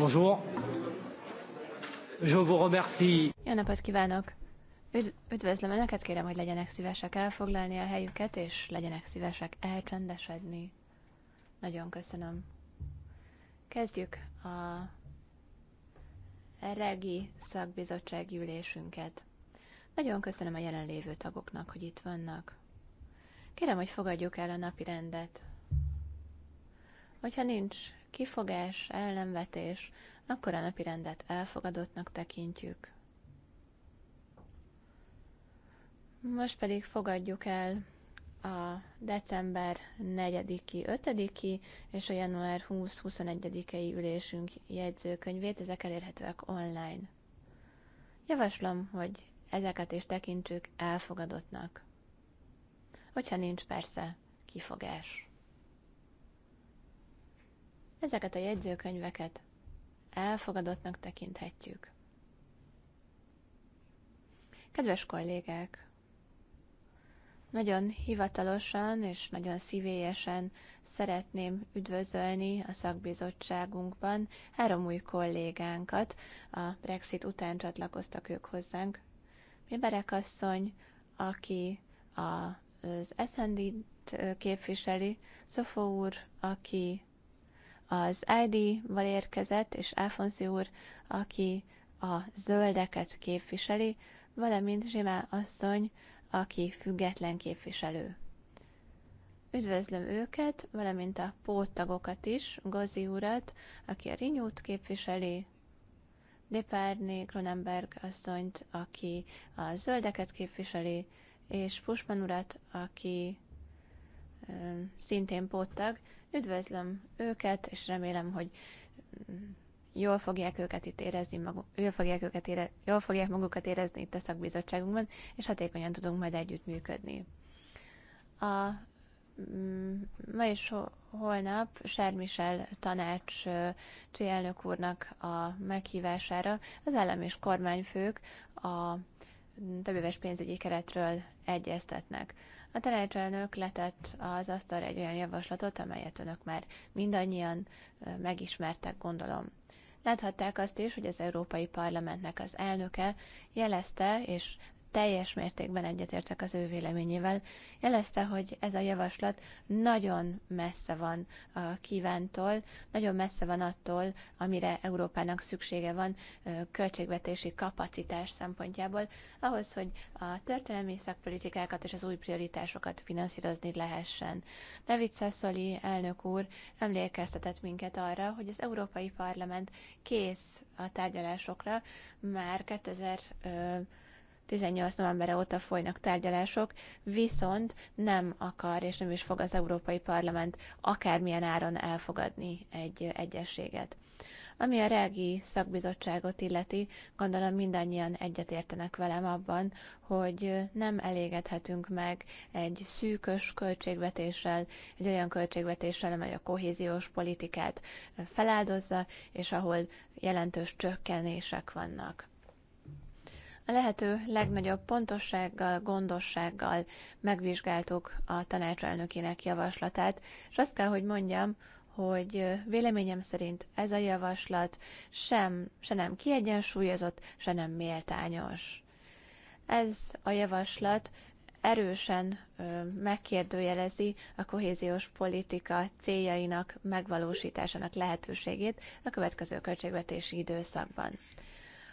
Bonjour. Je vous remercie. Jó napot kívánok! Üdv- üdvözlöm Önöket, kérem, hogy legyenek szívesek elfoglalni a helyüket, és legyenek szívesek elcsendesedni. Nagyon köszönöm. Kezdjük a regi szakbizottság gyűlésünket. Nagyon köszönöm a jelenlévő tagoknak, hogy itt vannak. Kérem, hogy fogadjuk el a napi rendet. Hogyha nincs kifogás, ellenvetés, akkor a napi rendet elfogadottnak tekintjük. Most pedig fogadjuk el a december 4-i, 5-i és a január 20-21-i ülésünk jegyzőkönyvét, ezek elérhetőek online. Javaslom, hogy ezeket is tekintsük elfogadottnak. Hogyha nincs persze kifogás. Ezeket a jegyzőkönyveket elfogadottnak tekinthetjük. Kedves kollégák! Nagyon hivatalosan és nagyon szívélyesen szeretném üdvözölni a szakbizottságunkban három új kollégánkat. A Brexit után csatlakoztak ők hozzánk. Miberek asszony, aki az SND-t képviseli, Szofó úr, aki az ID-val érkezett, és Alfonszi úr, aki a zöldeket képviseli, valamint Zsimá asszony, aki független képviselő. Üdvözlöm őket, valamint a póttagokat is, Gozi urat, aki a Rinyút képviseli, Lipárné Kronenberg asszonyt, aki a zöldeket képviseli, és Pusman urat, aki szintén póttag. Üdvözlöm őket, és remélem, hogy mm, jól fogják őket itt érezni, maguk, jól fogják, őket ére, jól fogják magukat érezni itt a szakbizottságunkban, és hatékonyan tudunk majd működni. A mm, ma és holnap Sármisel tanács elnök úrnak a meghívására az állam és kormányfők a többéves pénzügyi keretről egyeztetnek. A tanácselnök letett az asztalra egy olyan javaslatot, amelyet önök már mindannyian megismertek, gondolom. Láthatták azt is, hogy az Európai Parlamentnek az elnöke jelezte, és teljes mértékben egyetértek az ő véleményével. Jelezte, hogy ez a javaslat nagyon messze van a kívántól, nagyon messze van attól, amire Európának szüksége van költségvetési kapacitás szempontjából, ahhoz, hogy a történelmi szakpolitikákat és az új prioritásokat finanszírozni lehessen. David Sassoli elnök úr emlékeztetett minket arra, hogy az Európai Parlament kész a tárgyalásokra, már 2000 18 novembere óta folynak tárgyalások, viszont nem akar és nem is fog az Európai Parlament akármilyen áron elfogadni egy egyességet. Ami a Regi szakbizottságot illeti, gondolom mindannyian egyetértenek velem abban, hogy nem elégedhetünk meg egy szűkös költségvetéssel, egy olyan költségvetéssel, amely a kohéziós politikát feláldozza, és ahol jelentős csökkenések vannak. A lehető legnagyobb pontossággal, gondossággal megvizsgáltuk a tanácselnökének javaslatát, és azt kell, hogy mondjam, hogy véleményem szerint ez a javaslat sem, se nem kiegyensúlyozott, se nem méltányos. Ez a javaslat erősen megkérdőjelezi a kohéziós politika céljainak megvalósításának lehetőségét a következő költségvetési időszakban.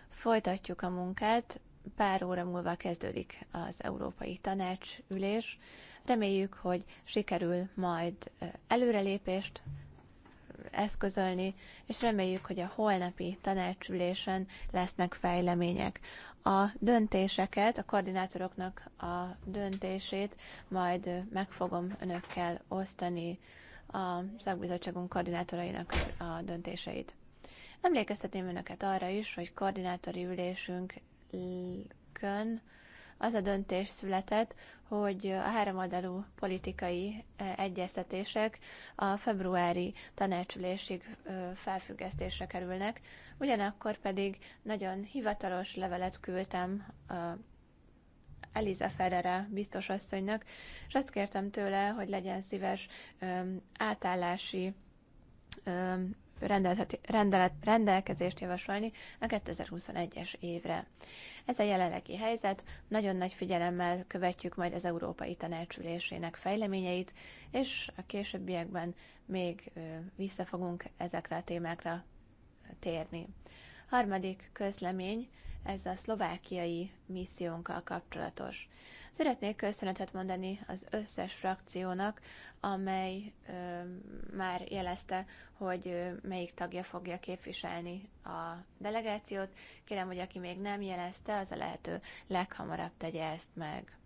Folytatjuk a munkát pár óra múlva kezdődik az Európai Tanács ülés. Reméljük, hogy sikerül majd előrelépést eszközölni, és reméljük, hogy a holnapi tanácsülésen lesznek fejlemények. A döntéseket, a koordinátoroknak a döntését majd meg fogom önökkel osztani a szakbizottságunk koordinátorainak a döntéseit. Emlékeztetném önöket arra is, hogy koordinátori ülésünk kön az a döntés született, hogy a háromoldalú politikai e, egyeztetések a februári tanácsülésig felfüggesztésre kerülnek, ugyanakkor pedig nagyon hivatalos levelet küldtem Eliza Ferrera biztos asszonynak, és azt kértem tőle, hogy legyen szíves átállási rendel, rendelkezést javasolni a 2021-es évre. Ez a jelenlegi helyzet, nagyon nagy figyelemmel követjük majd az Európai Tanácsülésének fejleményeit, és a későbbiekben még vissza fogunk ezekre a témákra térni. Harmadik közlemény, ez a szlovákiai missziónkkal kapcsolatos. Szeretnék köszönetet mondani az összes frakciónak, amely ö, már jelezte, hogy ö, melyik tagja fogja képviselni a delegációt. Kérem, hogy aki még nem jelezte, az a lehető leghamarabb tegye ezt meg.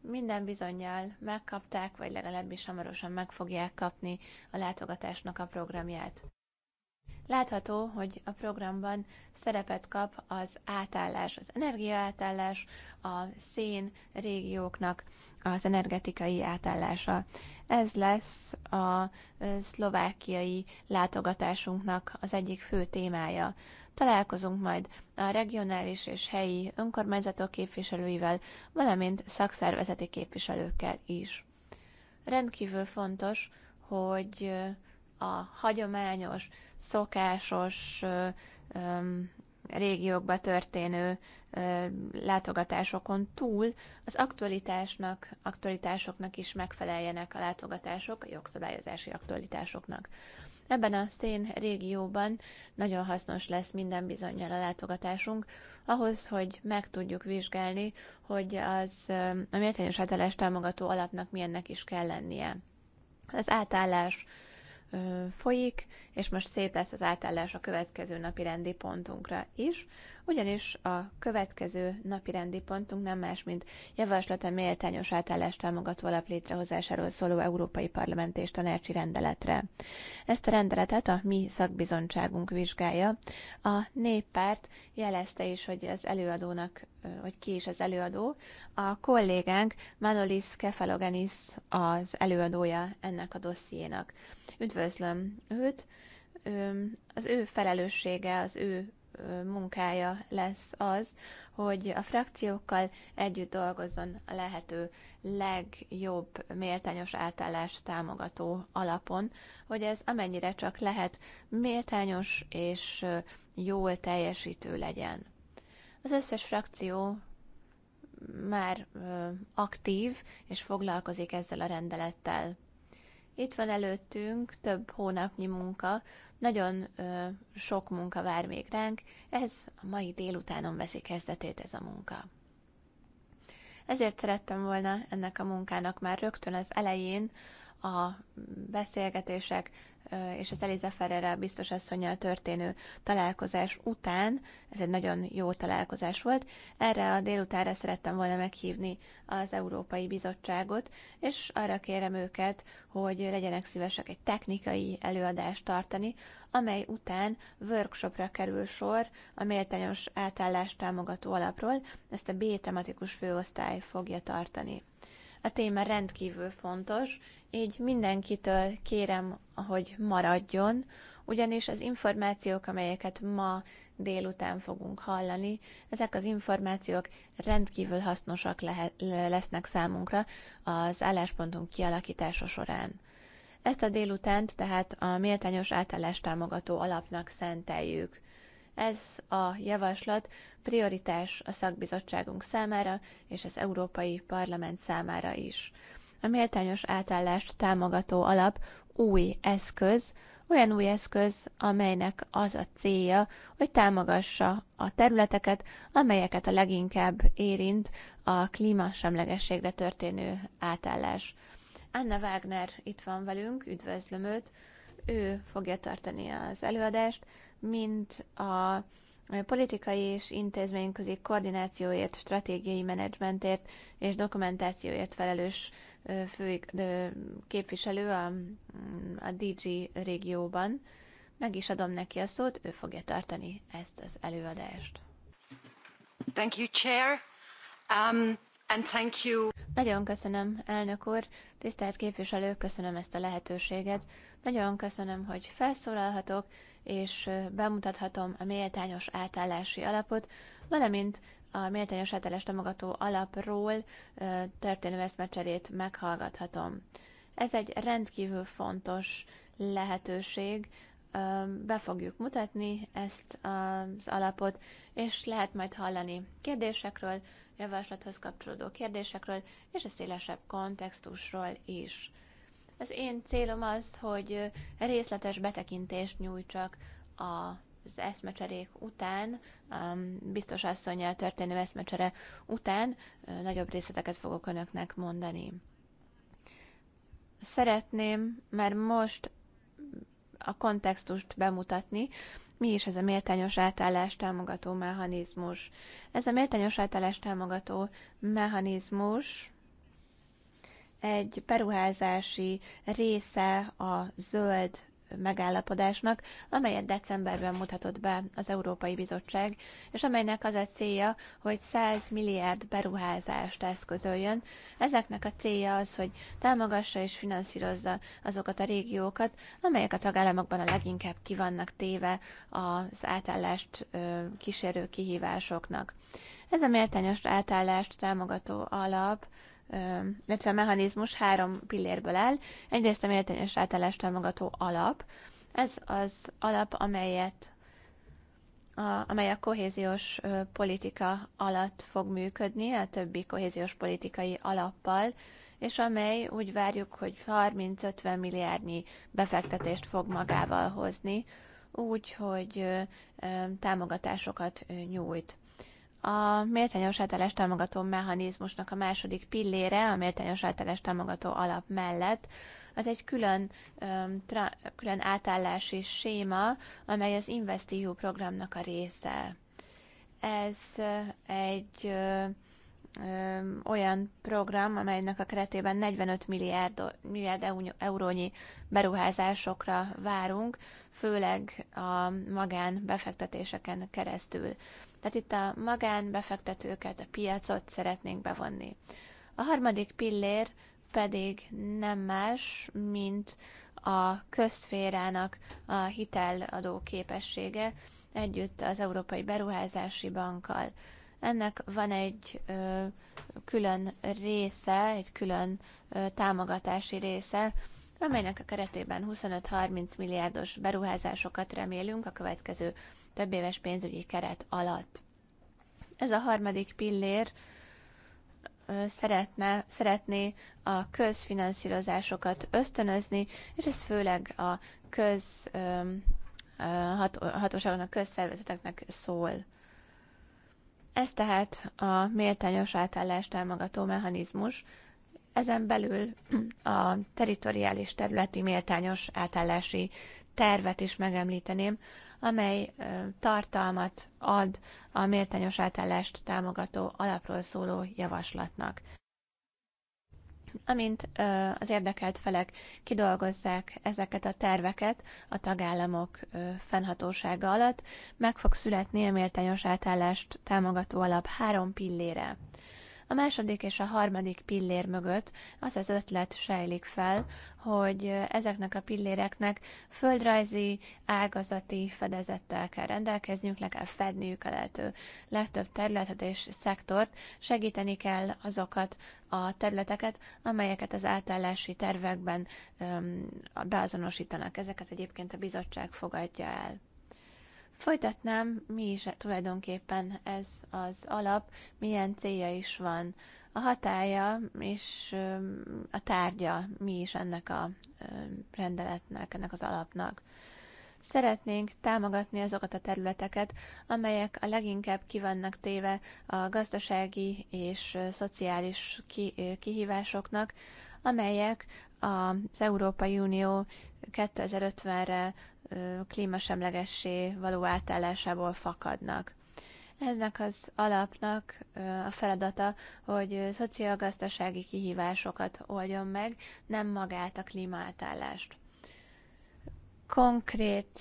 Minden bizonyal megkapták, vagy legalábbis hamarosan meg fogják kapni a látogatásnak a programját. Látható, hogy a programban szerepet kap az átállás, az energiaátállás, a szén régióknak az energetikai átállása. Ez lesz a szlovákiai látogatásunknak az egyik fő témája. Találkozunk majd a regionális és helyi önkormányzatok képviselőivel, valamint szakszervezeti képviselőkkel is. Rendkívül fontos, hogy a hagyományos, szokásos régiókba történő látogatásokon túl az aktualitásnak, aktualitásoknak is megfeleljenek a látogatások, a jogszabályozási aktualitásoknak. Ebben a szén régióban nagyon hasznos lesz minden bizonyal a látogatásunk, ahhoz, hogy meg tudjuk vizsgálni, hogy az a méltányos átállás támogató alapnak milyennek is kell lennie. Az átállás folyik, és most szép lesz az átállás a következő napi rendi pontunkra is, ugyanis a következő napi rendi pontunk nem más, mint javaslat a méltányos átállást támogató alap létrehozásáról szóló Európai Parlament és Tanácsi rendeletre. Ezt a rendeletet a mi szakbizottságunk vizsgálja. A néppárt jelezte is, hogy az előadónak hogy ki is az előadó. A kollégánk Manolis Kefalogenis az előadója ennek a dossziénak. Üdvözlöm őt! Az ő felelőssége, az ő munkája lesz az, hogy a frakciókkal együtt dolgozzon a lehető legjobb méltányos átállást támogató alapon, hogy ez amennyire csak lehet méltányos és jól teljesítő legyen. Az összes frakció már aktív és foglalkozik ezzel a rendelettel. Itt van előttünk több hónapnyi munka, nagyon ö, sok munka vár még ránk, ez a mai délutánon veszi kezdetét ez a munka. Ezért szerettem volna ennek a munkának már rögtön az elején a beszélgetések és az Eliza Ferrera biztos asszonyjal történő találkozás után, ez egy nagyon jó találkozás volt, erre a délutára szerettem volna meghívni az Európai Bizottságot, és arra kérem őket, hogy legyenek szívesek egy technikai előadást tartani, amely után workshopra kerül sor a méltányos átállást támogató alapról, ezt a B tematikus főosztály fogja tartani. A téma rendkívül fontos, így mindenkitől kérem, hogy maradjon, ugyanis az információk, amelyeket ma délután fogunk hallani, ezek az információk rendkívül hasznosak lehet, lesznek számunkra az álláspontunk kialakítása során. Ezt a délutánt tehát a méltányos átállás támogató alapnak szenteljük. Ez a javaslat prioritás a szakbizottságunk számára és az Európai Parlament számára is. A méltányos átállást támogató alap új eszköz, olyan új eszköz, amelynek az a célja, hogy támogassa a területeket, amelyeket a leginkább érint a klímasemlegességre történő átállás. Anna Wagner itt van velünk, üdvözlöm őt, ő fogja tartani az előadást, mint a politikai és intézményközi koordinációért, stratégiai menedzsmentért és dokumentációért felelős fő képviselő a, a DG régióban. Meg is adom neki a szót, ő fogja tartani ezt az előadást. Thank you, Chair. Um, and thank you. Nagyon köszönöm, elnök úr, tisztelt képviselők, köszönöm ezt a lehetőséget. Nagyon köszönöm, hogy felszólalhatok, és bemutathatom a méltányos átállási alapot, valamint a méltányos átállás támogató alapról történő eszmecserét meghallgathatom. Ez egy rendkívül fontos lehetőség, be fogjuk mutatni ezt az alapot, és lehet majd hallani kérdésekről, javaslathoz kapcsolódó kérdésekről, és a szélesebb kontextusról is. Az én célom az, hogy részletes betekintést nyújtsak az eszmecserék után, biztos asszonyjal történő eszmecsere után nagyobb részleteket fogok önöknek mondani. Szeretném már most a kontextust bemutatni, mi is ez a méltányos átállás támogató mechanizmus? Ez a méltányos átállás támogató mechanizmus egy peruházási része a zöld megállapodásnak, amelyet decemberben mutatott be az Európai Bizottság, és amelynek az a célja, hogy 100 milliárd beruházást eszközöljön. Ezeknek a célja az, hogy támogassa és finanszírozza azokat a régiókat, amelyek a tagállamokban a leginkább kivannak téve az átállást kísérő kihívásoknak. Ez a méltányos átállást támogató alap illetve mechanizmus három pillérből áll. Egyrészt a méltányos átállást támogató alap. Ez az alap, amelyet a, amely a kohéziós politika alatt fog működni, a többi kohéziós politikai alappal, és amely úgy várjuk, hogy 30-50 milliárdnyi befektetést fog magával hozni, úgy, hogy támogatásokat nyújt. A méltányos általás támogató mechanizmusnak a második pillére, a méltányos általás támogató alap mellett, az egy külön, tra, külön átállási séma, amely az InvestEU programnak a része. Ez egy olyan program, amelynek a keretében 45 milliárd, milliárd eurónyi beruházásokra várunk, főleg a magánbefektetéseken keresztül. Tehát itt a magánbefektetőket, a piacot szeretnénk bevonni. A harmadik pillér pedig nem más, mint a közszférának a hiteladó képessége együtt az Európai Beruházási Bankkal. Ennek van egy ö, külön része, egy külön ö, támogatási része, amelynek a keretében 25-30 milliárdos beruházásokat remélünk a következő több éves pénzügyi keret alatt. Ez a harmadik pillér szeretne, szeretné a közfinanszírozásokat ösztönözni, és ez főleg a köz hatóságoknak, közszervezeteknek szól. Ez tehát a méltányos átállást támogató mechanizmus, ezen belül a teritoriális területi méltányos átállási tervet is megemlíteném, amely tartalmat ad a méltányos átállást támogató alapról szóló javaslatnak. Amint az érdekelt felek kidolgozzák ezeket a terveket a tagállamok fennhatósága alatt, meg fog születni a méltányos átállást támogató alap három pillére. A második és a harmadik pillér mögött az az ötlet sejlik fel, hogy ezeknek a pilléreknek földrajzi, ágazati fedezettel kell rendelkezniük, le kell fedniük a lehető legtöbb területet és szektort, segíteni kell azokat a területeket, amelyeket az átállási tervekben öm, beazonosítanak. Ezeket egyébként a bizottság fogadja el. Folytatnám, mi is tulajdonképpen ez az alap, milyen célja is van. A hatája és a tárgya mi is ennek a rendeletnek, ennek az alapnak. Szeretnénk támogatni azokat a területeket, amelyek a leginkább kivannak téve a gazdasági és szociális kihívásoknak, amelyek az Európai Unió 2050-re klímasemlegessé való átállásából fakadnak. Ennek az alapnak a feladata, hogy szociogazdasági kihívásokat oldjon meg, nem magát a klímaátállást. Konkrét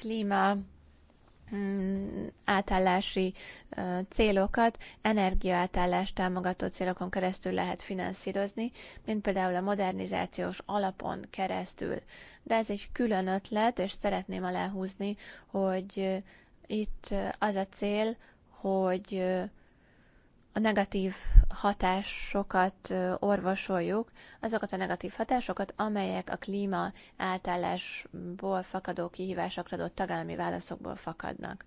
klíma Mm, átállási célokat energiaátállást támogató célokon keresztül lehet finanszírozni, mint például a modernizációs alapon keresztül. De ez egy külön ötlet, és szeretném aláhúzni, hogy itt az a cél, hogy a negatív hatásokat orvosoljuk, azokat a negatív hatásokat, amelyek a klíma általásból fakadó kihívásokra adott tagállami válaszokból fakadnak.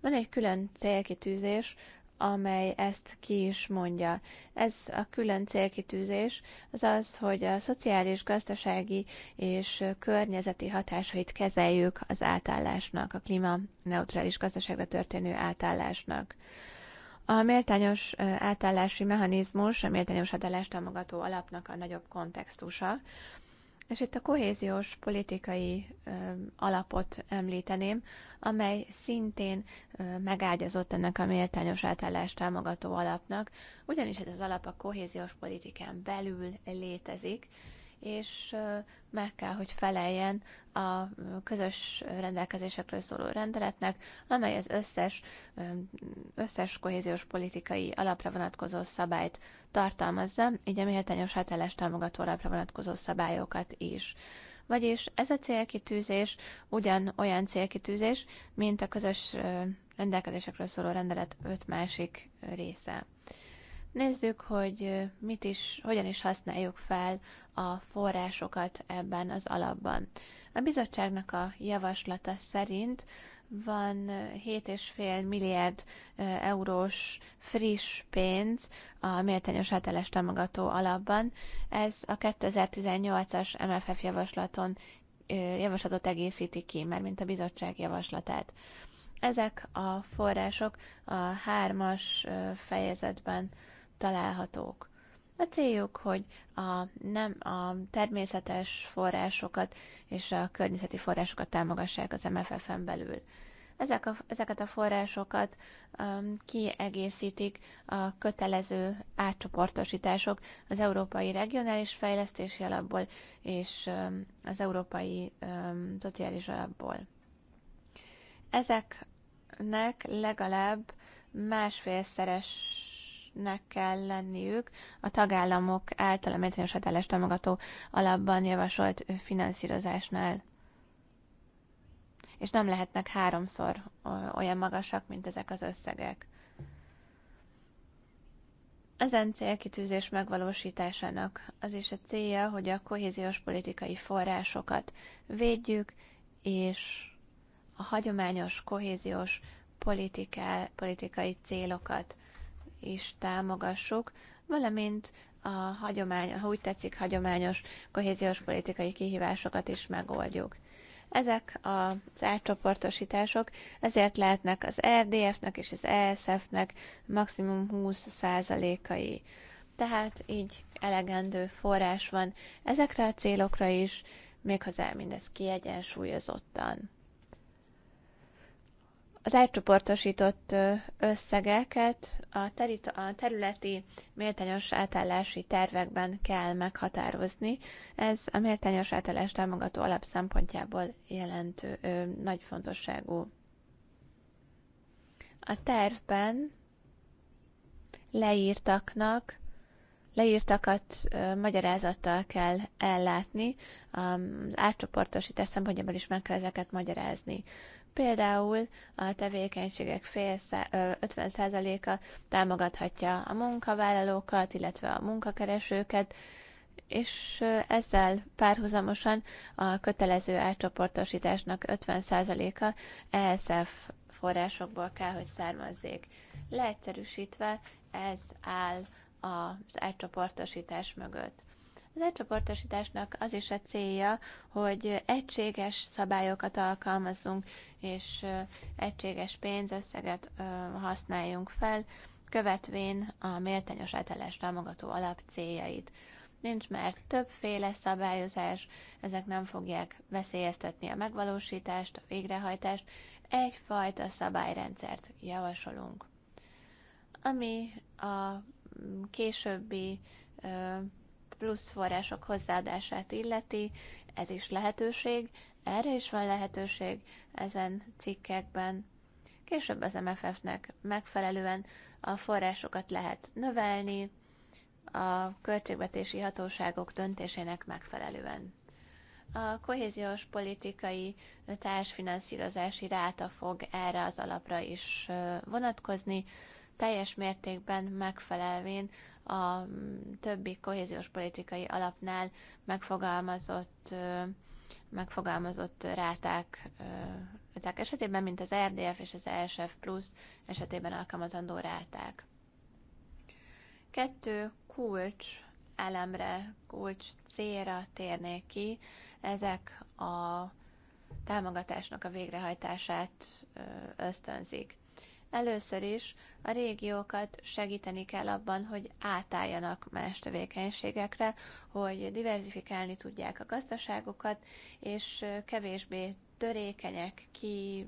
Van egy külön célkitűzés, amely ezt ki is mondja. Ez a külön célkitűzés az az, hogy a szociális, gazdasági és környezeti hatásait kezeljük az átállásnak, a neutrális gazdaságra történő átállásnak. A méltányos átállási mechanizmus, a méltányos átállást támogató alapnak a nagyobb kontextusa, és itt a kohéziós politikai ö, alapot említeném, amely szintén ö, megágyazott ennek a méltányos átállást támogató alapnak, ugyanis ez az alap a kohéziós politikán belül létezik, és meg kell, hogy feleljen a közös rendelkezésekről szóló rendeletnek, amely az összes, összes kohéziós politikai alapra vonatkozó szabályt tartalmazza, így a méltányos hátállás támogató alapra vonatkozó szabályokat is. Vagyis ez a célkitűzés ugyan olyan célkitűzés, mint a közös rendelkezésekről szóló rendelet öt másik része. Nézzük, hogy mit is, hogyan is használjuk fel a forrásokat ebben az alapban. A bizottságnak a javaslata szerint van 7,5 milliárd eurós friss pénz a méltányos átállás támogató alapban. Ez a 2018-as MFF javaslaton javaslatot egészíti ki, mert mint a bizottság javaslatát. Ezek a források a hármas fejezetben találhatók. A céljuk, hogy a, nem, a természetes forrásokat és a környezeti forrásokat támogassák az MFF-en belül. Ezek a, ezeket a forrásokat um, kiegészítik a kötelező átcsoportosítások az Európai Regionális Fejlesztési Alapból és um, az Európai um, Szociális Alapból. Ezeknek legalább másfélszeres nek kell lenniük a tagállamok által a méltányos hatállást támogató alapban javasolt finanszírozásnál. És nem lehetnek háromszor olyan magasak, mint ezek az összegek. Ezen célkitűzés megvalósításának az is a célja, hogy a kohéziós politikai forrásokat védjük, és a hagyományos kohéziós politikai célokat is támogassuk, valamint a hagyomány, ha úgy tetszik, hagyományos kohéziós politikai kihívásokat is megoldjuk. Ezek az átcsoportosítások ezért lehetnek az RDF-nek és az ESF-nek maximum 20%-ai. Tehát így elegendő forrás van ezekre a célokra is, méghozzá mindez kiegyensúlyozottan. Az átcsoportosított összegeket a, terita, a területi méltányos átállási tervekben kell meghatározni. Ez a méltányos átállás támogató alap szempontjából jelentő ö, nagy fontosságú. A tervben leírtaknak leírtakat ö, magyarázattal kell ellátni, az átcsoportosítás szempontjából is meg kell ezeket magyarázni. Például a tevékenységek fél, 50%-a támogathatja a munkavállalókat, illetve a munkakeresőket, és ezzel párhuzamosan a kötelező átcsoportosításnak 50%-a ESF forrásokból kell, hogy származzék. Leegyszerűsítve ez áll az átcsoportosítás mögött. Az egycsoportosításnak az is a célja, hogy egységes szabályokat alkalmazzunk, és egységes pénzösszeget használjunk fel, követvén a méltányos átállás támogató alap céljait. Nincs már többféle szabályozás, ezek nem fogják veszélyeztetni a megvalósítást, a végrehajtást, egyfajta szabályrendszert javasolunk. Ami a későbbi plusz források hozzáadását illeti, ez is lehetőség, erre is van lehetőség ezen cikkekben. Később az MFF-nek megfelelően a forrásokat lehet növelni, a költségvetési hatóságok döntésének megfelelően. A kohéziós politikai társfinanszírozási ráta fog erre az alapra is vonatkozni, teljes mértékben megfelelvén a mm, többi kohéziós politikai alapnál megfogalmazott megfogalmazott ráták, ráták esetében, mint az RDF és az ESF plusz esetében alkalmazandó ráták. Kettő kulcs elemre, kulcs célra térnék ki, ezek a támogatásnak a végrehajtását ösztönzik. Először is a régiókat segíteni kell abban, hogy átálljanak más tevékenységekre, hogy diversifikálni tudják a gazdaságokat, és kevésbé törékenyek, ki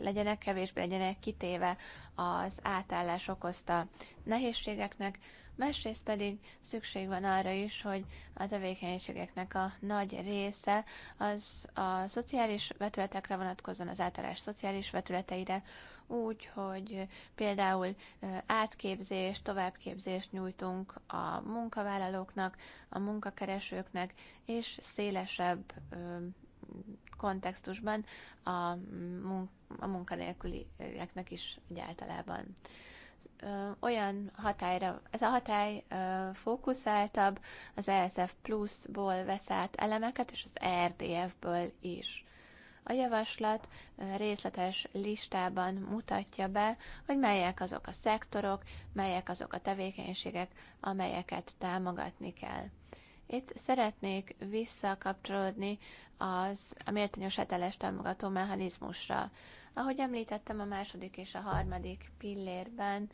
legyenek, kevésbé legyenek kitéve az átállás okozta nehézségeknek, másrészt pedig szükség van arra is, hogy a tevékenységeknek a nagy része az a szociális vetületekre vonatkozzon, az átállás szociális vetületeire, úgy, hogy például átképzést, továbbképzést nyújtunk a munkavállalóknak, a munkakeresőknek, és szélesebb kontextusban a, mun- a munkanélkülieknek is egyáltalában olyan hatályra, ez a hatály fókuszáltabb, az ESF pluszból vesz át elemeket, és az e rdf ből is. A javaslat részletes listában mutatja be, hogy melyek azok a szektorok, melyek azok a tevékenységek, amelyeket támogatni kell. Itt szeretnék visszakapcsolódni az a méltányos heteles támogató mechanizmusra. Ahogy említettem, a második és a harmadik pillérben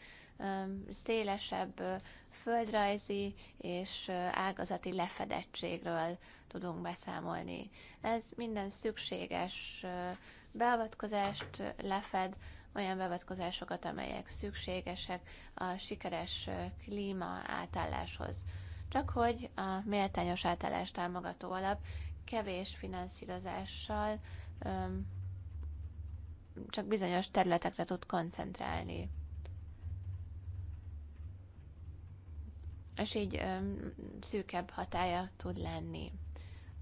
szélesebb földrajzi és ágazati lefedettségről tudunk beszámolni. Ez minden szükséges beavatkozást lefed, olyan beavatkozásokat, amelyek szükségesek a sikeres klíma átálláshoz. Csak hogy a méltányos átállás támogató alap kevés finanszírozással csak bizonyos területekre tud koncentrálni. és így szűkebb hatája tud lenni.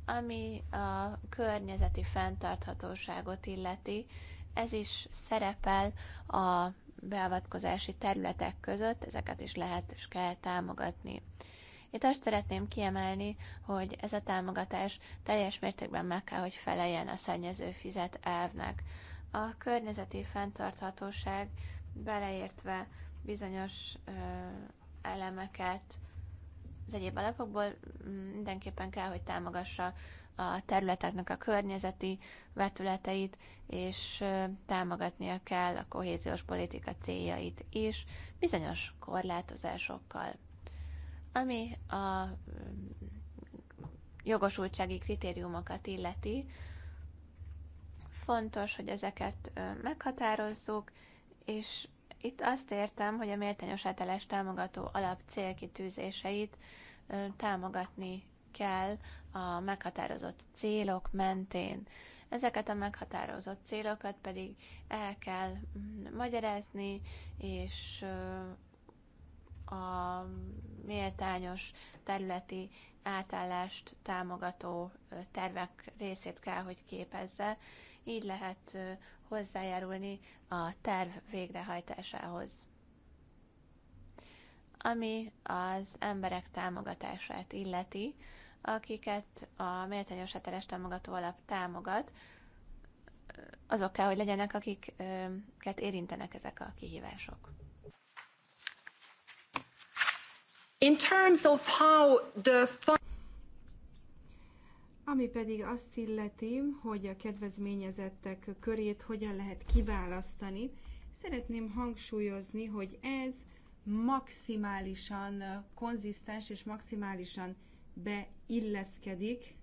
Ami a környezeti fenntarthatóságot illeti, ez is szerepel a beavatkozási területek között, ezeket is lehet és kell támogatni. Itt azt szeretném kiemelni, hogy ez a támogatás teljes mértékben meg kell, hogy feleljen a szennyező fizet elvnek. A környezeti fenntarthatóság beleértve bizonyos elemeket az egyéb alapokból, mm, mindenképpen kell, hogy támogassa a területeknek a környezeti vetületeit, és támogatnia kell a kohéziós politika céljait is bizonyos korlátozásokkal. Ami a mm, jogosultsági kritériumokat illeti, fontos, hogy ezeket meghatározzuk, és itt azt értem, hogy a méltányos átállás támogató alap célkitűzéseit támogatni kell a meghatározott célok mentén. Ezeket a meghatározott célokat pedig el kell mm, magyarázni, és a méltányos területi átállást támogató tervek részét kell, hogy képezze. Így lehet hozzájárulni a terv végrehajtásához. Ami az emberek támogatását illeti, akiket a méltányos heteles támogató alap támogat, azok kell, hogy legyenek, akiket érintenek ezek a kihívások. In terms of how the fund ami pedig azt illeti, hogy a kedvezményezettek körét hogyan lehet kiválasztani, szeretném hangsúlyozni, hogy ez maximálisan konzisztens és maximálisan beilleszkedik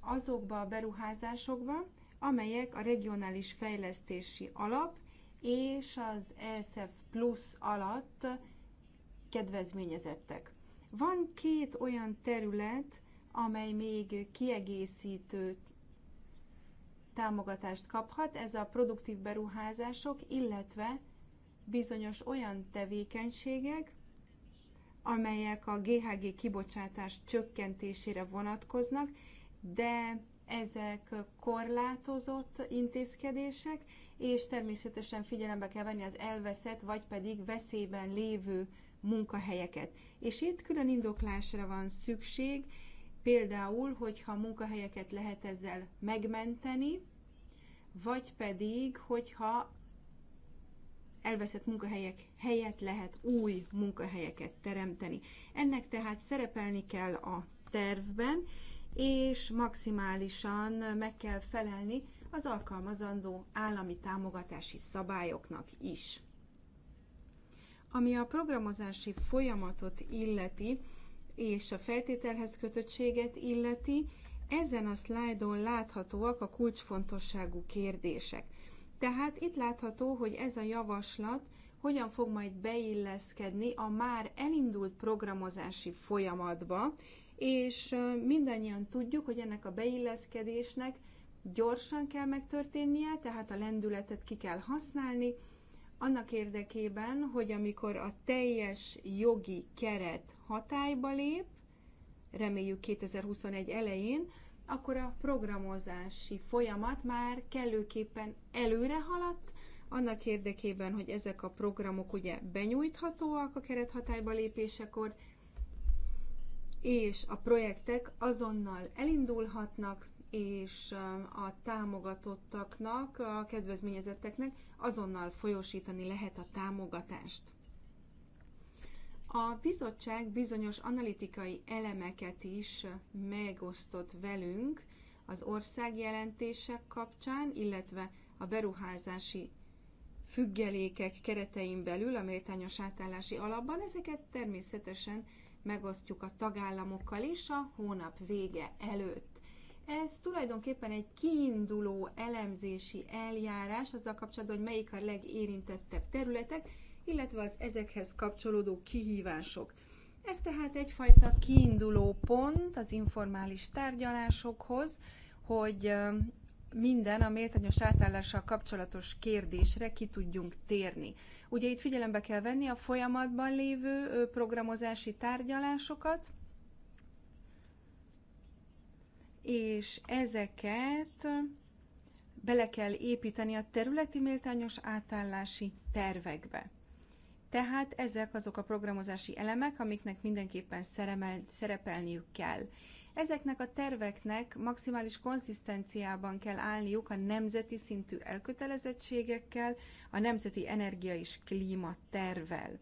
azokba a beruházásokba, amelyek a regionális fejlesztési alap és az ESF plusz alatt kedvezményezettek. Van két olyan terület, amely még kiegészítő támogatást kaphat, ez a produktív beruházások, illetve bizonyos olyan tevékenységek, amelyek a GHG kibocsátás csökkentésére vonatkoznak, de ezek korlátozott intézkedések, és természetesen figyelembe kell venni az elveszett vagy pedig veszélyben lévő munkahelyeket. És itt külön indoklásra van szükség, például, hogyha munkahelyeket lehet ezzel megmenteni, vagy pedig, hogyha elveszett munkahelyek helyett lehet új munkahelyeket teremteni. Ennek tehát szerepelni kell a tervben, és maximálisan meg kell felelni az alkalmazandó állami támogatási szabályoknak is. Ami a programozási folyamatot illeti, és a feltételhez kötöttséget illeti, ezen a szlájdon láthatóak a kulcsfontosságú kérdések. Tehát itt látható, hogy ez a javaslat hogyan fog majd beilleszkedni a már elindult programozási folyamatba, és mindannyian tudjuk, hogy ennek a beilleszkedésnek gyorsan kell megtörténnie, tehát a lendületet ki kell használni, annak érdekében, hogy amikor a teljes jogi keret hatályba lép, reméljük 2021 elején, akkor a programozási folyamat már kellőképpen előre haladt, annak érdekében, hogy ezek a programok ugye benyújthatóak a hatályba lépésekor, és a projektek azonnal elindulhatnak, és a támogatottaknak, a kedvezményezetteknek azonnal folyósítani lehet a támogatást. A bizottság bizonyos analitikai elemeket is megosztott velünk az országjelentések kapcsán, illetve a beruházási függelékek keretein belül, a méltányos átállási alapban. Ezeket természetesen megosztjuk a tagállamokkal is a hónap vége előtt. Ez tulajdonképpen egy kiinduló elemzési eljárás azzal kapcsolatban, hogy melyik a legérintettebb területek, illetve az ezekhez kapcsolódó kihívások. Ez tehát egyfajta kiinduló pont az informális tárgyalásokhoz, hogy minden a méltányos átállással kapcsolatos kérdésre ki tudjunk térni. Ugye itt figyelembe kell venni a folyamatban lévő programozási tárgyalásokat, és ezeket bele kell építeni a területi méltányos átállási tervekbe. Tehát ezek azok a programozási elemek, amiknek mindenképpen szerepelniük kell. Ezeknek a terveknek maximális konzisztenciában kell állniuk a nemzeti szintű elkötelezettségekkel, a nemzeti energia és klíma tervel.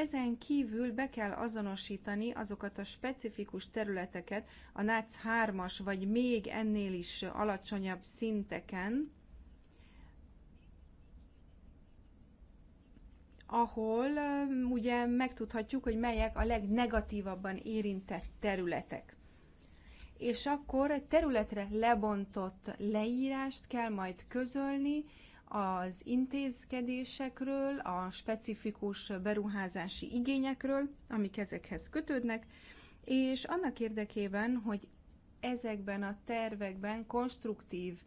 Ezen kívül be kell azonosítani azokat a specifikus területeket a NAC 3-as vagy még ennél is alacsonyabb szinteken, ahol um, ugye megtudhatjuk, hogy melyek a legnegatívabban érintett területek. És akkor egy területre lebontott leírást kell majd közölni, az intézkedésekről, a specifikus beruházási igényekről, amik ezekhez kötődnek, és annak érdekében, hogy ezekben a tervekben konstruktív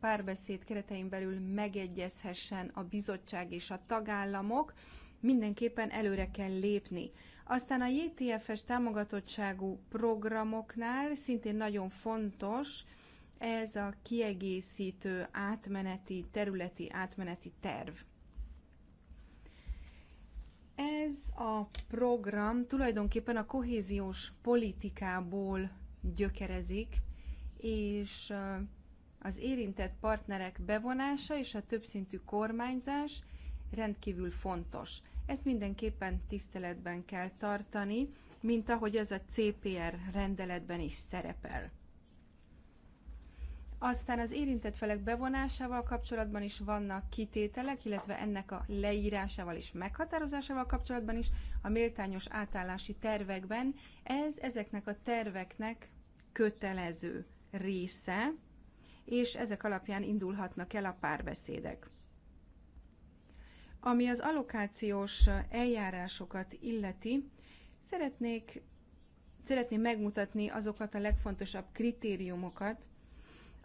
párbeszéd keretein belül megegyezhessen a bizottság és a tagállamok, mindenképpen előre kell lépni. Aztán a JTFS támogatottságú programoknál szintén nagyon fontos ez a kiegészítő átmeneti, területi átmeneti terv. Ez a program tulajdonképpen a kohéziós politikából gyökerezik, és az érintett partnerek bevonása és a többszintű kormányzás rendkívül fontos. Ezt mindenképpen tiszteletben kell tartani, mint ahogy ez a CPR rendeletben is szerepel. Aztán az érintett felek bevonásával kapcsolatban is vannak kitételek, illetve ennek a leírásával és meghatározásával kapcsolatban is a méltányos átállási tervekben. Ez ezeknek a terveknek kötelező része, és ezek alapján indulhatnak el a párbeszédek. Ami az allokációs eljárásokat illeti, szeretnék, szeretném megmutatni azokat a legfontosabb kritériumokat,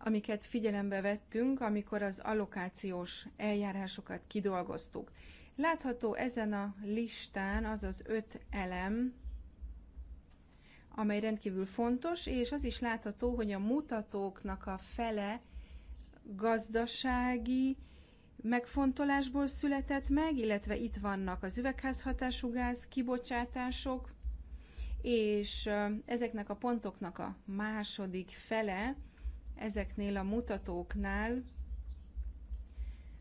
amiket figyelembe vettünk, amikor az allokációs eljárásokat kidolgoztuk. Látható ezen a listán az az öt elem, amely rendkívül fontos, és az is látható, hogy a mutatóknak a fele gazdasági megfontolásból született meg, illetve itt vannak az üvegházhatású gáz kibocsátások, és ezeknek a pontoknak a második fele ezeknél a mutatóknál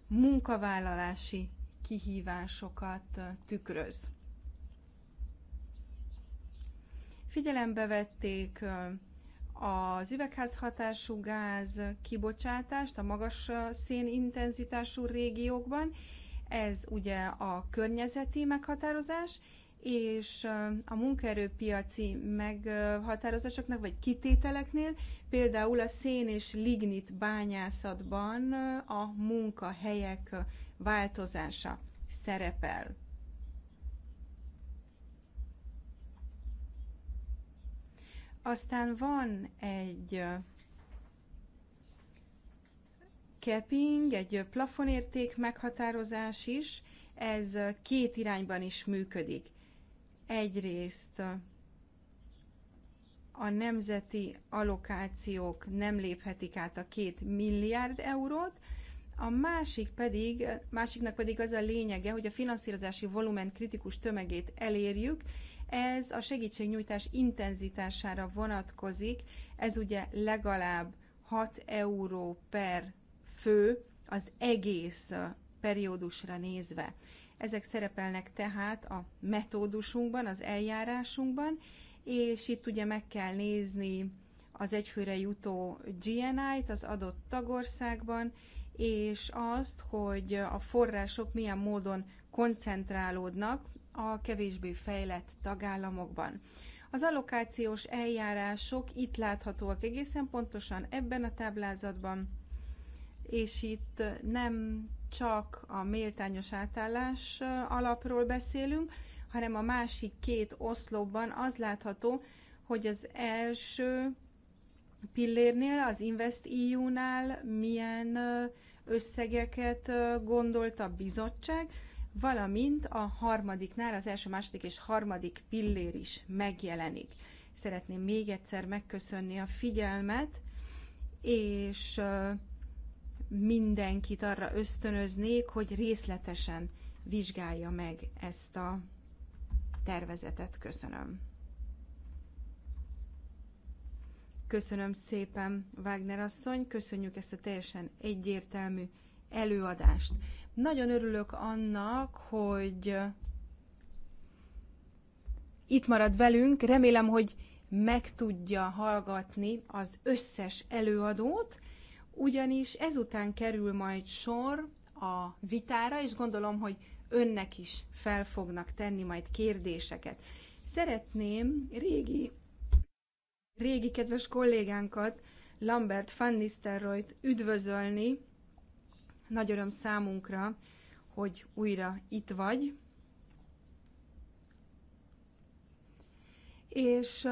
munkavállalási kihívásokat tükröz. Figyelembe vették az üvegházhatású gáz kibocsátást a magas szénintenzitású régiókban, ez ugye a környezeti meghatározás, és a munkaerőpiaci meghatározásoknak vagy kitételeknél, például a szén és lignit bányászatban a munkahelyek változása szerepel. Aztán van egy capping, egy plafonérték meghatározás is, ez két irányban is működik. Egyrészt a nemzeti allokációk nem léphetik át a két milliárd eurót, a másik pedig, másiknak pedig az a lényege, hogy a finanszírozási volumen kritikus tömegét elérjük, ez a segítségnyújtás intenzitására vonatkozik, ez ugye legalább 6 euró per fő az egész periódusra nézve. Ezek szerepelnek tehát a metódusunkban, az eljárásunkban, és itt ugye meg kell nézni az egyfőre jutó GNI-t az adott tagországban, és azt, hogy a források milyen módon koncentrálódnak a kevésbé fejlett tagállamokban. Az allokációs eljárások itt láthatóak egészen pontosan ebben a táblázatban, és itt nem csak a méltányos átállás alapról beszélünk, hanem a másik két oszlopban az látható, hogy az első pillérnél, az Invest EU-nál milyen összegeket gondolt a bizottság, valamint a harmadiknál az első, második és harmadik pillér is megjelenik. Szeretném még egyszer megköszönni a figyelmet, és mindenkit arra ösztönöznék, hogy részletesen vizsgálja meg ezt a tervezetet. Köszönöm. Köszönöm szépen, Wagner asszony, köszönjük ezt a teljesen egyértelmű előadást. Nagyon örülök annak, hogy itt marad velünk, remélem, hogy meg tudja hallgatni az összes előadót, ugyanis ezután kerül majd sor a vitára, és gondolom, hogy önnek is fel fognak tenni majd kérdéseket. Szeretném régi, régi kedves kollégánkat, Lambert van Nistelrooyt üdvözölni. Nagy öröm számunkra, hogy újra itt vagy. És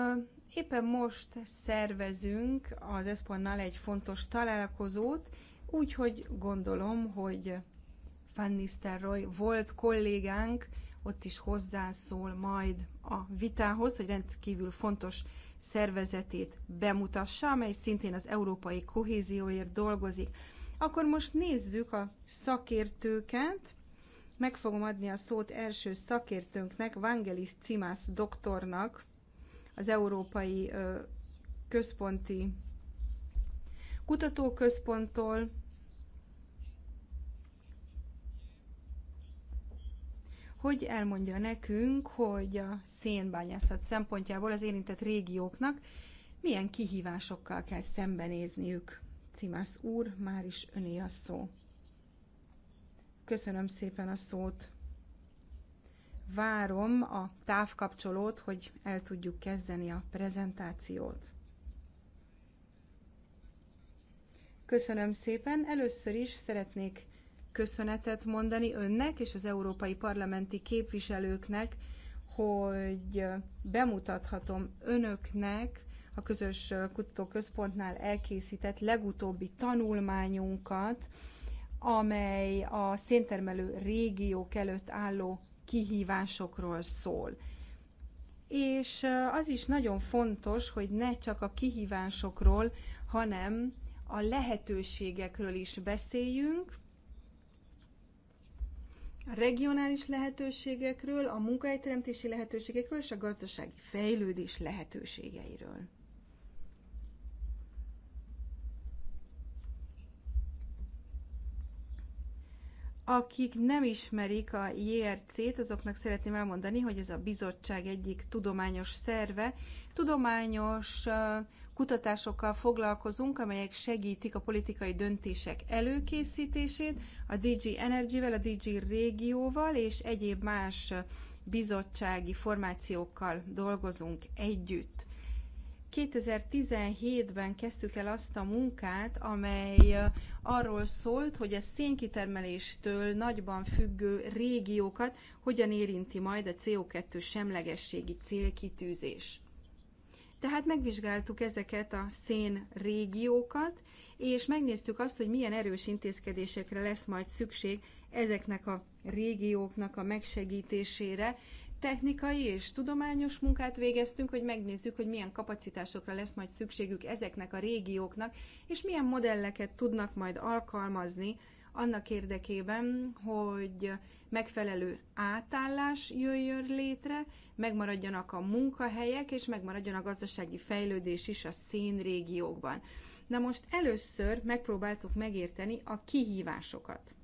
Éppen most szervezünk az Eszponnal egy fontos találkozót, úgyhogy gondolom, hogy Van Nistelrooy volt kollégánk, ott is hozzászól majd a vitához, hogy rendkívül fontos szervezetét bemutassa, amely szintén az európai kohézióért dolgozik. Akkor most nézzük a szakértőket. Meg fogom adni a szót első szakértőnknek, Vangelis Cimász doktornak, az Európai Központi Kutatóközponttól, hogy elmondja nekünk, hogy a szénbányászat szempontjából az érintett régióknak milyen kihívásokkal kell szembenézniük. Cimász úr, már is öné a szó. Köszönöm szépen a szót várom a távkapcsolót, hogy el tudjuk kezdeni a prezentációt. Köszönöm szépen. Először is szeretnék köszönetet mondani önnek és az európai parlamenti képviselőknek, hogy bemutathatom önöknek a közös kutatóközpontnál elkészített legutóbbi tanulmányunkat, amely a széntermelő régiók előtt álló kihívásokról szól. És az is nagyon fontos, hogy ne csak a kihívásokról, hanem a lehetőségekről is beszéljünk, a regionális lehetőségekről, a munkahelyteremtési lehetőségekről és a gazdasági fejlődés lehetőségeiről. Akik nem ismerik a JRC-t, azoknak szeretném elmondani, hogy ez a bizottság egyik tudományos szerve. Tudományos kutatásokkal foglalkozunk, amelyek segítik a politikai döntések előkészítését, a DG Energy-vel, a DG Régióval és egyéb más bizottsági formációkkal dolgozunk együtt. 2017-ben kezdtük el azt a munkát, amely arról szólt, hogy a szénkitermeléstől nagyban függő régiókat hogyan érinti majd a CO2 semlegességi célkitűzés. Tehát megvizsgáltuk ezeket a szén régiókat, és megnéztük azt, hogy milyen erős intézkedésekre lesz majd szükség ezeknek a régióknak a megsegítésére, technikai és tudományos munkát végeztünk, hogy megnézzük, hogy milyen kapacitásokra lesz majd szükségük ezeknek a régióknak, és milyen modelleket tudnak majd alkalmazni annak érdekében, hogy megfelelő átállás jöjjön létre, megmaradjanak a munkahelyek, és megmaradjon a gazdasági fejlődés is a szénrégiókban. Na most először megpróbáltuk megérteni a kihívásokat.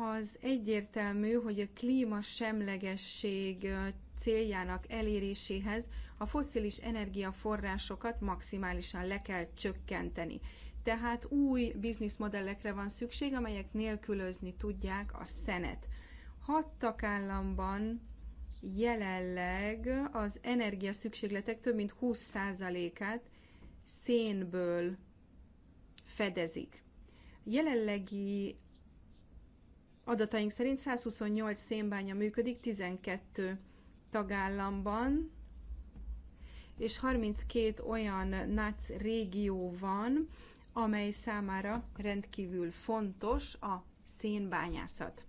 az egyértelmű, hogy a klímasemlegesség semlegesség céljának eléréséhez a foszilis energiaforrásokat maximálisan le kell csökkenteni. Tehát új bizniszmodellekre van szükség, amelyek nélkülözni tudják a szenet. Hat tagállamban jelenleg az energia szükségletek több mint 20%-át szénből fedezik. Jelenlegi Adataink szerint 128 szénbánya működik 12 tagállamban, és 32 olyan NAC régió van, amely számára rendkívül fontos a szénbányászat.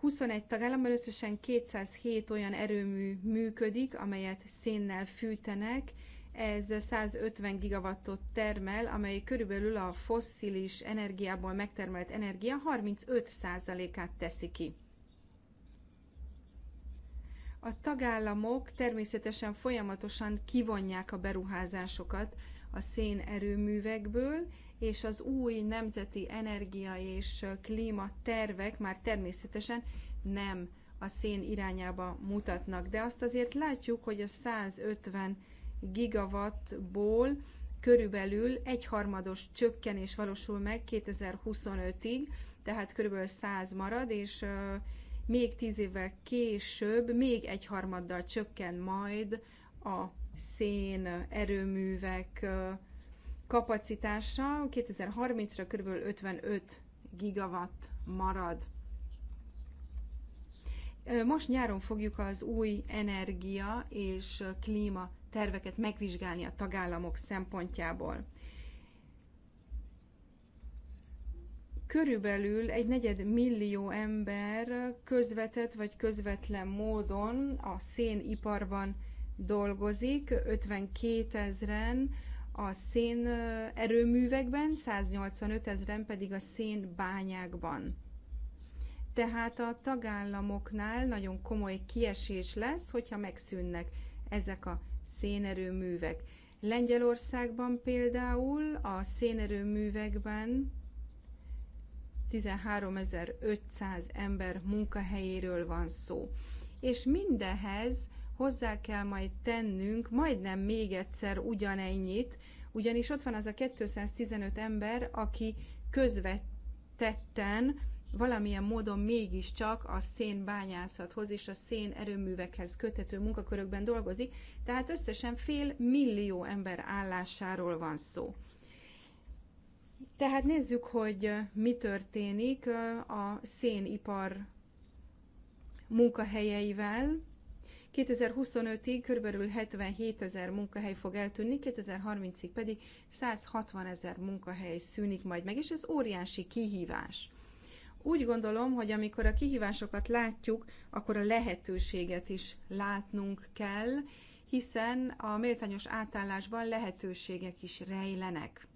21 tagállamban összesen 207 olyan erőmű működik, amelyet szénnel fűtenek, ez 150 gigawattot termel, amely körülbelül a fosszilis energiából megtermelt energia 35%-át teszi ki. A tagállamok természetesen folyamatosan kivonják a beruházásokat a szénerőművekből, és az új nemzeti energia és klímatervek már természetesen nem a szén irányába mutatnak. De azt azért látjuk, hogy a 150 gigawattból körülbelül egyharmados csökkenés valósul meg 2025-ig, tehát körülbelül 100 marad, és még 10 évvel később még egyharmaddal csökken majd a szén erőművek kapacitása, 2030-ra kb. 55 gigawatt marad. Most nyáron fogjuk az új energia és klíma terveket megvizsgálni a tagállamok szempontjából. körülbelül egy negyed millió ember közvetett vagy közvetlen módon a széniparban dolgozik, 52 ezeren a szén erőművekben, 185 ezeren pedig a szénbányákban. Tehát a tagállamoknál nagyon komoly kiesés lesz, hogyha megszűnnek ezek a szénerőművek. Lengyelországban például a szénerőművekben 13.500 ember munkahelyéről van szó. És mindehhez hozzá kell majd tennünk majdnem még egyszer ugyanennyit, ugyanis ott van az a 215 ember, aki közvetetten valamilyen módon mégiscsak a szénbányászathoz és a szén erőművekhez kötető munkakörökben dolgozik, tehát összesen fél millió ember állásáról van szó. Tehát nézzük, hogy mi történik a szénipar munkahelyeivel. 2025-ig kb. 77 ezer munkahely fog eltűnni, 2030-ig pedig 160 ezer munkahely szűnik majd meg, és ez óriási kihívás. Úgy gondolom, hogy amikor a kihívásokat látjuk, akkor a lehetőséget is látnunk kell, hiszen a méltányos átállásban lehetőségek is rejlenek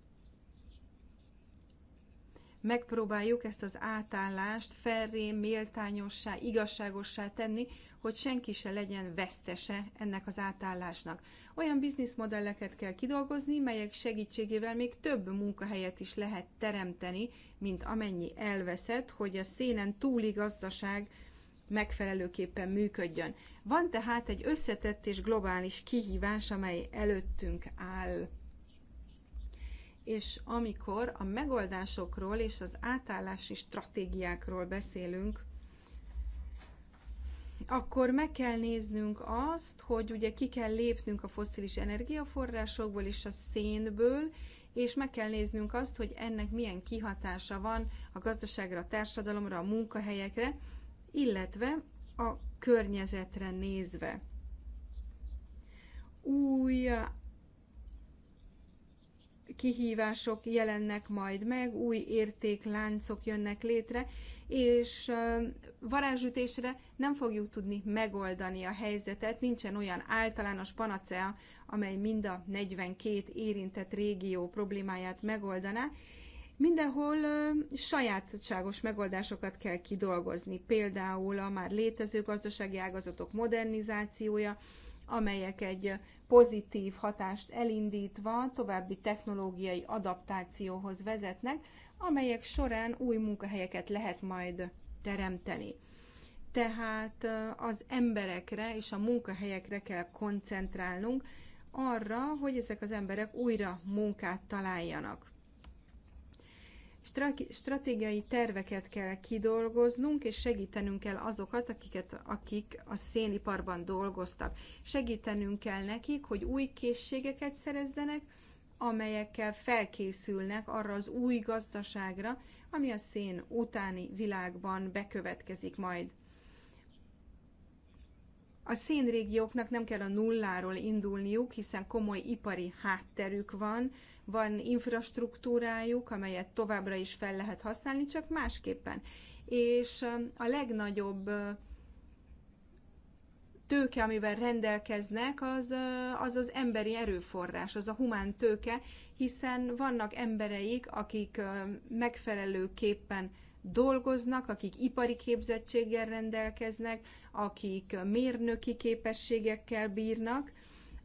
megpróbáljuk ezt az átállást felré, méltányossá, igazságossá tenni, hogy senki se legyen vesztese ennek az átállásnak. Olyan bizniszmodelleket kell kidolgozni, melyek segítségével még több munkahelyet is lehet teremteni, mint amennyi elveszett, hogy a szénen túli gazdaság megfelelőképpen működjön. Van tehát egy összetett és globális kihívás, amely előttünk áll és amikor a megoldásokról és az átállási stratégiákról beszélünk, akkor meg kell néznünk azt, hogy ugye ki kell lépnünk a fosszilis energiaforrásokból és a szénből, és meg kell néznünk azt, hogy ennek milyen kihatása van a gazdaságra, a társadalomra, a munkahelyekre, illetve a környezetre nézve. Új kihívások jelennek majd meg, új értékláncok jönnek létre, és varázsütésre nem fogjuk tudni megoldani a helyzetet, nincsen olyan általános panacea, amely mind a 42 érintett régió problémáját megoldaná, Mindenhol ö, sajátságos megoldásokat kell kidolgozni, például a már létező gazdasági ágazatok modernizációja, amelyek egy pozitív hatást elindítva további technológiai adaptációhoz vezetnek, amelyek során új munkahelyeket lehet majd teremteni. Tehát az emberekre és a munkahelyekre kell koncentrálnunk, arra, hogy ezek az emberek újra munkát találjanak stratégiai terveket kell kidolgoznunk, és segítenünk kell azokat, akiket, akik a széniparban dolgoztak. Segítenünk kell nekik, hogy új készségeket szerezzenek, amelyekkel felkészülnek arra az új gazdaságra, ami a szén utáni világban bekövetkezik majd. A szénrégióknak nem kell a nulláról indulniuk, hiszen komoly ipari hátterük van, van infrastruktúrájuk, amelyet továbbra is fel lehet használni, csak másképpen. És a legnagyobb tőke, amivel rendelkeznek, az, az az emberi erőforrás, az a humán tőke, hiszen vannak embereik, akik megfelelőképpen dolgoznak, akik ipari képzettséggel rendelkeznek, akik mérnöki képességekkel bírnak,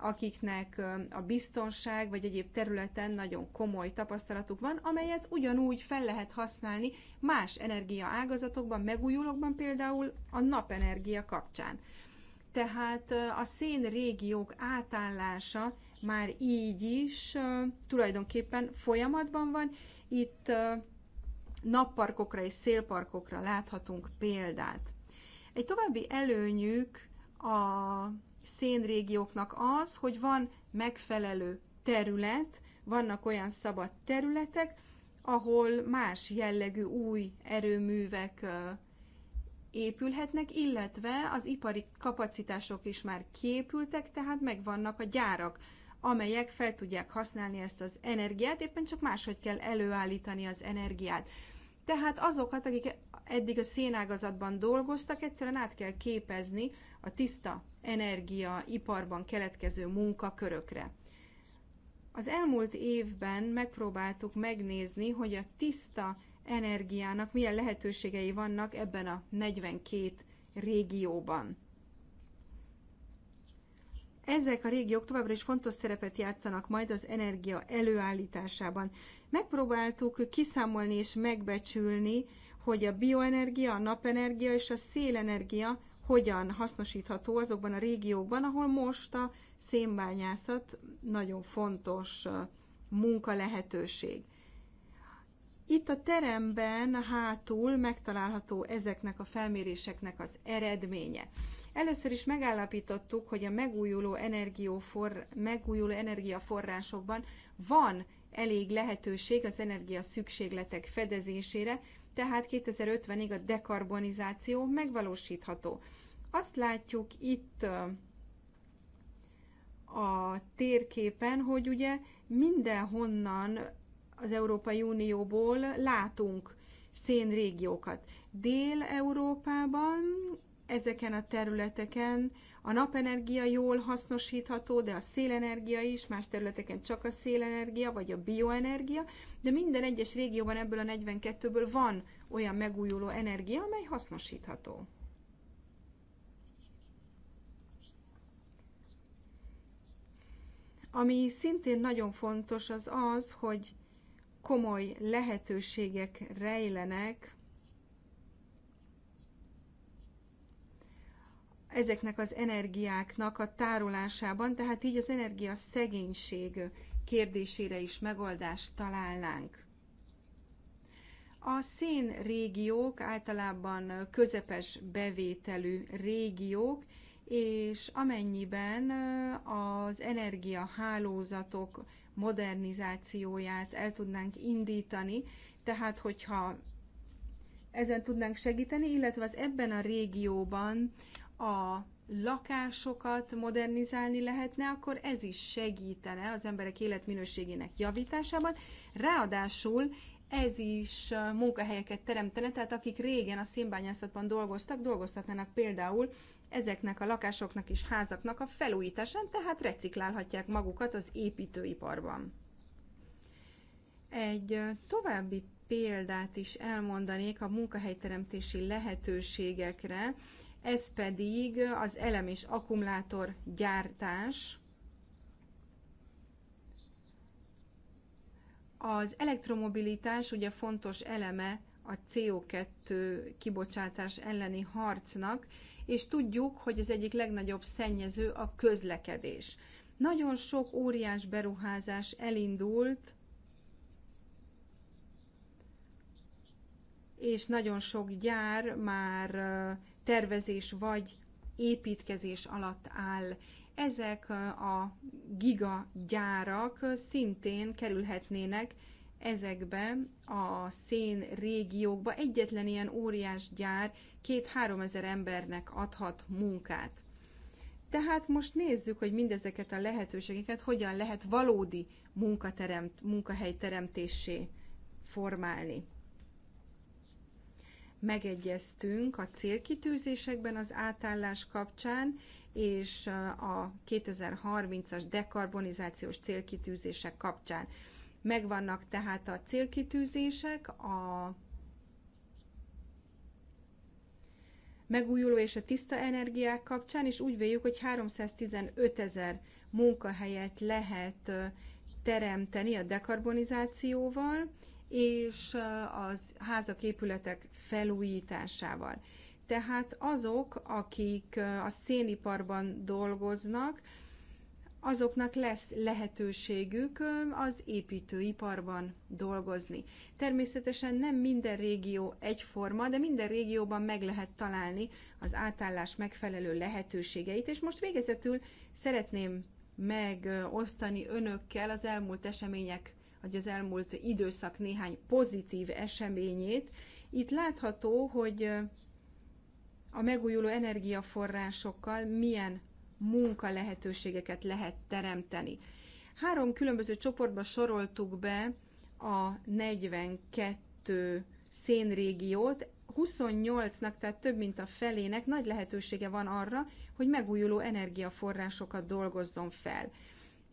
akiknek a biztonság vagy egyéb területen nagyon komoly tapasztalatuk van, amelyet ugyanúgy fel lehet használni más energiaágazatokban, megújulókban például a napenergia kapcsán. Tehát a szén régiók átállása már így is tulajdonképpen folyamatban van. Itt napparkokra és szélparkokra láthatunk példát. Egy további előnyük a szénrégióknak az, hogy van megfelelő terület, vannak olyan szabad területek, ahol más jellegű új erőművek épülhetnek, illetve az ipari kapacitások is már képültek, tehát megvannak a gyárak, amelyek fel tudják használni ezt az energiát, éppen csak máshogy kell előállítani az energiát. Tehát azokat, akik eddig a szénágazatban dolgoztak, egyszerűen át kell képezni a tiszta energia iparban keletkező munkakörökre. Az elmúlt évben megpróbáltuk megnézni, hogy a tiszta energiának milyen lehetőségei vannak ebben a 42 régióban. Ezek a régiók továbbra is fontos szerepet játszanak majd az energia előállításában. Megpróbáltuk kiszámolni és megbecsülni hogy a bioenergia, a napenergia és a szélenergia hogyan hasznosítható azokban a régiókban, ahol most a szénbányászat nagyon fontos munka lehetőség. Itt a teremben hátul megtalálható ezeknek a felméréseknek az eredménye. Először is megállapítottuk, hogy a megújuló, energiófor, megújuló energiaforrásokban van elég lehetőség az energia szükségletek fedezésére, tehát 2050-ig a dekarbonizáció megvalósítható. Azt látjuk itt a térképen, hogy ugye mindenhonnan az Európai Unióból látunk szénrégiókat. Dél-Európában ezeken a területeken a napenergia jól hasznosítható, de a szélenergia is, más területeken csak a szélenergia, vagy a bioenergia, de minden egyes régióban ebből a 42-ből van olyan megújuló energia, amely hasznosítható. Ami szintén nagyon fontos az az, hogy komoly lehetőségek rejlenek ezeknek az energiáknak a tárolásában, tehát így az energia szegénység kérdésére is megoldást találnánk. A szén régiók általában közepes bevételű régiók, és amennyiben az energiahálózatok modernizációját el tudnánk indítani, tehát hogyha ezen tudnánk segíteni, illetve az ebben a régióban a lakásokat modernizálni lehetne, akkor ez is segítene az emberek életminőségének javításában. Ráadásul ez is munkahelyeket teremtene, tehát akik régen a színbányászatban dolgoztak, dolgozhatnának például ezeknek a lakásoknak és házaknak a felújításán, tehát reciklálhatják magukat az építőiparban. Egy további példát is elmondanék a munkahelyteremtési lehetőségekre, ez pedig az elem és akkumulátor gyártás, Az elektromobilitás ugye fontos eleme a CO2 kibocsátás elleni harcnak, és tudjuk, hogy az egyik legnagyobb szennyező a közlekedés. Nagyon sok óriás beruházás elindult, és nagyon sok gyár már tervezés vagy építkezés alatt áll. Ezek a gigagyárak szintén kerülhetnének ezekbe a szén régiókba. Egyetlen ilyen óriás gyár két-három ezer embernek adhat munkát. Tehát most nézzük, hogy mindezeket a lehetőségeket hogyan lehet valódi munkateremt, munkahelyteremtésé formálni megegyeztünk a célkitűzésekben az átállás kapcsán, és a 2030-as dekarbonizációs célkitűzések kapcsán. Megvannak tehát a célkitűzések, a megújuló és a tiszta energiák kapcsán, és úgy véljük, hogy 315 ezer munkahelyet lehet teremteni a dekarbonizációval, és az házak, épületek felújításával. Tehát azok, akik a széniparban dolgoznak, azoknak lesz lehetőségük az építőiparban dolgozni. Természetesen nem minden régió egyforma, de minden régióban meg lehet találni az átállás megfelelő lehetőségeit, és most végezetül szeretném megosztani önökkel az elmúlt események vagy az elmúlt időszak néhány pozitív eseményét. Itt látható, hogy a megújuló energiaforrásokkal milyen munka lehetőségeket lehet teremteni. Három különböző csoportba soroltuk be a 42 szénrégiót, 28-nak, tehát több mint a felének nagy lehetősége van arra, hogy megújuló energiaforrásokat dolgozzon fel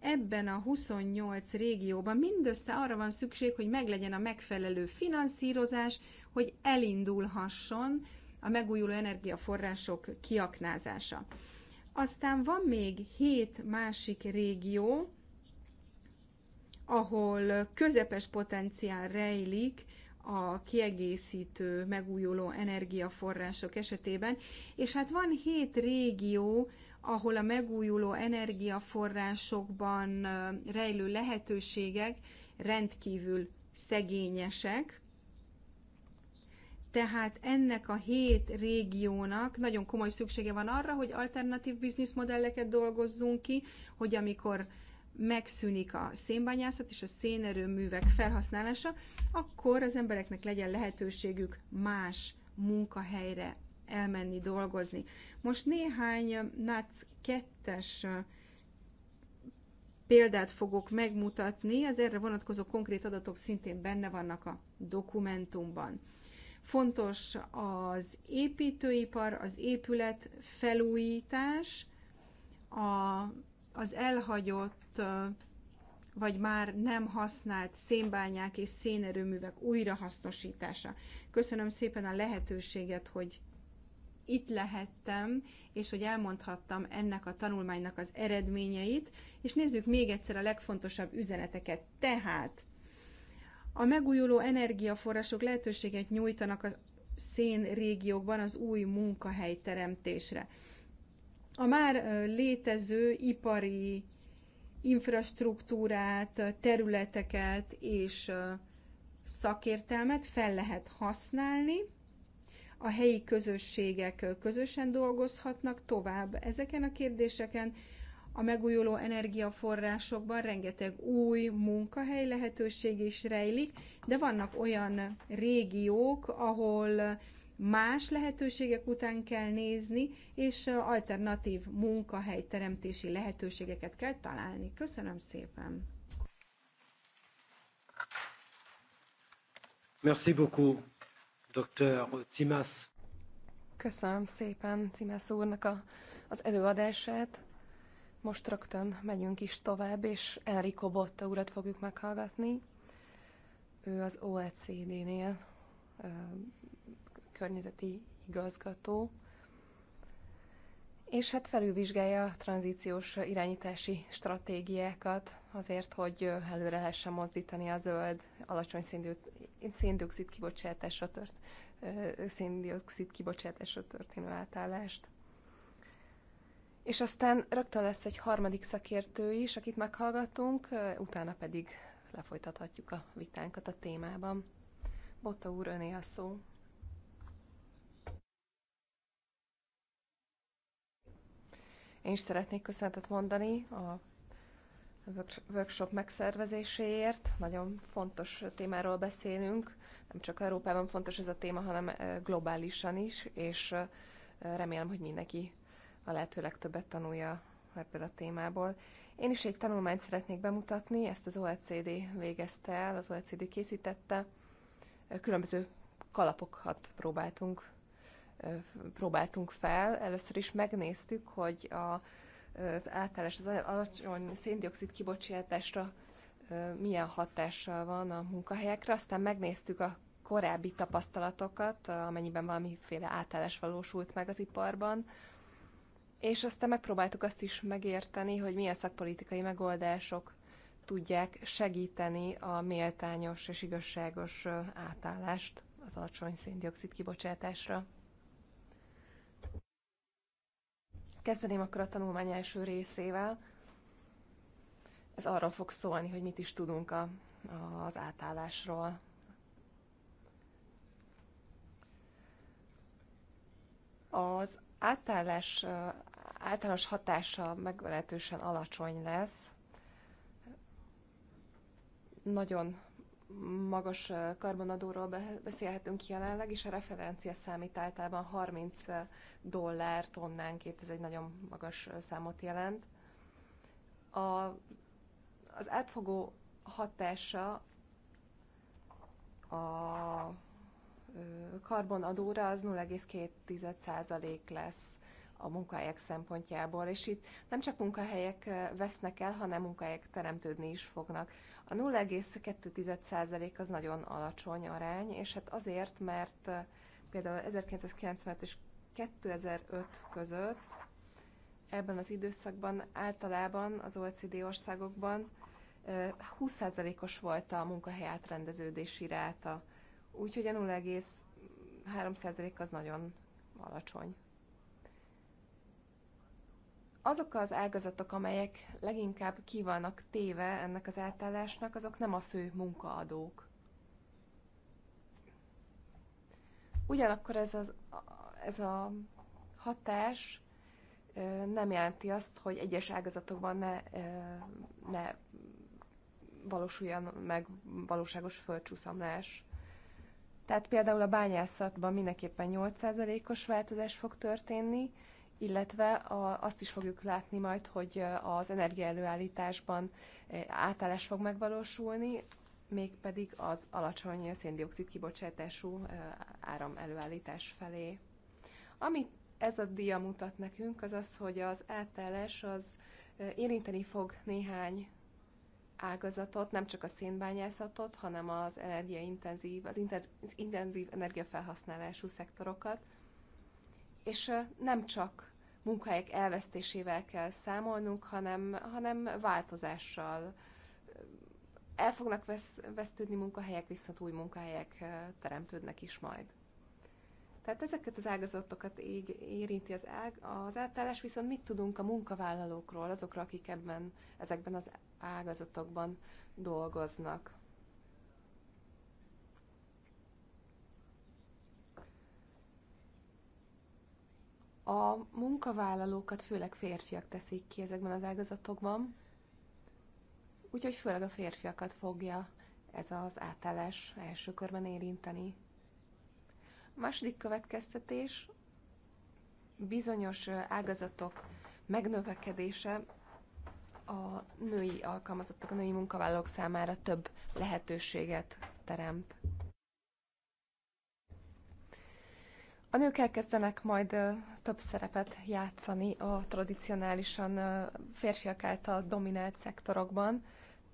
ebben a 28 régióban mindössze arra van szükség, hogy meglegyen a megfelelő finanszírozás, hogy elindulhasson a megújuló energiaforrások kiaknázása. Aztán van még hét másik régió, ahol közepes potenciál rejlik a kiegészítő megújuló energiaforrások esetében, és hát van hét régió, ahol a megújuló energiaforrásokban rejlő lehetőségek rendkívül szegényesek, tehát ennek a hét régiónak nagyon komoly szüksége van arra, hogy alternatív bizniszmodelleket dolgozzunk ki, hogy amikor megszűnik a szénbányászat és a szénerőművek felhasználása, akkor az embereknek legyen lehetőségük más munkahelyre elmenni dolgozni. Most néhány NAC 2-es példát fogok megmutatni, az erre vonatkozó konkrét adatok szintén benne vannak a dokumentumban. Fontos az építőipar, az épület felújítás, a, az elhagyott vagy már nem használt szénbányák és szénerőművek újrahasznosítása. Köszönöm szépen a lehetőséget, hogy itt lehettem, és hogy elmondhattam ennek a tanulmánynak az eredményeit, és nézzük még egyszer a legfontosabb üzeneteket. Tehát a megújuló energiaforrások lehetőséget nyújtanak a szén régiókban az új munkahely teremtésre. A már létező ipari infrastruktúrát, területeket és szakértelmet fel lehet használni, a helyi közösségek közösen dolgozhatnak tovább ezeken a kérdéseken, a megújuló energiaforrásokban rengeteg új munkahely lehetőség is rejlik, de vannak olyan régiók, ahol más lehetőségek után kell nézni, és alternatív teremtési lehetőségeket kell találni. Köszönöm szépen! Merci beaucoup. Dr. Köszönöm szépen Cimász úrnak a, az előadását. Most rögtön megyünk is tovább, és Enrico Botta urat fogjuk meghallgatni. Ő az OECD-nél környezeti igazgató, és hát felülvizsgálja a tranzíciós irányítási stratégiákat azért, hogy előre lehessen mozdítani a zöld, alacsony szintű széndiokszid kibocsátásra tört, széndiokszid kibocsátásra történő átállást. És aztán rögtön lesz egy harmadik szakértő is, akit meghallgatunk, utána pedig lefolytathatjuk a vitánkat a témában. Botta úr, öné a szó. Én is szeretnék köszönetet mondani a workshop megszervezéséért. Nagyon fontos témáról beszélünk, nem csak Európában fontos ez a téma, hanem globálisan is, és remélem, hogy mindenki a lehető legtöbbet tanulja ebből a témából. Én is egy tanulmányt szeretnék bemutatni, ezt az OECD végezte el, az OECD készítette. Különböző kalapokat próbáltunk, próbáltunk fel. Először is megnéztük, hogy a az átállás az alacsony széndiokszid kibocsátásra milyen hatással van a munkahelyekre. Aztán megnéztük a korábbi tapasztalatokat, amennyiben valamiféle átállás valósult meg az iparban, és aztán megpróbáltuk azt is megérteni, hogy milyen szakpolitikai megoldások tudják segíteni a méltányos és igazságos átállást az alacsony széndiokszid kibocsátásra. Kezdeném akkor a tanulmány első részével. Ez arról fog szólni, hogy mit is tudunk a, a, az átállásról. Az átállás általános hatása meglehetősen alacsony lesz. Nagyon magas karbonadóról beszélhetünk jelenleg, és a referencia számít általában 30 dollár tonnánként, ez egy nagyon magas számot jelent. A, az átfogó hatása a karbonadóra az 0,2% lesz a munkahelyek szempontjából, és itt nem csak munkahelyek vesznek el, hanem munkahelyek teremtődni is fognak. A 0,2% az nagyon alacsony arány, és hát azért, mert például 1995 és 2005 között ebben az időszakban általában az OECD országokban 20%-os volt a munkahely átrendeződési ráta. Úgyhogy a 0,3% az nagyon alacsony azok az ágazatok, amelyek leginkább vannak téve ennek az átállásnak, azok nem a fő munkaadók. Ugyanakkor ez, az, ez a hatás nem jelenti azt, hogy egyes ágazatokban ne, ne valósuljon meg valóságos földcsúszamlás. Tehát például a bányászatban mindenképpen 8%-os változás fog történni, illetve a, azt is fogjuk látni majd, hogy az energiaelőállításban átállás fog megvalósulni, mégpedig az alacsony széndiokszid kibocsátású áramelőállítás felé. Amit ez a dia mutat nekünk, az az, hogy az átállás az érinteni fog néhány ágazatot, nem csak a szénbányászatot, hanem az energiaintenzív, az intenzív energiafelhasználású szektorokat, és nem csak munkahelyek elvesztésével kell számolnunk, hanem, hanem változással. El fognak vesz, vesztődni munkahelyek, viszont új munkahelyek teremtődnek is majd. Tehát ezeket az ágazatokat így érinti az, ág, az átállás, viszont mit tudunk a munkavállalókról, azokról, akik ebben, ezekben az ágazatokban dolgoznak. A munkavállalókat főleg férfiak teszik ki ezekben az ágazatokban, úgyhogy főleg a férfiakat fogja ez az átállás első körben érinteni. A második következtetés, bizonyos ágazatok megnövekedése a női alkalmazottak, a női munkavállalók számára több lehetőséget teremt. A nők elkezdenek majd több szerepet játszani a tradicionálisan férfiak által dominált szektorokban,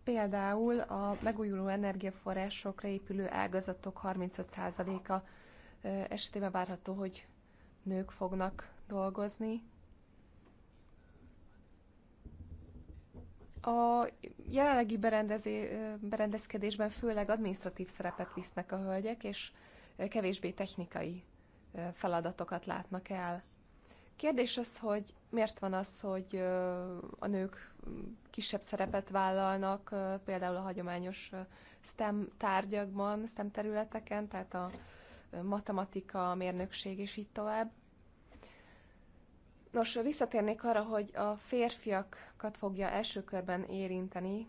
például a megújuló energiaforrásokra épülő ágazatok 35%-a esetében várható, hogy nők fognak dolgozni. A jelenlegi berendezkedésben főleg administratív szerepet visznek a hölgyek, és kevésbé technikai feladatokat látnak el. Kérdés az, hogy miért van az, hogy a nők kisebb szerepet vállalnak például a hagyományos STEM tárgyakban, STEM területeken, tehát a matematika, a mérnökség és így tovább. Nos, visszatérnék arra, hogy a férfiakat fogja első körben érinteni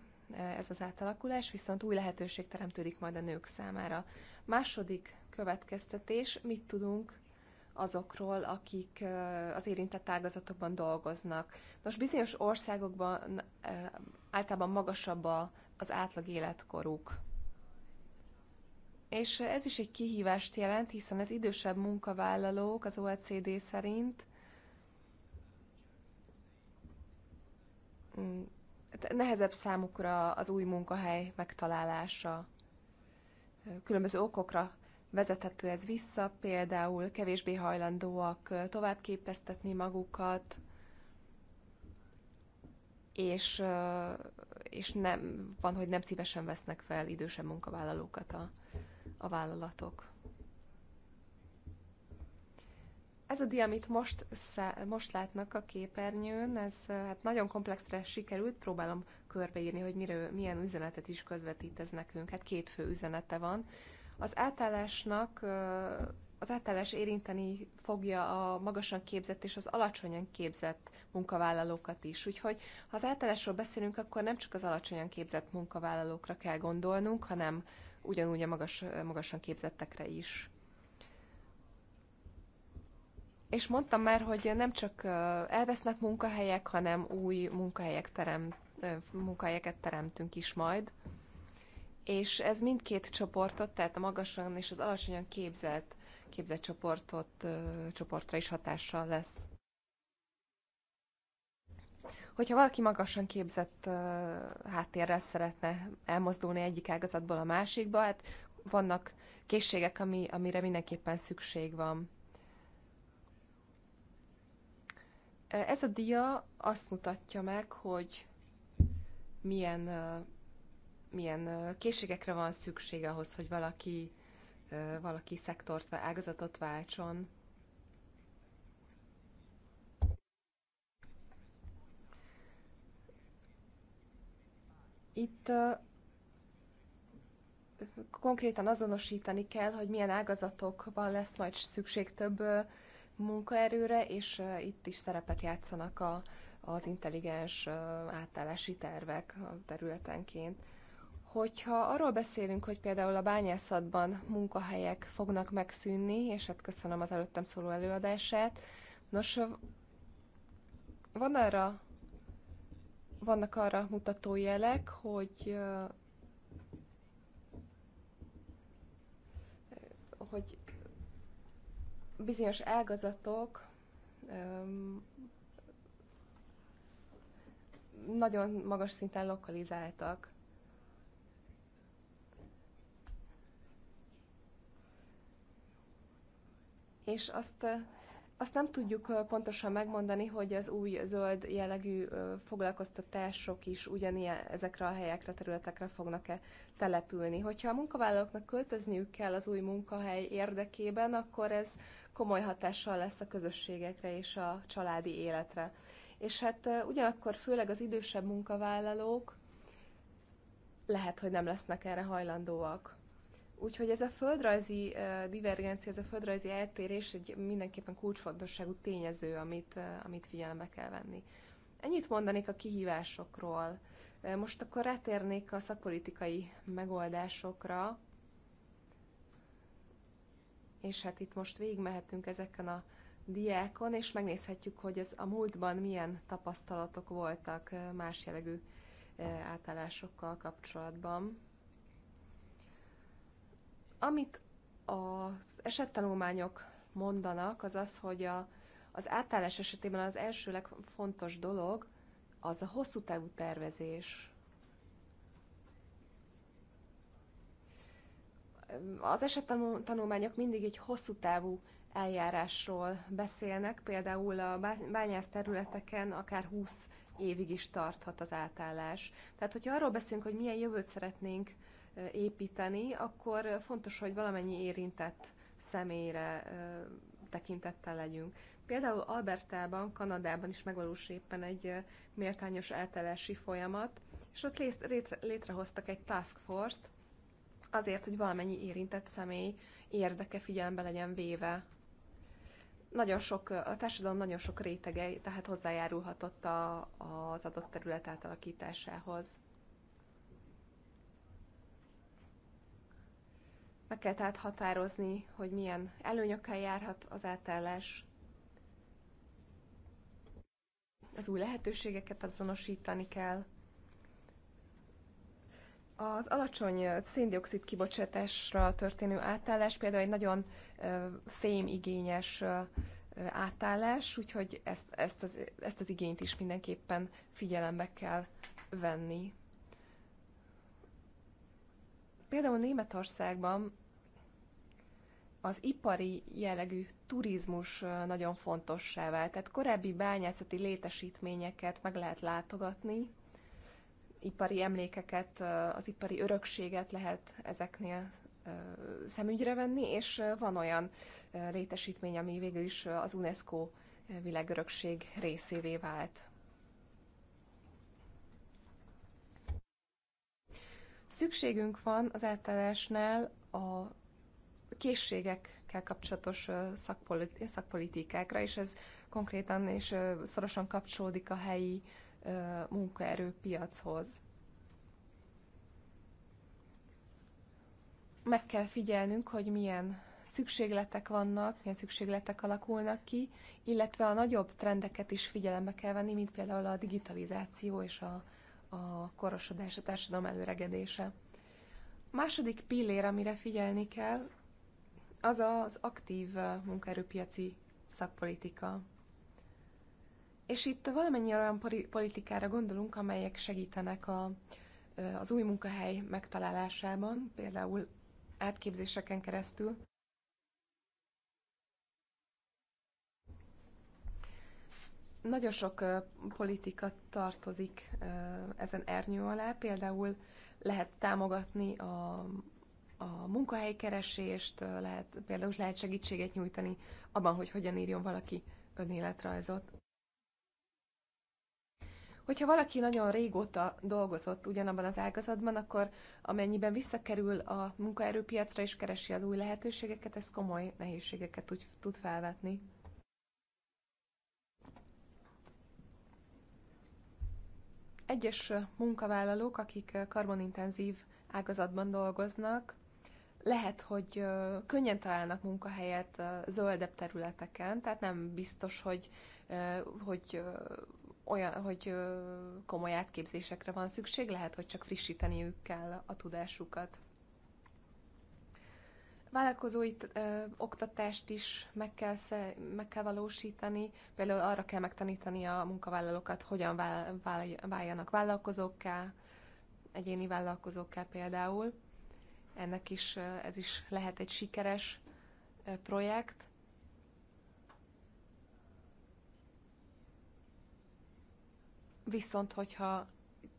ez az átalakulás, viszont új lehetőség teremtődik majd a nők számára. Második következtetés, mit tudunk azokról, akik az érintett ágazatokban dolgoznak. Nos, bizonyos országokban általában magasabb az átlag életkoruk. És ez is egy kihívást jelent, hiszen az idősebb munkavállalók az OECD szerint mm, nehezebb számukra az új munkahely megtalálása. Különböző okokra vezethető ez vissza, például kevésbé hajlandóak továbbképeztetni magukat, és, és nem, van, hogy nem szívesen vesznek fel idősebb munkavállalókat a, a vállalatok. Ez a dia, amit most, szá- most látnak a képernyőn, ez hát nagyon komplexre sikerült, próbálom körbeírni, hogy miről, milyen üzenetet is közvetít ez nekünk. Hát két fő üzenete van. Az átállásnak az átállás érinteni fogja a magasan képzett és az alacsonyan képzett munkavállalókat is. Úgyhogy ha az átállásról beszélünk, akkor nem csak az alacsonyan képzett munkavállalókra kell gondolnunk, hanem ugyanúgy a magas, magasan képzettekre is. És mondtam már, hogy nem csak elvesznek munkahelyek, hanem új munkahelyek terem, munkahelyeket teremtünk is majd és ez mindkét csoportot, tehát a magasan és az alacsonyan képzett, képzett csoportot, csoportra is hatással lesz. Hogyha valaki magasan képzett háttérrel szeretne elmozdulni egyik ágazatból a másikba, hát vannak készségek, ami, amire mindenképpen szükség van. Ez a dia azt mutatja meg, hogy milyen milyen készségekre van szükség ahhoz, hogy valaki, valaki szektort vagy ágazatot váltson. Itt konkrétan azonosítani kell, hogy milyen ágazatokban lesz majd szükség több munkaerőre, és itt is szerepet játszanak a, az intelligens átállási tervek területenként. Hogyha arról beszélünk, hogy például a bányászatban munkahelyek fognak megszűnni, és hát köszönöm az előttem szóló előadását, nos, van arra, vannak arra mutató jelek, hogy hogy bizonyos ágazatok nagyon magas szinten lokalizáltak. és azt, azt nem tudjuk pontosan megmondani, hogy az új zöld jellegű foglalkoztatások is ugyanilyen ezekre a helyekre, területekre fognak-e települni. Hogyha a munkavállalóknak költözniük kell az új munkahely érdekében, akkor ez komoly hatással lesz a közösségekre és a családi életre. És hát ugyanakkor főleg az idősebb munkavállalók lehet, hogy nem lesznek erre hajlandóak. Úgyhogy ez a földrajzi divergencia, ez a földrajzi eltérés egy mindenképpen kulcsfontosságú tényező, amit, amit figyelembe kell venni. Ennyit mondanék a kihívásokról. Most akkor rátérnék a szakpolitikai megoldásokra, és hát itt most végigmehetünk ezeken a diákon, és megnézhetjük, hogy ez a múltban milyen tapasztalatok voltak más jellegű átállásokkal kapcsolatban. Amit az esettanulmányok mondanak, az az, hogy a, az átállás esetében az első legfontos dolog az a hosszú távú tervezés. Az esettanulmányok mindig egy hosszú távú eljárásról beszélnek, például a bányász területeken akár 20 évig is tarthat az átállás. Tehát, hogyha arról beszélünk, hogy milyen jövőt szeretnénk építeni, akkor fontos, hogy valamennyi érintett személyre tekintettel legyünk. Például Albertában, Kanadában is megvalósul éppen egy méltányos eltelési folyamat, és ott létrehoztak egy task force-t, azért, hogy valamennyi érintett személy érdeke figyelembe legyen véve. Nagyon sok, a társadalom nagyon sok rétege, tehát hozzájárulhatott a, az adott terület átalakításához. Meg kell tehát határozni, hogy milyen előnyökkel járhat az átállás, az új lehetőségeket azonosítani kell. Az alacsony széndiokszid kibocsátásra történő átállás például egy nagyon fémigényes átállás, úgyhogy ezt, ezt, az, ezt az igényt is mindenképpen figyelembe kell venni. Például Németországban az ipari jellegű turizmus nagyon fontossá vált. Tehát korábbi bányászati létesítményeket meg lehet látogatni, ipari emlékeket, az ipari örökséget lehet ezeknél szemügyre venni, és van olyan létesítmény, ami végül is az UNESCO világörökség részévé vált. Szükségünk van az átállásnál a készségekkel kapcsolatos szakpolitikákra, és ez konkrétan és szorosan kapcsolódik a helyi munkaerőpiachoz. Meg kell figyelnünk, hogy milyen szükségletek vannak, milyen szükségletek alakulnak ki, illetve a nagyobb trendeket is figyelembe kell venni, mint például a digitalizáció és a, a korosodás, a társadalom előregedése. Második pillér, amire figyelni kell, az az aktív munkaerőpiaci szakpolitika. És itt valamennyi olyan politikára gondolunk, amelyek segítenek a, az új munkahely megtalálásában, például átképzéseken keresztül. Nagyon sok politika tartozik ezen ernyő alá, például lehet támogatni a, a munkahelykeresést, lehet, például lehet segítséget nyújtani abban, hogy hogyan írjon valaki önéletrajzot. Hogyha valaki nagyon régóta dolgozott ugyanabban az ágazatban, akkor amennyiben visszakerül a munkaerőpiacra és keresi az új lehetőségeket, ez komoly nehézségeket tud, tud felvetni. Egyes munkavállalók, akik karbonintenzív ágazatban dolgoznak, lehet, hogy könnyen találnak munkahelyet zöldebb területeken, tehát nem biztos, hogy, hogy olyan, hogy komoly átképzésekre van szükség, lehet, hogy csak frissíteniük kell a tudásukat. Vállalkozói ö, oktatást is meg kell, sze, meg kell valósítani, például arra kell megtanítani a munkavállalókat, hogyan vál, vál, váljanak vállalkozókká, egyéni vállalkozókká például ennek is, ez is lehet egy sikeres projekt. Viszont, hogyha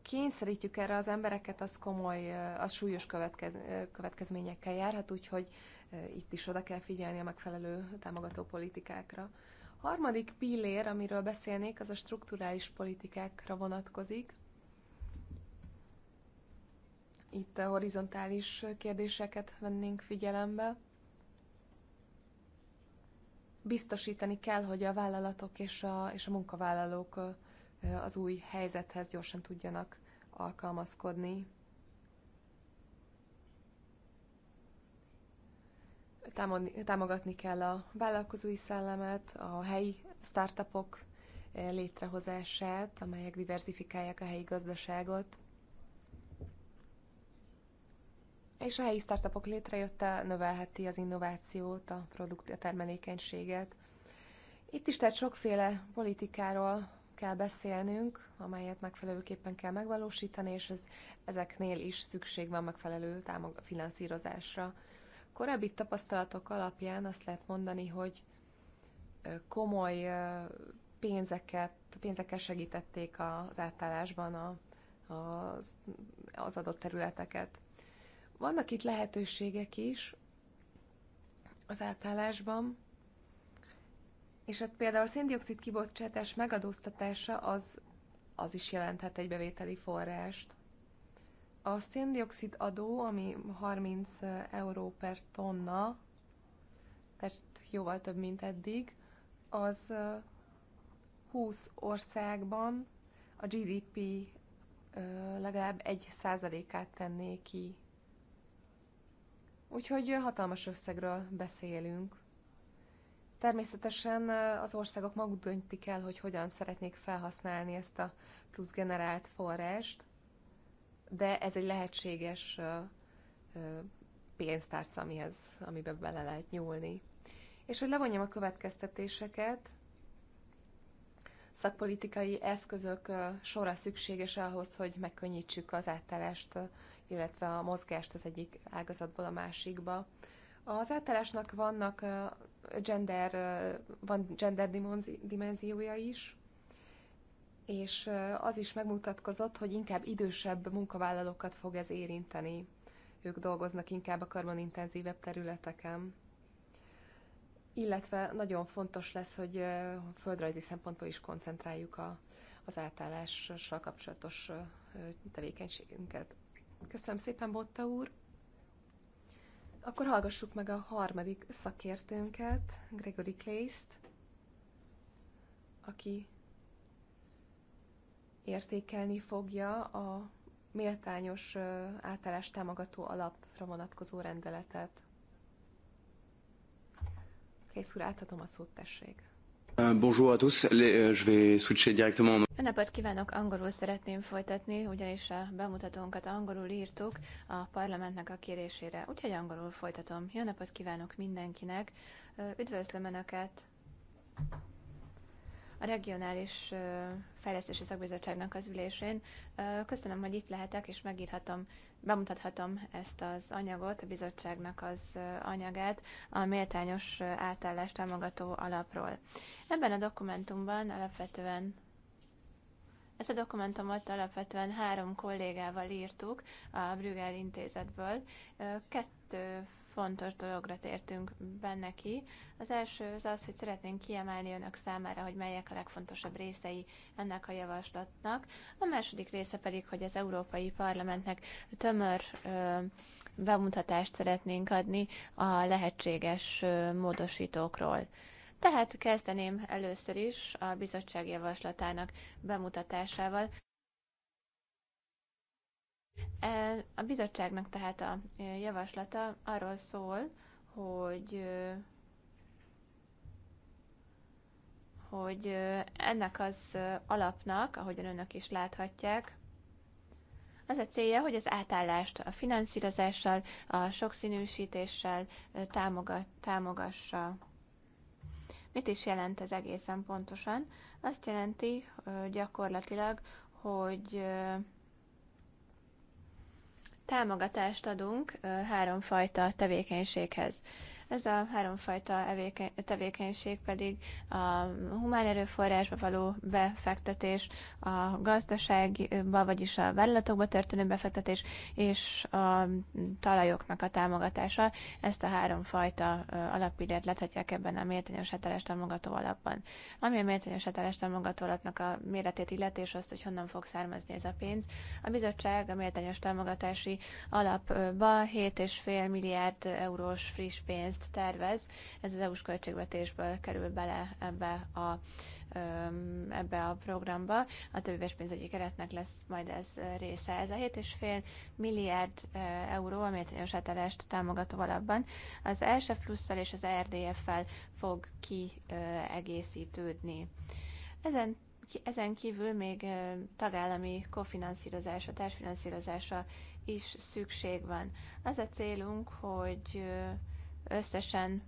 kényszerítjük erre az embereket, az komoly, az súlyos következ, következményekkel járhat, úgyhogy itt is oda kell figyelni a megfelelő támogató politikákra. A harmadik pillér, amiről beszélnék, az a strukturális politikákra vonatkozik itt a horizontális kérdéseket vennénk figyelembe. Biztosítani kell, hogy a vállalatok és a, és a munkavállalók az új helyzethez gyorsan tudjanak alkalmazkodni. Támogatni kell a vállalkozói szellemet, a helyi startupok létrehozását, amelyek diversifikálják a helyi gazdaságot És a helyi startupok létrejötte növelheti az innovációt, a produkt a termelékenységet. Itt is tehát sokféle politikáról kell beszélnünk, amelyet megfelelőképpen kell megvalósítani, és ez, ezeknél is szükség van megfelelő támog- finanszírozásra. Korábbi tapasztalatok alapján azt lehet mondani, hogy komoly pénzeket, pénzekkel segítették az átállásban a, a, az adott területeket. Vannak itt lehetőségek is az átállásban, és hát például a széndiokszid kibocsátás megadóztatása az, az is jelenthet egy bevételi forrást. A széndiokszid adó, ami 30 euró per tonna, tehát jóval több, mint eddig, az 20 országban a GDP legalább 1%-át tenné ki Úgyhogy hatalmas összegről beszélünk. Természetesen az országok maguk döntik el, hogy hogyan szeretnék felhasználni ezt a plusz generált forrást, de ez egy lehetséges pénztárca, amihez, amiben bele lehet nyúlni. És hogy levonjam a következtetéseket, szakpolitikai eszközök sorra szükséges ahhoz, hogy megkönnyítsük az áttelést illetve a mozgást az egyik ágazatból a másikba. Az általásnak vannak gender, van gender dimenziója is, és az is megmutatkozott, hogy inkább idősebb munkavállalókat fog ez érinteni. Ők dolgoznak inkább a karbonintenzívebb területeken. Illetve nagyon fontos lesz, hogy földrajzi szempontból is koncentráljuk a, az átállással kapcsolatos tevékenységünket. Köszönöm szépen, Botta úr. Akkor hallgassuk meg a harmadik szakértőnket, Gregory Case-t, aki értékelni fogja a méltányos átállás támogató alapra vonatkozó rendeletet. Kész úr, átadom a szót, tessék. Euh, bonjour à tous, euh, je vais switcher directement. Jó napot kívánok, angolul szeretném folytatni, ugyanis a bemutatónkat angolul írtuk a parlamentnek a kérésére, úgyhogy angolul folytatom. Jó napot kívánok mindenkinek, üdvözlöm Önöket! a regionális fejlesztési szakbizottságnak az ülésén. Köszönöm, hogy itt lehetek, és megírhatom bemutathatom ezt az anyagot, a bizottságnak az anyagát a méltányos átállást támogató alapról. Ebben a dokumentumban alapvetően ezt a dokumentumot alapvetően három kollégával írtuk a Brügel intézetből. Kettő fontos dologra tértünk benne ki. Az első az az, hogy szeretnénk kiemelni önök számára, hogy melyek a legfontosabb részei ennek a javaslatnak. A második része pedig, hogy az Európai Parlamentnek tömör ö, bemutatást szeretnénk adni a lehetséges ö, módosítókról. Tehát kezdeném először is a bizottság javaslatának bemutatásával. E, a bizottságnak tehát a e, javaslata arról szól, hogy e, hogy ennek az alapnak, ahogyan önök is láthatják, az a célja, hogy az átállást a finanszírozással, a sokszínűsítéssel támogat, támogassa. Mit is jelent ez egészen pontosan? Azt jelenti gyakorlatilag, hogy támogatást adunk háromfajta tevékenységhez. Ez a háromfajta tevékenység pedig a humán erőforrásba való befektetés, a gazdaságba, vagyis a vállalatokba történő befektetés és a talajoknak a támogatása. Ezt a háromfajta alapillért láthatják ebben a méltányos heteles támogató alapban. Ami a méltányos heteles támogató alapnak a méretét illeti, és azt, hogy honnan fog származni ez a pénz, a bizottság a méltányos támogatási alapba 7,5 milliárd eurós friss pénz pénzt tervez, ez az EU-s költségvetésből kerül bele ebbe a, ebbe a programba. A többéves pénzügyi keretnek lesz majd ez része. Ez a 7,5 milliárd euró, ami a satelest támogató alapban, az ELSE e plusszal és az erdf fel fog kiegészítődni. Ezen ezen kívül még tagállami kofinanszírozása, társfinanszírozása is szükség van. Az a célunk, hogy összesen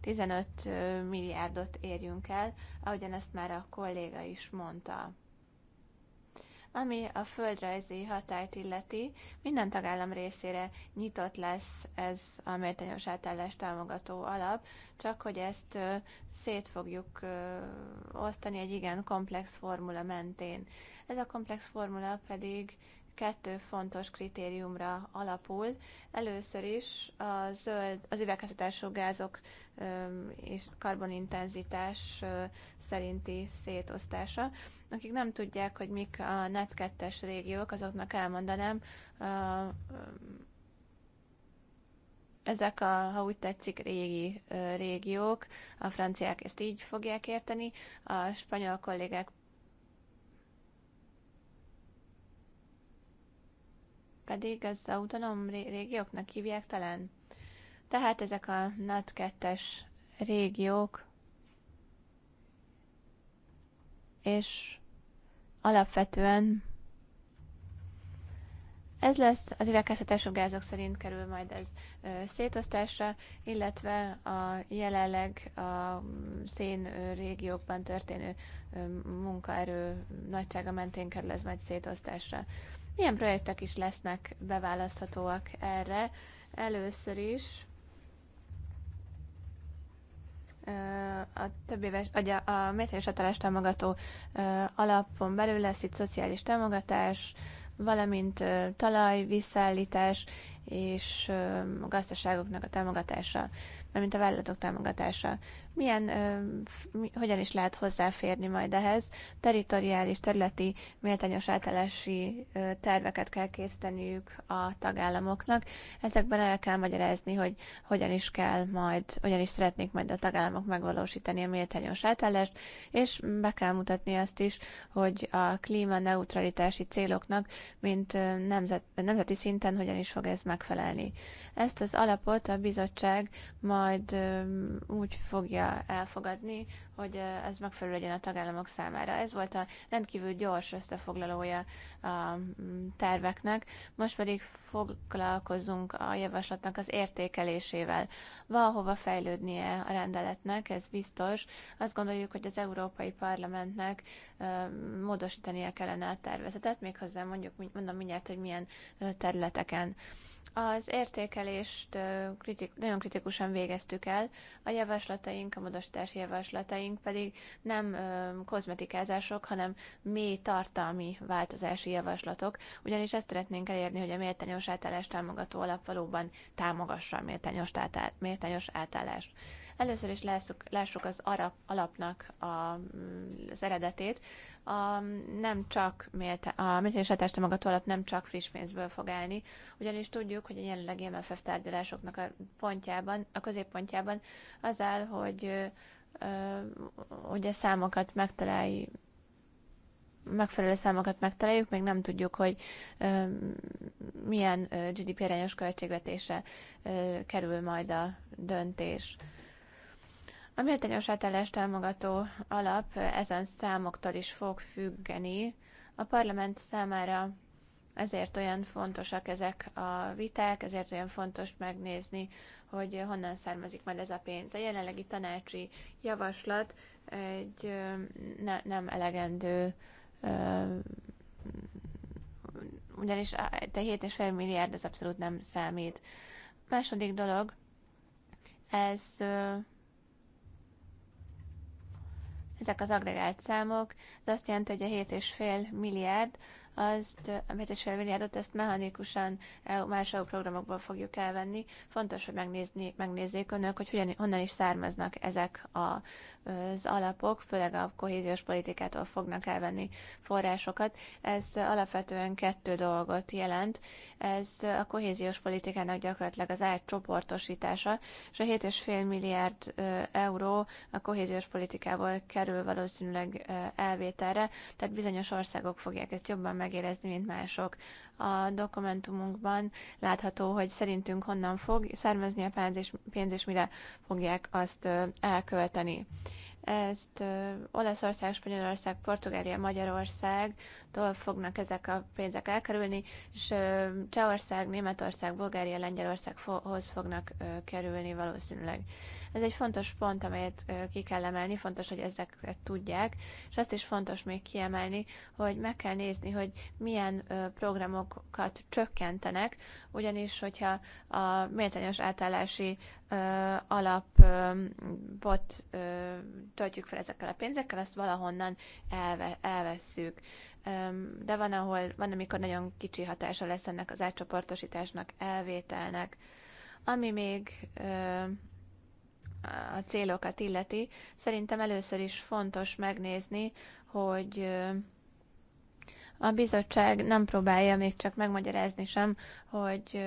15 milliárdot érjünk el, ahogyan ezt már a kolléga is mondta. Ami a földrajzi hatályt illeti, minden tagállam részére nyitott lesz ez a méltányos átállás támogató alap, csak hogy ezt szét fogjuk osztani egy igen komplex formula mentén. Ez a komplex formula pedig kettő fontos kritériumra alapul. Először is a zöld, az üvegházhatású gázok és karbonintenzitás szerinti szétosztása. Akik nem tudják, hogy mik a NET 2-es régiók, azoknak elmondanám, ezek a, ha úgy tetszik, régi régiók, a franciák ezt így fogják érteni, a spanyol kollégák pedig az autonóm régióknak hívják talán. Tehát ezek a NAT 2 régiók, és alapvetően ez lesz, az üvegházhatású gázok szerint kerül majd ez szétosztásra, illetve a jelenleg a szén régiókban történő munkaerő nagysága mentén kerül ez majd szétosztásra. Milyen projektek is lesznek beválaszthatóak erre? Először is a több éves, vagy a, a mértékes hatalás támogató alapon belül lesz itt szociális támogatás, valamint talaj, visszaállítás és a gazdaságoknak a támogatása, mint a vállalatok támogatása. Milyen, hogyan is lehet hozzáférni majd ehhez? Territoriális, területi, méltányos átállási terveket kell készíteniük a tagállamoknak. Ezekben el kell magyarázni, hogy hogyan is kell majd, hogyan is szeretnék majd a tagállamok megvalósítani a méltányos átállást, és be kell mutatni azt is, hogy a klímaneutralitási céloknak, mint nemzet, nemzeti szinten hogyan is fog ez megfelelni. Ezt az alapot a bizottság majd úgy fogja elfogadni, hogy ez megfelelő legyen a tagállamok számára. Ez volt a rendkívül gyors összefoglalója a terveknek. Most pedig foglalkozunk a javaslatnak az értékelésével. Valahova fejlődnie a rendeletnek, ez biztos. Azt gondoljuk, hogy az Európai Parlamentnek módosítania kellene a tervezetet, méghozzá mondjuk, mondom mindjárt, hogy milyen területeken. Az értékelést kritik, nagyon kritikusan végeztük el, a javaslataink, a modosítási javaslataink pedig nem ö, kozmetikázások, hanem mély tartalmi változási javaslatok, ugyanis ezt szeretnénk elérni, hogy a méltányos átállást támogató alap valóban támogassa a méltányos átállást. Először is lássuk, lássuk az arab alapnak a, az eredetét. A, nem csak mélte, a méltányos a alap nem csak friss pénzből fog állni, ugyanis tudjuk, hogy a jelenlegi MFF tárgyalásoknak a pontjában, a középpontjában az áll, hogy hogy ugye számokat megtalálj, megfelelő számokat megtaláljuk, még nem tudjuk, hogy milyen GDP arányos költségvetése kerül majd a döntés. A méltányos átállás támogató alap ezen számoktól is fog függeni. A parlament számára ezért olyan fontosak ezek a viták, ezért olyan fontos megnézni, hogy honnan származik majd ez a pénz. A jelenlegi tanácsi javaslat egy ne, nem elegendő, ugyanis a 7,5 milliárd ez abszolút nem számít. Második dolog, ez ezek az agregált számok, ez azt jelenti, hogy a 7,5 milliárd azt a 7,5 milliárdot, ezt mechanikusan más EU programokból fogjuk elvenni. Fontos, hogy megnézni, megnézzék önök, hogy hogyan, honnan is származnak ezek a, az alapok, főleg a kohéziós politikától fognak elvenni forrásokat. Ez alapvetően kettő dolgot jelent. Ez a kohéziós politikának gyakorlatilag az átcsoportosítása, és a 7,5 milliárd euró a kohéziós politikából kerül valószínűleg elvételre, tehát bizonyos országok fogják ezt jobban megérezni, mint mások. A dokumentumunkban látható, hogy szerintünk honnan fog származni a pénz, és, pénz, és mire fogják azt elkölteni. Ezt Olaszország, Spanyolország, Portugália, Magyarországtól fognak ezek a pénzek elkerülni, és Csehország, Németország, Bulgária, Lengyelországhoz fognak kerülni valószínűleg. Ez egy fontos pont, amelyet ki kell emelni, fontos, hogy ezeket tudják, és azt is fontos még kiemelni, hogy meg kell nézni, hogy milyen programokat csökkentenek, ugyanis, hogyha a méltányos átállási alapot töltjük fel ezekkel a pénzekkel, azt valahonnan elve, elvesszük de van, ahol, van, amikor nagyon kicsi hatása lesz ennek az átcsoportosításnak, elvételnek. Ami még a célokat illeti, szerintem először is fontos megnézni, hogy a bizottság nem próbálja még csak megmagyarázni sem, hogy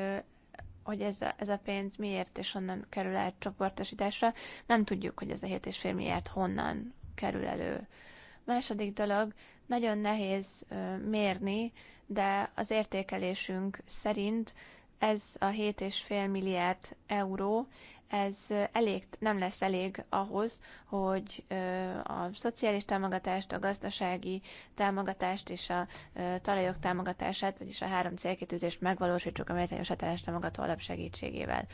hogy ez a, ez a pénz miért és honnan kerül el csoportosításra. Nem tudjuk, hogy ez a 7,5 milliárd honnan kerül elő. Második dolog, nagyon nehéz mérni, de az értékelésünk szerint ez a 7,5 milliárd euró ez elég, nem lesz elég ahhoz, hogy a szociális támogatást, a gazdasági támogatást és a talajok támogatását, vagyis a három célkitűzést megvalósítsuk a méltányos átállás támogató alap segítségével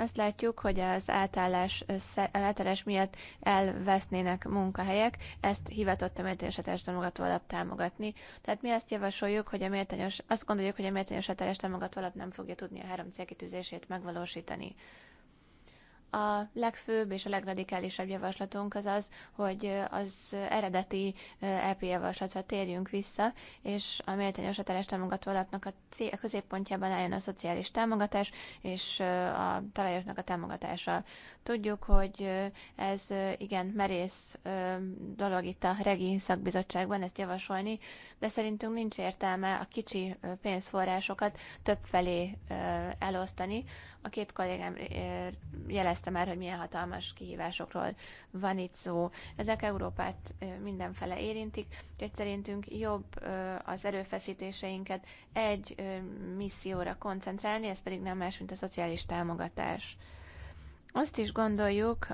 azt látjuk, hogy az átállás, átállás miatt elvesznének munkahelyek, ezt hivatott a méltányos átállás támogató alap támogatni. Tehát mi azt javasoljuk, hogy a méltányos, azt gondoljuk, hogy a méltányos átállás támogató alap nem fogja tudni a három célkitűzését megvalósítani. A legfőbb és a legradikálisabb javaslatunk az az, hogy az eredeti EP javaslatra térjünk vissza, és a méltányos hiteles támogató alapnak a, középpontjában álljon a szociális támogatás és a talajoknak a támogatása. Tudjuk, hogy ez igen merész dolog itt a regi szakbizottságban ezt javasolni, de szerintünk nincs értelme a kicsi pénzforrásokat több felé elosztani. A két kollégám jelez jelezte már, hogy milyen hatalmas kihívásokról van itt szó. Ezek Európát mindenfele érintik, úgyhogy szerintünk jobb az erőfeszítéseinket egy misszióra koncentrálni, ez pedig nem más, mint a szociális támogatás. Azt is gondoljuk,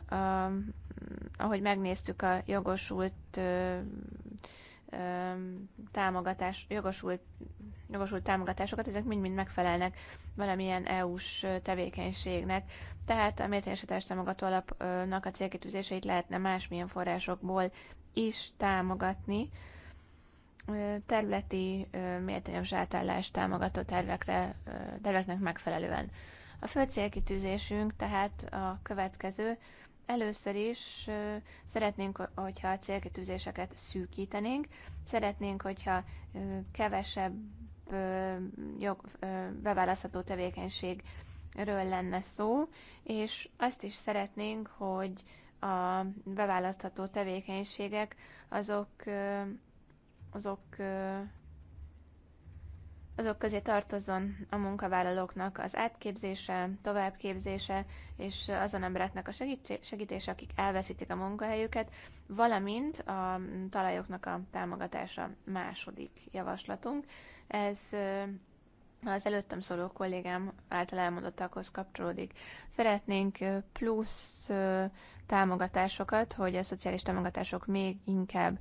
ahogy megnéztük a jogosult támogatás, jogosult, jogosult támogatásokat, ezek mind-mind megfelelnek valamilyen EU-s tevékenységnek. Tehát a méltányosítás támogató alapnak a célkitűzéseit lehetne másmilyen forrásokból is támogatni, területi méltányos átállást támogató tervekre, terveknek megfelelően. A fő célkitűzésünk tehát a következő, Először is szeretnénk, hogyha a célkitűzéseket szűkítenénk, szeretnénk, hogyha kevesebb jog, beválasztható tevékenységről lenne szó, és azt is szeretnénk, hogy a beválasztható tevékenységek azok, azok azok közé tartozzon a munkavállalóknak az átképzése, továbbképzése és azon embereknek a segítése, akik elveszítik a munkahelyüket, valamint a talajoknak a támogatása második javaslatunk. Ez az előttem szóló kollégám által elmondottakhoz kapcsolódik. Szeretnénk plusz támogatásokat, hogy a szociális támogatások még inkább,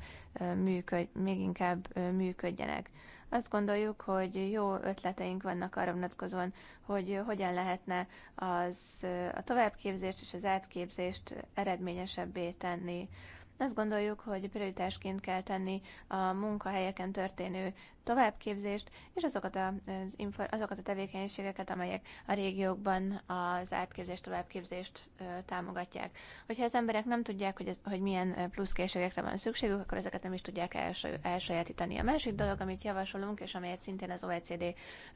működ, még inkább működjenek. Azt gondoljuk, hogy jó ötleteink vannak arra vonatkozóan, hogy hogyan lehetne az, a továbbképzést és az átképzést eredményesebbé tenni. Azt gondoljuk, hogy prioritásként kell tenni a munkahelyeken történő továbbképzést, és azokat a, az infor, azokat a tevékenységeket, amelyek a régiókban az átképzést, továbbképzést támogatják. Hogyha az emberek nem tudják, hogy, ez, hogy milyen pluszkészségekre van szükségük, akkor ezeket nem is tudják elsajátítani. A másik dolog, amit javasolunk, és amelyet szintén az OECD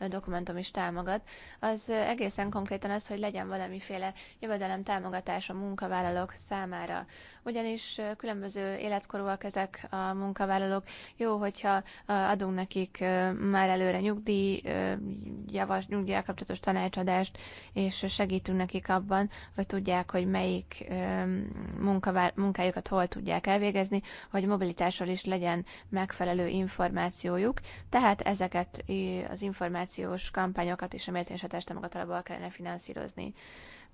dokumentum is támogat, az egészen konkrétan az, hogy legyen valamiféle jövedelem támogatás a munkavállalók számára. Ugyanis különböző életkorúak ezek a munkavállalók. Jó, hogyha adunk neki akik már előre nyugdíj, javas, nyugdíjjal kapcsolatos tanácsadást, és segítünk nekik abban, hogy tudják, hogy melyik munkájukat hol tudják elvégezni, hogy mobilitásról is legyen megfelelő információjuk. Tehát ezeket az információs kampányokat és a méltányos támogatalabból kellene finanszírozni.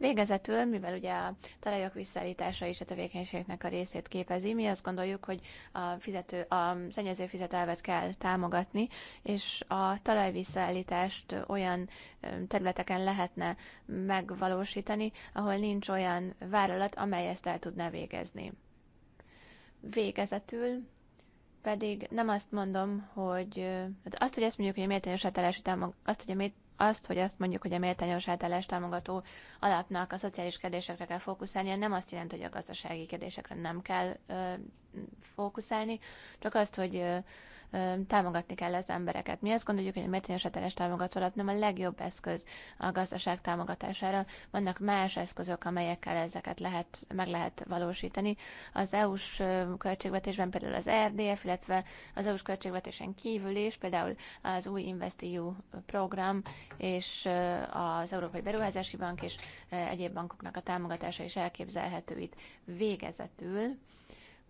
Végezetül, mivel ugye a talajok visszaállítása is a tevékenységnek a részét képezi, mi azt gondoljuk, hogy a, fizető, a szennyező fizetelvet kell támogatni, és a talaj visszaállítást olyan területeken lehetne megvalósítani, ahol nincs olyan vállalat, amely ezt el tudná végezni. Végezetül pedig nem azt mondom, hogy hát azt, hogy ezt mondjuk, hogy a méltányos átállás, támog, azt, hogy a azt, hogy azt mondjuk, hogy a méltányos általás támogató alapnak a szociális kérdésekre kell fókuszálni, nem azt jelenti, hogy a gazdasági kérdésekre nem kell ö, fókuszálni, csak azt, hogy ö, támogatni kell az embereket. Mi azt gondoljuk, hogy a méltányos hiteles támogató alap nem a legjobb eszköz a gazdaság támogatására. Vannak más eszközök, amelyekkel ezeket lehet, meg lehet valósítani. Az EU-s költségvetésben például az e RDF, illetve az EU-s költségvetésen kívül is, például az új InvestEU program és az Európai Beruházási Bank és egyéb bankoknak a támogatása is elképzelhető itt végezetül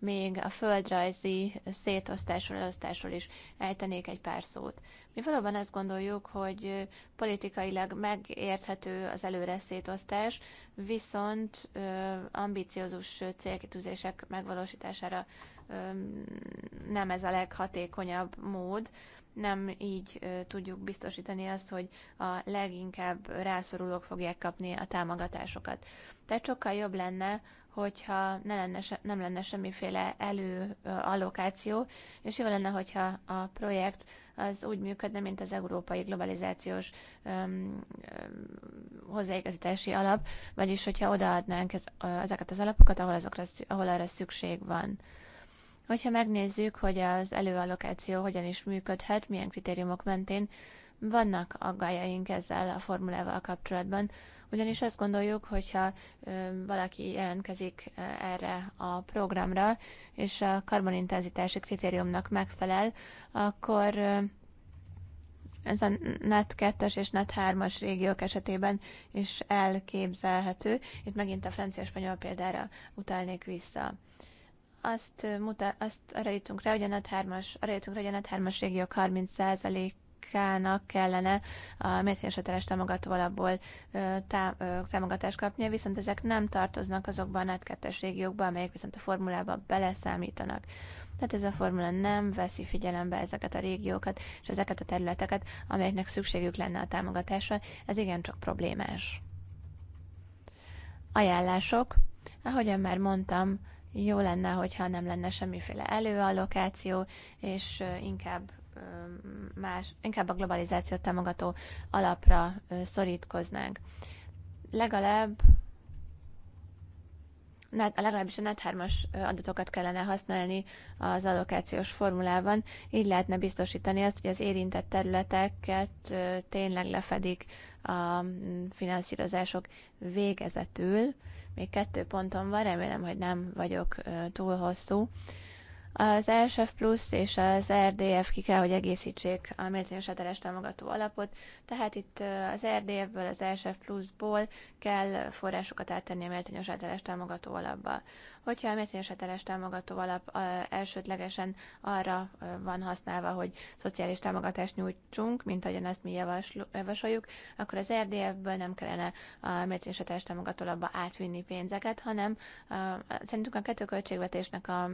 még a földrajzi szétosztásról, elosztásról is ejtenék egy pár szót. Mi valóban azt gondoljuk, hogy politikailag megérthető az előre szétosztás, viszont ambiciózus célkitűzések megvalósítására nem ez a leghatékonyabb mód. Nem így tudjuk biztosítani azt, hogy a leginkább rászorulók fogják kapni a támogatásokat. Tehát sokkal jobb lenne, hogyha ne lenne se, nem lenne semmiféle előallokáció, és jó lenne, hogyha a projekt az úgy működne, mint az európai globalizációs öm, öm, hozzáigazítási alap, vagyis hogyha odaadnánk ez, ezeket az alapokat, ahol, azokra, ahol arra szükség van. Hogyha megnézzük, hogy az előallokáció hogyan is működhet, milyen kritériumok mentén, vannak aggájaink ezzel a formulával kapcsolatban, ugyanis azt gondoljuk, hogyha valaki jelentkezik erre a programra, és a karbonintenzitási kritériumnak megfelel, akkor ez a NET 2-es és NET 3-as régiók esetében is elképzelhető. Itt megint a francia-spanyol példára utalnék vissza azt, muta, azt arra jutunk rá, hogy a NET 3 as arra jutunk rá, hogy a NAT3-as régiók 30% politikának kellene a mértékesíteles támogató alapból támogatást kapnia, viszont ezek nem tartoznak azokban a netkettes régiókba, amelyek viszont a formulában beleszámítanak. Tehát ez a formula nem veszi figyelembe ezeket a régiókat és ezeket a területeket, amelyeknek szükségük lenne a támogatásra. Ez igencsak problémás. Ajánlások. Ahogyan már mondtam, jó lenne, hogyha nem lenne semmiféle előallokáció, és inkább más, inkább a globalizációt támogató alapra szorítkoznánk. Legalább legalábbis a net 3 as adatokat kellene használni az allokációs formulában, így lehetne biztosítani azt, hogy az érintett területeket tényleg lefedik a finanszírozások végezetül. Még kettő ponton van, remélem, hogy nem vagyok túl hosszú. Az ESF Plus és az RDF ki kell, hogy egészítsék a méltányos átállás támogató alapot, tehát itt az RDF-ből, az ESF ból kell forrásokat áttenni a méltányos átállás támogató alapba. Hogyha a méltányos átállás támogató alap elsődlegesen arra van használva, hogy szociális támogatást nyújtsunk, mint ahogyan azt mi javasoljuk, akkor az RDF-ből nem kellene a méltányos átállás támogató alapba átvinni pénzeket, hanem szerintünk a kettő költségvetésnek a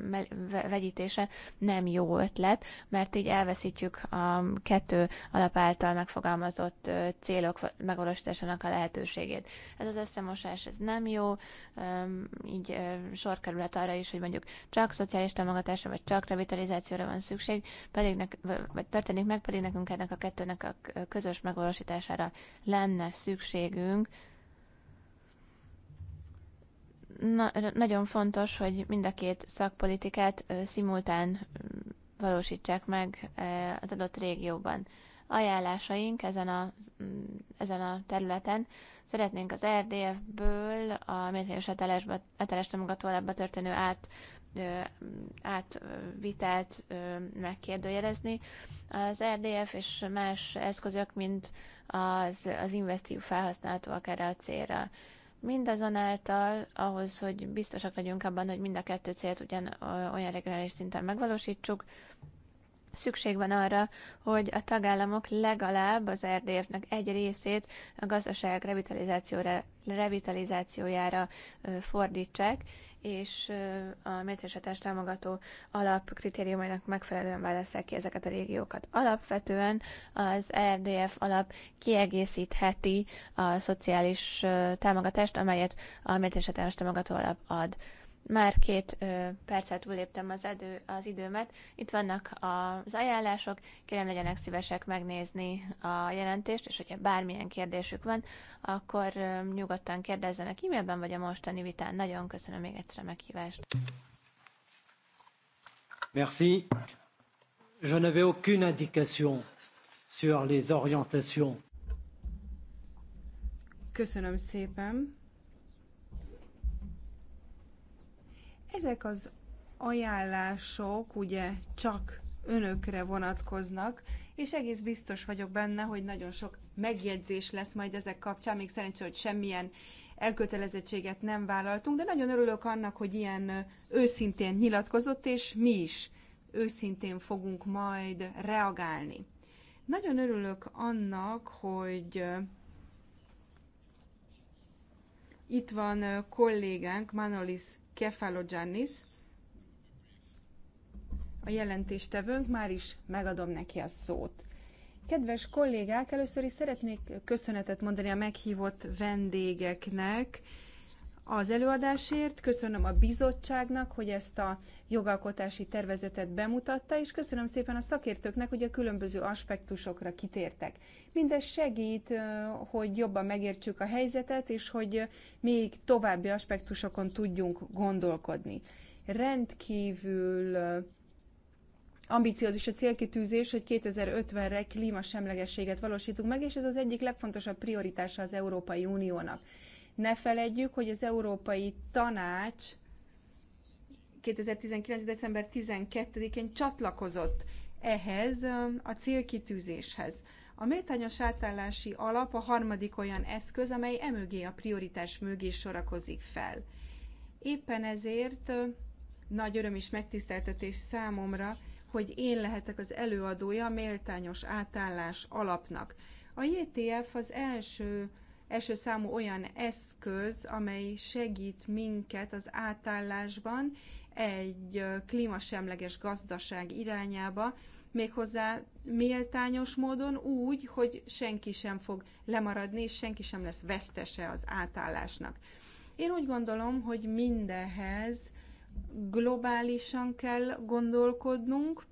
vegyi megközelítése nem jó ötlet, mert így elveszítjük a kettő alap által megfogalmazott célok megvalósításának a lehetőségét. Ez az összemosás, ez nem jó, így sor kerület arra is, hogy mondjuk csak szociális támogatásra, vagy csak revitalizációra van szükség, pedig nek, vagy történik meg, pedig nekünk ennek a kettőnek a közös megvalósítására lenne szükségünk, na, nagyon fontos, hogy mind a két szakpolitikát ö, szimultán mm, valósítsák meg az adott régióban. Ajánlásaink ezen a, mm, ezen a területen szeretnénk az RDF-ből a méltányos eteles támogató alapba történő át, ö, mm, átvitelt ö, megkérdőjelezni. Az RDF és más eszközök, mint az, az investív felhasználható akár a célra Mindazonáltal ahhoz, hogy biztosak legyünk abban, hogy mind a kettő célt ugyan olyan regionális szinten megvalósítsuk, Szükség van arra, hogy a tagállamok legalább az RDF-nek egy részét a gazdaság revitalizációra, revitalizációjára fordítsák, és a mértésetás támogató alap kritériumainak megfelelően válasszák ki ezeket a régiókat. Alapvetően az RDF alap kiegészítheti a szociális támogatást, amelyet a mértésetás támogató alap ad. Már két ö, percet túléptem az, edő, az időmet. Itt vannak az ajánlások. Kérem, legyenek szívesek megnézni a jelentést, és hogyha bármilyen kérdésük van, akkor ö, nyugodtan kérdezzenek e-mailben vagy a mostani vitán. Nagyon köszönöm még egyszer a meghívást. Merci. Je n'avais aucune indication sur les orientations. Köszönöm szépen. Ezek az ajánlások ugye csak önökre vonatkoznak, és egész biztos vagyok benne, hogy nagyon sok megjegyzés lesz majd ezek kapcsán, még szerencsére hogy semmilyen elkötelezettséget nem vállaltunk, de nagyon örülök annak, hogy ilyen őszintén nyilatkozott, és mi is őszintén fogunk majd reagálni. Nagyon örülök annak, hogy itt van kollégánk Manolis Kefalogiannis. a jelentéstevőnk, már is megadom neki a szót. Kedves kollégák, először is szeretnék köszönetet mondani a meghívott vendégeknek, az előadásért, köszönöm a bizottságnak, hogy ezt a jogalkotási tervezetet bemutatta, és köszönöm szépen a szakértőknek, hogy a különböző aspektusokra kitértek. Mindez segít, hogy jobban megértsük a helyzetet, és hogy még további aspektusokon tudjunk gondolkodni. Rendkívül ambiciózus a célkitűzés, hogy 2050-re klímasemlegességet valósítunk meg, és ez az egyik legfontosabb prioritása az Európai Uniónak. Ne feledjük, hogy az Európai Tanács 2019. december 12-én csatlakozott ehhez a célkitűzéshez. A méltányos átállási alap a harmadik olyan eszköz, amely emögé a prioritás mögé sorakozik fel. Éppen ezért nagy öröm és megtiszteltetés számomra, hogy én lehetek az előadója a méltányos átállás alapnak. A JTF az első első számú olyan eszköz, amely segít minket az átállásban egy klímasemleges gazdaság irányába, méghozzá méltányos módon úgy, hogy senki sem fog lemaradni, és senki sem lesz vesztese az átállásnak. Én úgy gondolom, hogy mindehez globálisan kell gondolkodnunk,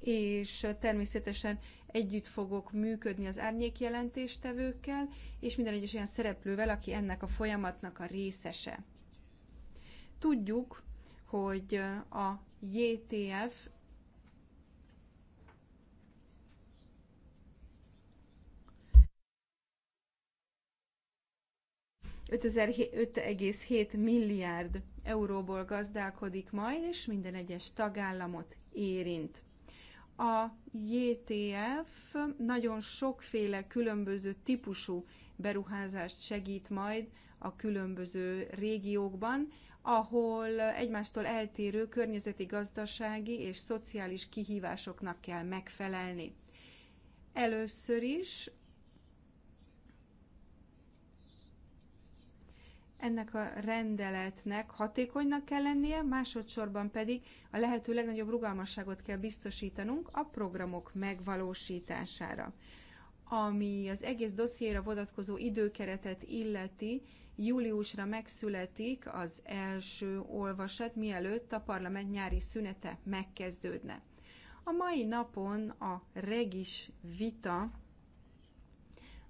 és természetesen Együtt fogok működni az árnyékjelentéstevőkkel, és minden egyes olyan szereplővel, aki ennek a folyamatnak a részese. Tudjuk, hogy a JTF ,7 milliárd euróból gazdálkodik majd, és minden egyes tagállamot érint. A JTF nagyon sokféle különböző típusú beruházást segít majd a különböző régiókban, ahol egymástól eltérő környezeti, gazdasági és szociális kihívásoknak kell megfelelni. Először is ennek a rendeletnek hatékonynak kell lennie, másodszorban pedig a lehető legnagyobb rugalmasságot kell biztosítanunk a programok megvalósítására. Ami az egész dossziéra vonatkozó időkeretet illeti, júliusra megszületik az első olvasat, mielőtt a parlament nyári szünete megkezdődne. A mai napon a regis vita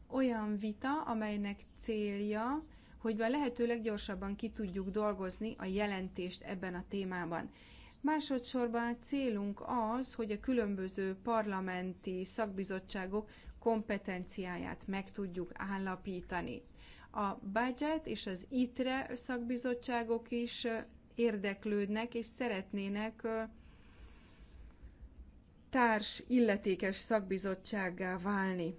olyan vita, amelynek célja, hogy a lehető leggyorsabban ki tudjuk dolgozni a jelentést ebben a témában. Másodszorban a célunk az, hogy a különböző parlamenti szakbizottságok kompetenciáját meg tudjuk állapítani. A budget és az ITRE szakbizottságok is érdeklődnek és szeretnének társ illetékes szakbizottsággá válni.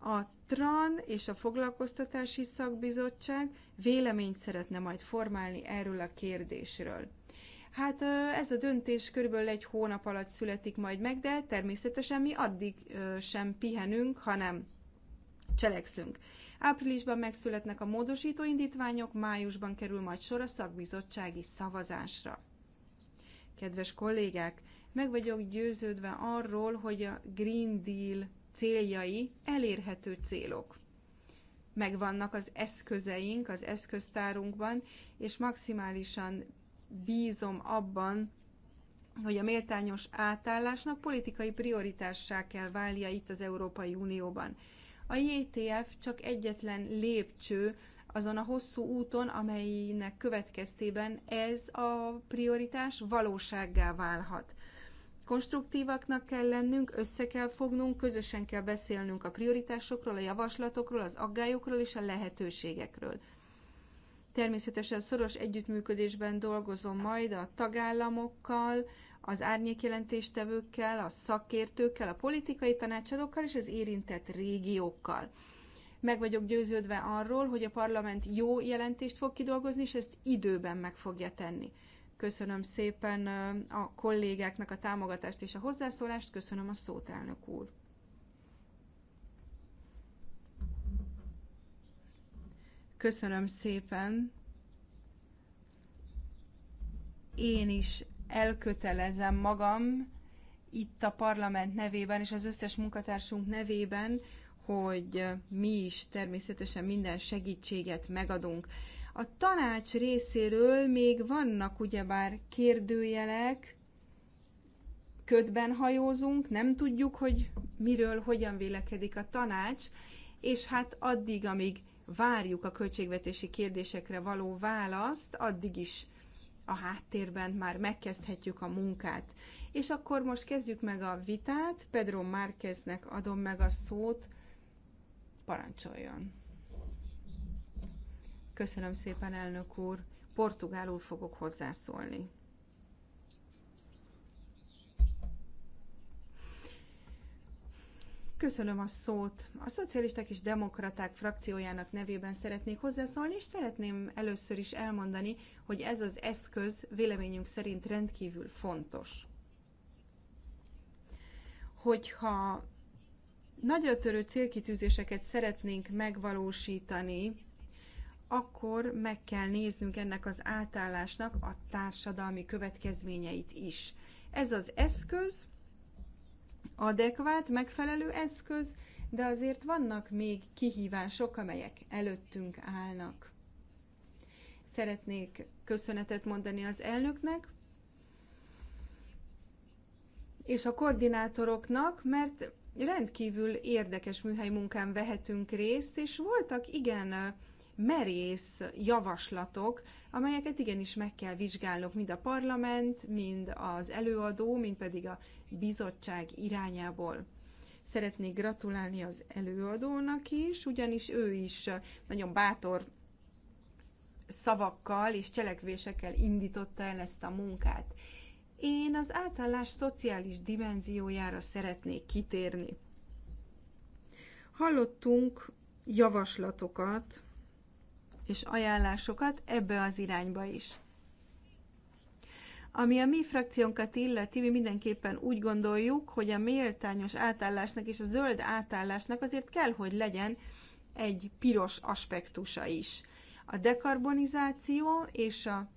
A TRAN és a Foglalkoztatási Szakbizottság véleményt szeretne majd formálni erről a kérdésről. Hát ez a döntés körülbelül egy hónap alatt születik majd meg, de természetesen mi addig sem pihenünk, hanem cselekszünk. Áprilisban megszületnek a módosító indítványok, májusban kerül majd sor a szakbizottsági szavazásra. Kedves kollégák, meg vagyok győződve arról, hogy a Green Deal céljai elérhető célok. Megvannak az eszközeink az eszköztárunkban, és maximálisan bízom abban, hogy a méltányos átállásnak politikai prioritássá kell válnia itt az Európai Unióban. A JTF csak egyetlen lépcső azon a hosszú úton, amelynek következtében ez a prioritás valósággá válhat konstruktívaknak kell lennünk, össze kell fognunk, közösen kell beszélnünk a prioritásokról, a javaslatokról, az aggályokról és a lehetőségekről. Természetesen szoros együttműködésben dolgozom majd a tagállamokkal, az árnyékjelentéstevőkkel, a szakértőkkel, a politikai tanácsadókkal és az érintett régiókkal. Meg vagyok győződve arról, hogy a parlament jó jelentést fog kidolgozni, és ezt időben meg fogja tenni. Köszönöm szépen a kollégáknak a támogatást és a hozzászólást. Köszönöm a szót, elnök úr. Köszönöm szépen. Én is elkötelezem magam itt a parlament nevében és az összes munkatársunk nevében, hogy mi is természetesen minden segítséget megadunk. A tanács részéről még vannak ugyebár kérdőjelek, ködben hajózunk, nem tudjuk, hogy miről, hogyan vélekedik a tanács, és hát addig, amíg várjuk a költségvetési kérdésekre való választ, addig is a háttérben már megkezdhetjük a munkát. És akkor most kezdjük meg a vitát. Pedro Márqueznek adom meg a szót. Parancsoljon! Köszönöm szépen, elnök úr. Portugálul fogok hozzászólni. Köszönöm a szót. A Szocialisták és Demokraták frakciójának nevében szeretnék hozzászólni, és szeretném először is elmondani, hogy ez az eszköz véleményünk szerint rendkívül fontos. Hogyha nagyra törő célkitűzéseket szeretnénk megvalósítani, akkor meg kell néznünk ennek az átállásnak a társadalmi következményeit is. Ez az eszköz, adekvát, megfelelő eszköz, de azért vannak még kihívások, amelyek előttünk állnak. Szeretnék köszönetet mondani az elnöknek, és a koordinátoroknak, mert rendkívül érdekes műhely munkán vehetünk részt, és voltak igen merész javaslatok, amelyeket igenis meg kell vizsgálnunk mind a parlament, mind az előadó, mind pedig a bizottság irányából. Szeretnék gratulálni az előadónak is, ugyanis ő is nagyon bátor szavakkal és cselekvésekkel indította el ezt a munkát. Én az átállás szociális dimenziójára szeretnék kitérni. Hallottunk javaslatokat és ajánlásokat ebbe az irányba is. Ami a mi frakciónkat illeti, mi mindenképpen úgy gondoljuk, hogy a méltányos átállásnak és a zöld átállásnak azért kell, hogy legyen egy piros aspektusa is. A dekarbonizáció és a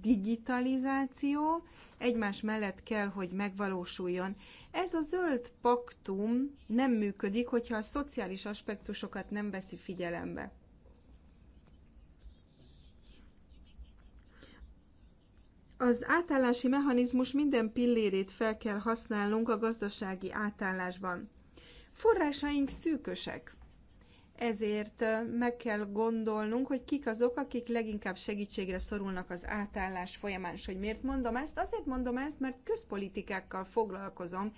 digitalizáció egymás mellett kell, hogy megvalósuljon. Ez a zöld paktum nem működik, hogyha a szociális aspektusokat nem veszi figyelembe. Az átállási mechanizmus minden pillérét fel kell használnunk a gazdasági átállásban. Forrásaink szűkösek, ezért meg kell gondolnunk, hogy kik azok, akik leginkább segítségre szorulnak az átállás folyamán. És hogy miért mondom ezt? Azért mondom ezt, mert közpolitikákkal foglalkozom,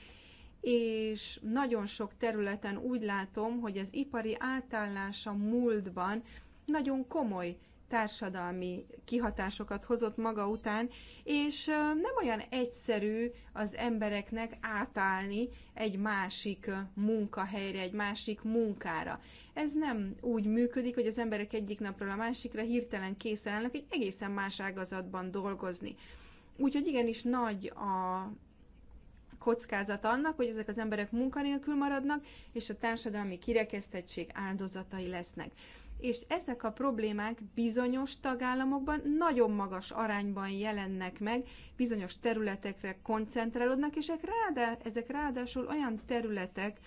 és nagyon sok területen úgy látom, hogy az ipari átállás a múltban nagyon komoly társadalmi kihatásokat hozott maga után, és nem olyan egyszerű az embereknek átállni egy másik munkahelyre, egy másik munkára. Ez nem úgy működik, hogy az emberek egyik napról a másikra hirtelen készen állnak egy egészen más ágazatban dolgozni. Úgyhogy igenis nagy a kockázat annak, hogy ezek az emberek munkanélkül maradnak, és a társadalmi kirekesztettség áldozatai lesznek és ezek a problémák bizonyos tagállamokban nagyon magas arányban jelennek meg, bizonyos területekre koncentrálódnak, és ezek, ráadá, ezek ráadásul olyan területek,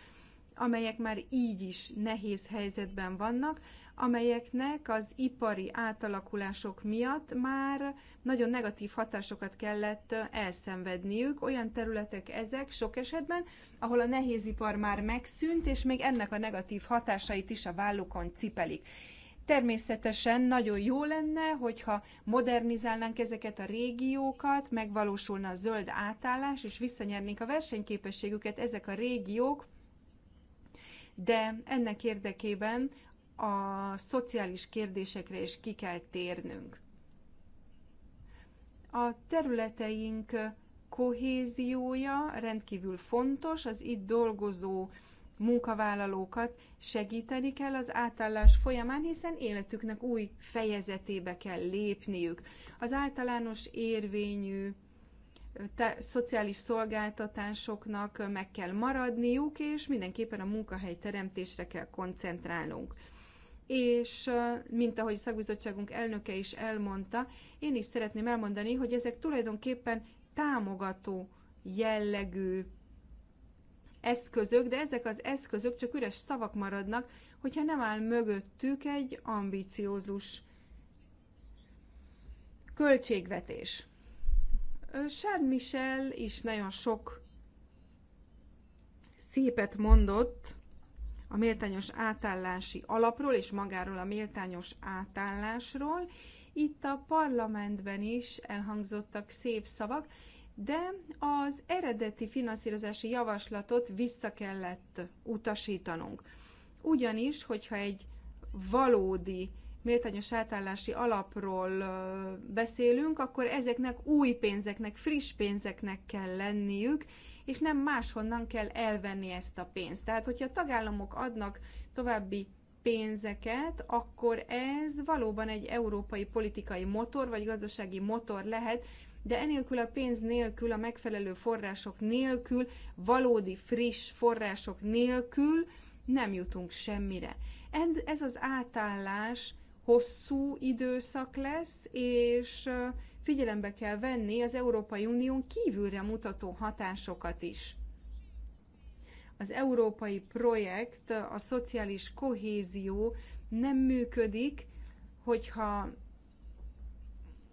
amelyek már így is nehéz helyzetben vannak, amelyeknek az ipari átalakulások miatt már nagyon negatív hatásokat kellett elszenvedniük. Olyan területek ezek sok esetben, ahol a nehézipar már megszűnt, és még ennek a negatív hatásait is a vállukon cipelik. Természetesen nagyon jó lenne, hogyha modernizálnánk ezeket a régiókat, megvalósulna a zöld átállás, és visszanyernénk a versenyképességüket ezek a régiók, de ennek érdekében a szociális kérdésekre is ki kell térnünk. A területeink kohéziója rendkívül fontos, az itt dolgozó munkavállalókat segíteni kell az átállás folyamán, hiszen életüknek új fejezetébe kell lépniük. Az általános érvényű szociális szolgáltatásoknak meg kell maradniuk, és mindenképpen a munkahely teremtésre kell koncentrálnunk és mint ahogy a szakbizottságunk elnöke is elmondta, én is szeretném elmondani, hogy ezek tulajdonképpen támogató jellegű eszközök, de ezek az eszközök csak üres szavak maradnak, hogyha nem áll mögöttük egy ambiciózus költségvetés. Charles Michel is nagyon sok szépet mondott a méltányos átállási alapról és magáról a méltányos átállásról. Itt a parlamentben is elhangzottak szép szavak, de az eredeti finanszírozási javaslatot vissza kellett utasítanunk. Ugyanis, hogyha egy valódi méltányos átállási alapról beszélünk, akkor ezeknek új pénzeknek, friss pénzeknek kell lenniük, és nem máshonnan kell elvenni ezt a pénzt. Tehát, hogyha a tagállamok adnak további pénzeket, akkor ez valóban egy európai politikai motor, vagy gazdasági motor lehet, de enélkül a pénz nélkül, a megfelelő források nélkül, valódi friss források nélkül nem jutunk semmire. Ez az átállás hosszú időszak lesz, és figyelembe kell venni az Európai Unión kívülre mutató hatásokat is. Az európai projekt, a szociális kohézió nem működik, hogyha,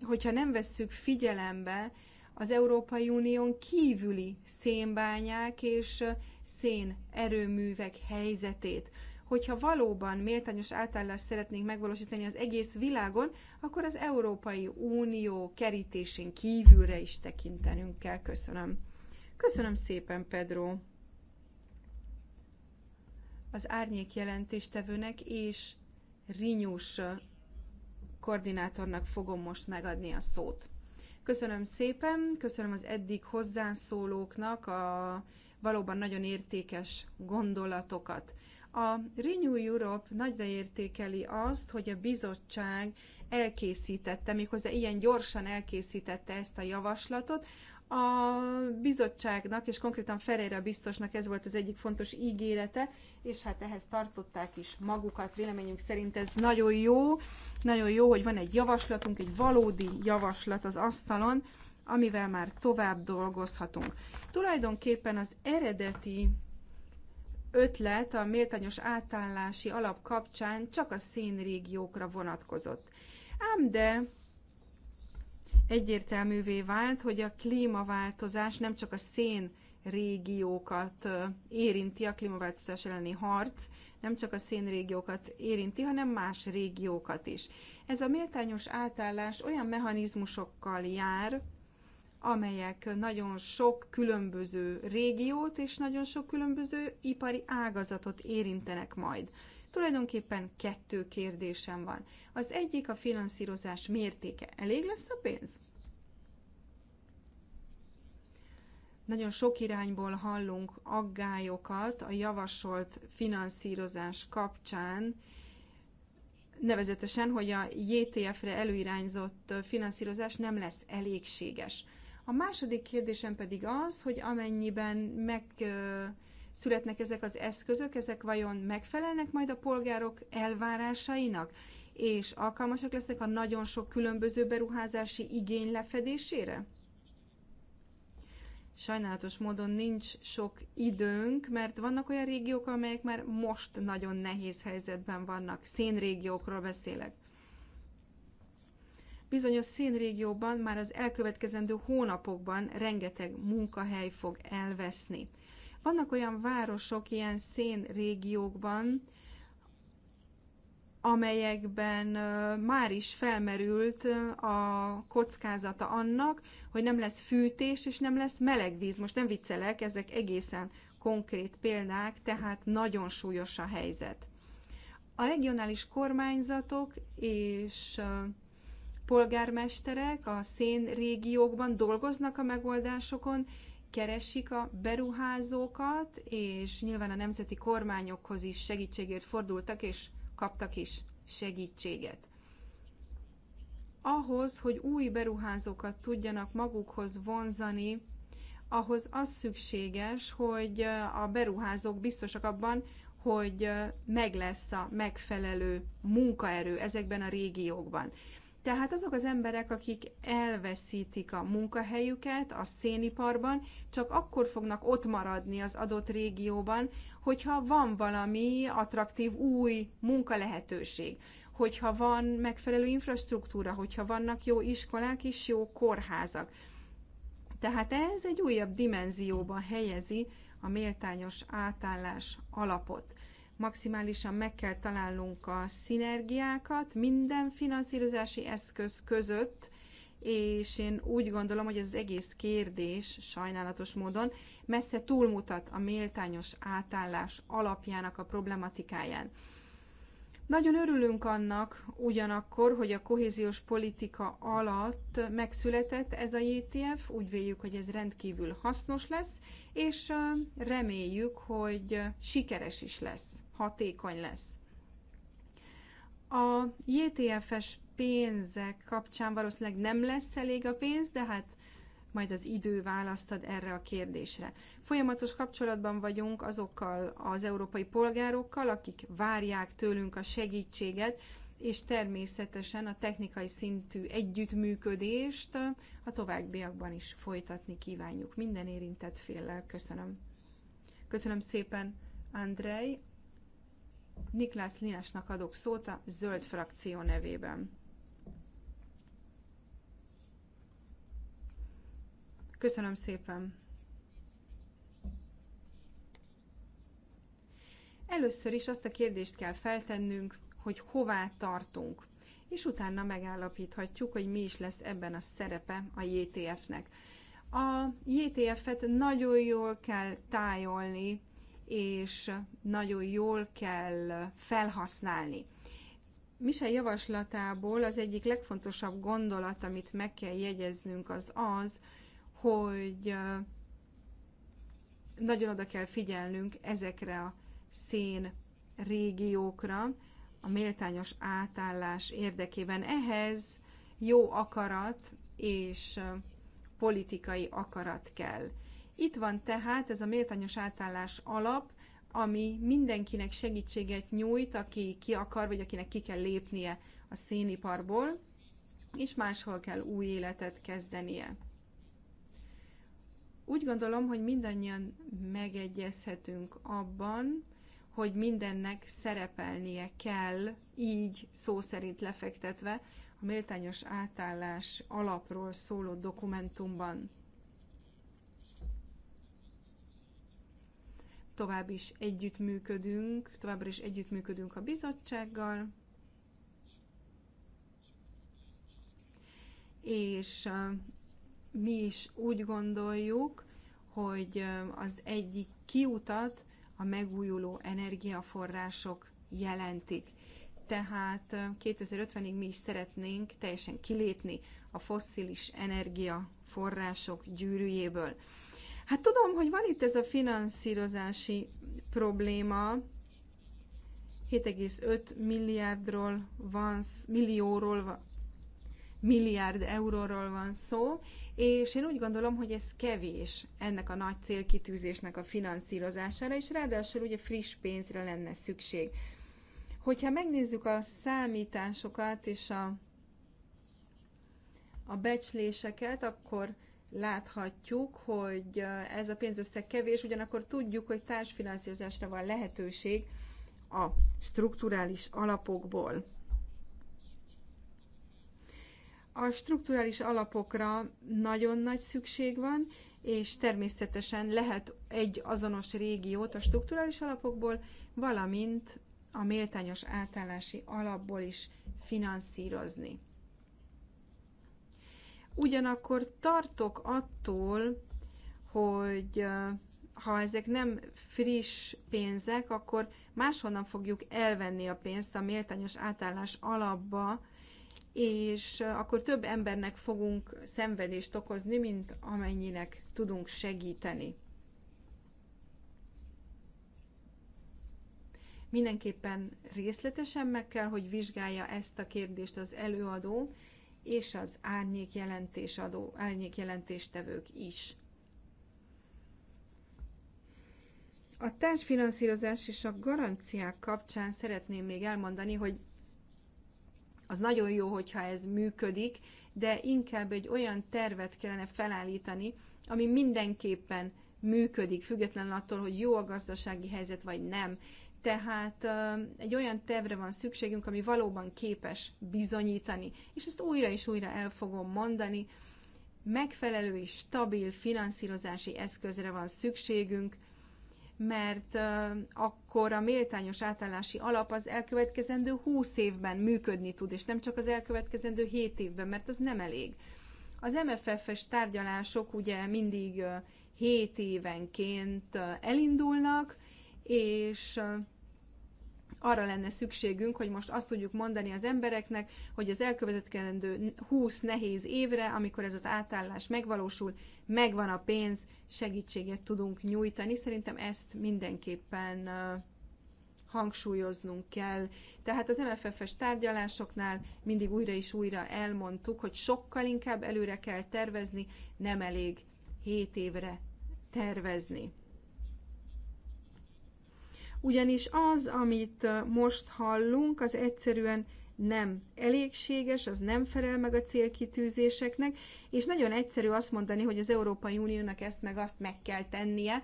hogyha nem vesszük figyelembe az Európai Unión kívüli szénbányák és szénerőművek helyzetét hogyha valóban méltányos átállást szeretnénk megvalósítani az egész világon, akkor az Európai Unió kerítésén kívülre is tekintenünk kell. Köszönöm. Köszönöm szépen, Pedro. Az árnyék jelentéstevőnek és Rinyus koordinátornak fogom most megadni a szót. Köszönöm szépen, köszönöm az eddig hozzászólóknak a valóban nagyon értékes gondolatokat. A Renew Europe nagyra értékeli azt, hogy a bizottság elkészítette, méghozzá ilyen gyorsan elkészítette ezt a javaslatot. A bizottságnak, és konkrétan Ferreira biztosnak ez volt az egyik fontos ígérete, és hát ehhez tartották is magukat. Véleményünk szerint ez nagyon jó, nagyon jó, hogy van egy javaslatunk, egy valódi javaslat az asztalon, amivel már tovább dolgozhatunk. Tulajdonképpen az eredeti ötlet a méltányos átállási alap kapcsán csak a szénrégiókra vonatkozott. Ám de egyértelművé vált, hogy a klímaváltozás nem csak a szén régiókat érinti, a klímaváltozás elleni harc nem csak a szénrégiókat érinti, hanem más régiókat is. Ez a méltányos átállás olyan mechanizmusokkal jár, amelyek nagyon sok különböző régiót és nagyon sok különböző ipari ágazatot érintenek majd. Tulajdonképpen kettő kérdésem van. Az egyik a finanszírozás mértéke. Elég lesz a pénz? Nagyon sok irányból hallunk aggályokat a javasolt finanszírozás kapcsán, nevezetesen, hogy a JTF-re előirányzott finanszírozás nem lesz elégséges. A második kérdésem pedig az, hogy amennyiben meg születnek ezek az eszközök, ezek vajon megfelelnek majd a polgárok elvárásainak, és alkalmasak lesznek a nagyon sok különböző beruházási igény lefedésére? Sajnálatos módon nincs sok időnk, mert vannak olyan régiók, amelyek már most nagyon nehéz helyzetben vannak. Szénrégiókról beszélek. Bizonyos szénrégióban már az elkövetkezendő hónapokban rengeteg munkahely fog elveszni. Vannak olyan városok ilyen szénrégiókban, amelyekben már is felmerült a kockázata annak, hogy nem lesz fűtés és nem lesz meleg víz. Most nem viccelek, ezek egészen konkrét példák, tehát nagyon súlyos a helyzet. A regionális kormányzatok és polgármesterek a szén régiókban dolgoznak a megoldásokon, keresik a beruházókat, és nyilván a nemzeti kormányokhoz is segítségért fordultak, és kaptak is segítséget. Ahhoz, hogy új beruházókat tudjanak magukhoz vonzani, ahhoz az szükséges, hogy a beruházók biztosak abban, hogy meg lesz a megfelelő munkaerő ezekben a régiókban. Tehát azok az emberek, akik elveszítik a munkahelyüket a széniparban, csak akkor fognak ott maradni az adott régióban, hogyha van valami attraktív új munkalehetőség, hogyha van megfelelő infrastruktúra, hogyha vannak jó iskolák és jó kórházak. Tehát ez egy újabb dimenzióban helyezi a méltányos átállás alapot maximálisan meg kell találnunk a szinergiákat minden finanszírozási eszköz között, és én úgy gondolom, hogy ez az egész kérdés sajnálatos módon messze túlmutat a méltányos átállás alapjának a problematikáján. Nagyon örülünk annak ugyanakkor, hogy a kohéziós politika alatt megszületett ez a JTF, e úgy véljük, hogy ez rendkívül hasznos lesz, és reméljük, hogy sikeres is lesz, hatékony lesz. A JTF-es e pénzek kapcsán valószínűleg nem lesz elég a pénz, de hát majd az idő választad erre a kérdésre. Folyamatos kapcsolatban vagyunk azokkal az európai polgárokkal, akik várják tőlünk a segítséget, és természetesen a technikai szintű együttműködést a továbbiakban is folytatni kívánjuk minden érintett féllel. Köszönöm. Köszönöm szépen, Andrei, Niklász Linásnak adok szót a zöld frakció nevében. Köszönöm szépen! Először is azt a kérdést kell feltennünk, hogy hová tartunk, és utána megállapíthatjuk, hogy mi is lesz ebben a szerepe a JTF-nek. A JTF-et nagyon jól kell tájolni, és nagyon jól kell felhasználni. Michel javaslatából az egyik legfontosabb gondolat, amit meg kell jegyeznünk, az az, hogy nagyon oda kell figyelnünk ezekre a szén régiókra a méltányos átállás érdekében. Ehhez jó akarat és politikai akarat kell. Itt van tehát ez a méltányos átállás alap, ami mindenkinek segítséget nyújt, aki ki akar, vagy akinek ki kell lépnie a széniparból, és máshol kell új életet kezdenie. Úgy gondolom, hogy mindannyian megegyezhetünk abban, hogy mindennek szerepelnie kell, így szó szerint lefektetve, a méltányos átállás alapról szóló dokumentumban. Tovább is együttműködünk, továbbra is együttműködünk a bizottsággal, és mi is úgy gondoljuk, hogy az egyik kiutat a megújuló energiaforrások jelentik. Tehát 2050-ig mi is szeretnénk teljesen kilépni a fosszilis energiaforrások gyűrűjéből. Hát tudom, hogy van itt ez a finanszírozási probléma, 7,5 milliárdról van, millióról milliárd euróról van szó, és én úgy gondolom, hogy ez kevés ennek a nagy célkitűzésnek a finanszírozására, és ráadásul ugye friss pénzre lenne szükség. Hogyha megnézzük a számításokat és a, a becsléseket, akkor láthatjuk, hogy ez a pénzösszeg kevés, ugyanakkor tudjuk, hogy társfinanszírozásra van lehetőség a strukturális alapokból. A strukturális alapokra nagyon nagy szükség van, és természetesen lehet egy azonos régiót a strukturális alapokból, valamint a méltányos átállási alapból is finanszírozni. Ugyanakkor tartok attól, hogy ha ezek nem friss pénzek, akkor máshonnan fogjuk elvenni a pénzt a méltányos átállás alapba, és akkor több embernek fogunk szenvedést okozni, mint amennyinek tudunk segíteni. Mindenképpen részletesen meg kell, hogy vizsgálja ezt a kérdést az előadó és az árnyék, jelentésadó, árnyék jelentéstevők is. A társfinanszírozás és a garanciák kapcsán szeretném még elmondani, hogy az nagyon jó, hogyha ez működik, de inkább egy olyan tervet kellene felállítani, ami mindenképpen működik, függetlenül attól, hogy jó a gazdasági helyzet vagy nem. Tehát egy olyan tervre van szükségünk, ami valóban képes bizonyítani. És ezt újra és újra el fogom mondani. Megfelelő és stabil finanszírozási eszközre van szükségünk, mert akkor a méltányos átállási alap az elkövetkezendő 20 évben működni tud, és nem csak az elkövetkezendő 7 évben, mert az nem elég. Az MFF-es tárgyalások ugye mindig 7 évenként elindulnak, és arra lenne szükségünk, hogy most azt tudjuk mondani az embereknek, hogy az elkövetkezendő 20 nehéz évre, amikor ez az átállás megvalósul, megvan a pénz, segítséget tudunk nyújtani. Szerintem ezt mindenképpen hangsúlyoznunk kell. Tehát az MFF-es tárgyalásoknál mindig újra és újra elmondtuk, hogy sokkal inkább előre kell tervezni, nem elég 7 évre tervezni ugyanis az, amit most hallunk, az egyszerűen nem elégséges, az nem felel meg a célkitűzéseknek, és nagyon egyszerű azt mondani, hogy az Európai Uniónak ezt meg azt meg kell tennie,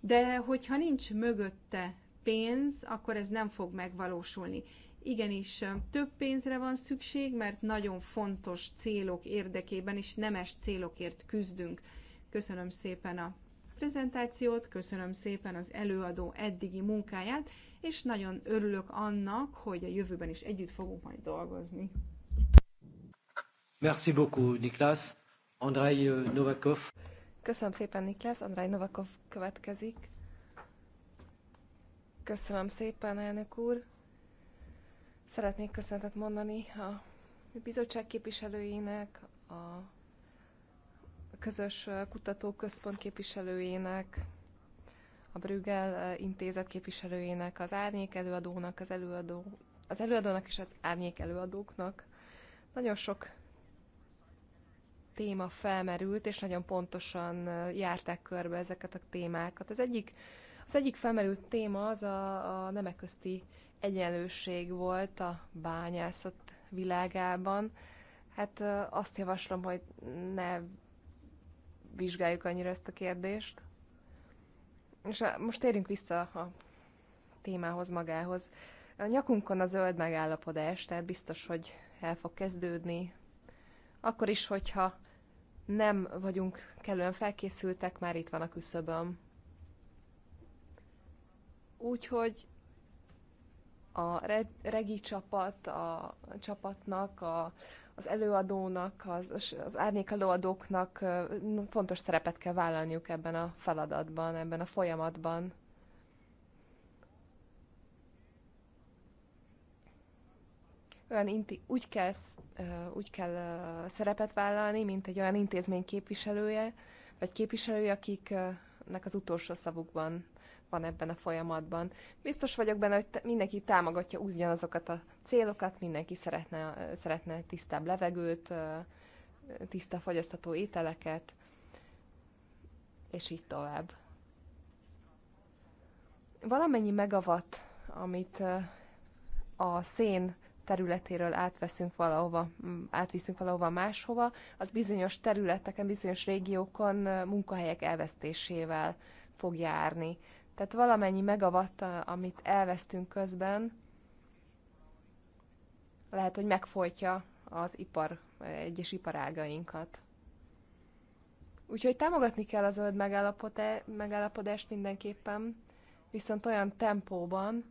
de hogyha nincs mögötte pénz, akkor ez nem fog megvalósulni. Igenis, több pénzre van szükség, mert nagyon fontos célok érdekében és nemes célokért küzdünk. Köszönöm szépen a prezentációt, köszönöm szépen az előadó eddigi munkáját, és nagyon örülök annak, hogy a jövőben is együtt fogunk majd dolgozni. Merci beaucoup, Niklas. Andrei euh, Novakov. Köszönöm szépen, Niklas. Andrei Novakov következik. Köszönöm szépen, elnök úr. Szeretnék köszönetet mondani a bizottság képviselőinek, a közös kutatóközpont képviselőjének, a Brügel intézet képviselőjének, az árnyék előadónak, az előadó, az előadónak és az árnyék előadóknak. Nagyon sok téma felmerült, és nagyon pontosan járták körbe ezeket a témákat. Az egyik, az egyik felmerült téma az a, a nemek közti egyenlőség volt a bányászat világában. Hát azt javaslom, hogy ne vizsgáljuk annyira ezt a kérdést. És most térjünk vissza a témához magához. A nyakunkon a zöld megállapodás, tehát biztos, hogy el fog kezdődni. Akkor is, hogyha nem vagyunk kellően felkészültek, már itt van a küszöböm. Úgyhogy a regi csapat, a csapatnak, a az előadónak, az, az árnyék előadóknak fontos szerepet kell vállalniuk ebben a feladatban, ebben a folyamatban. Olyan inti- úgy, kell, úgy kell szerepet vállalni, mint egy olyan intézmény képviselője, vagy képviselője, akiknek az utolsó szavukban van ebben a folyamatban. Biztos vagyok benne, hogy mindenki támogatja ugyanazokat a célokat, mindenki szeretne, szeretne tisztább levegőt, tiszta fogyasztató ételeket, és így tovább. Valamennyi megavat, amit a szén területéről átveszünk valahova, átviszünk valahova máshova, az bizonyos területeken, bizonyos régiókon munkahelyek elvesztésével fog járni. Tehát valamennyi megavatta, amit elvesztünk közben, lehet, hogy megfolytja az ipar, egyes iparágainkat. Úgyhogy támogatni kell a zöld megállapodást mindenképpen, viszont olyan tempóban,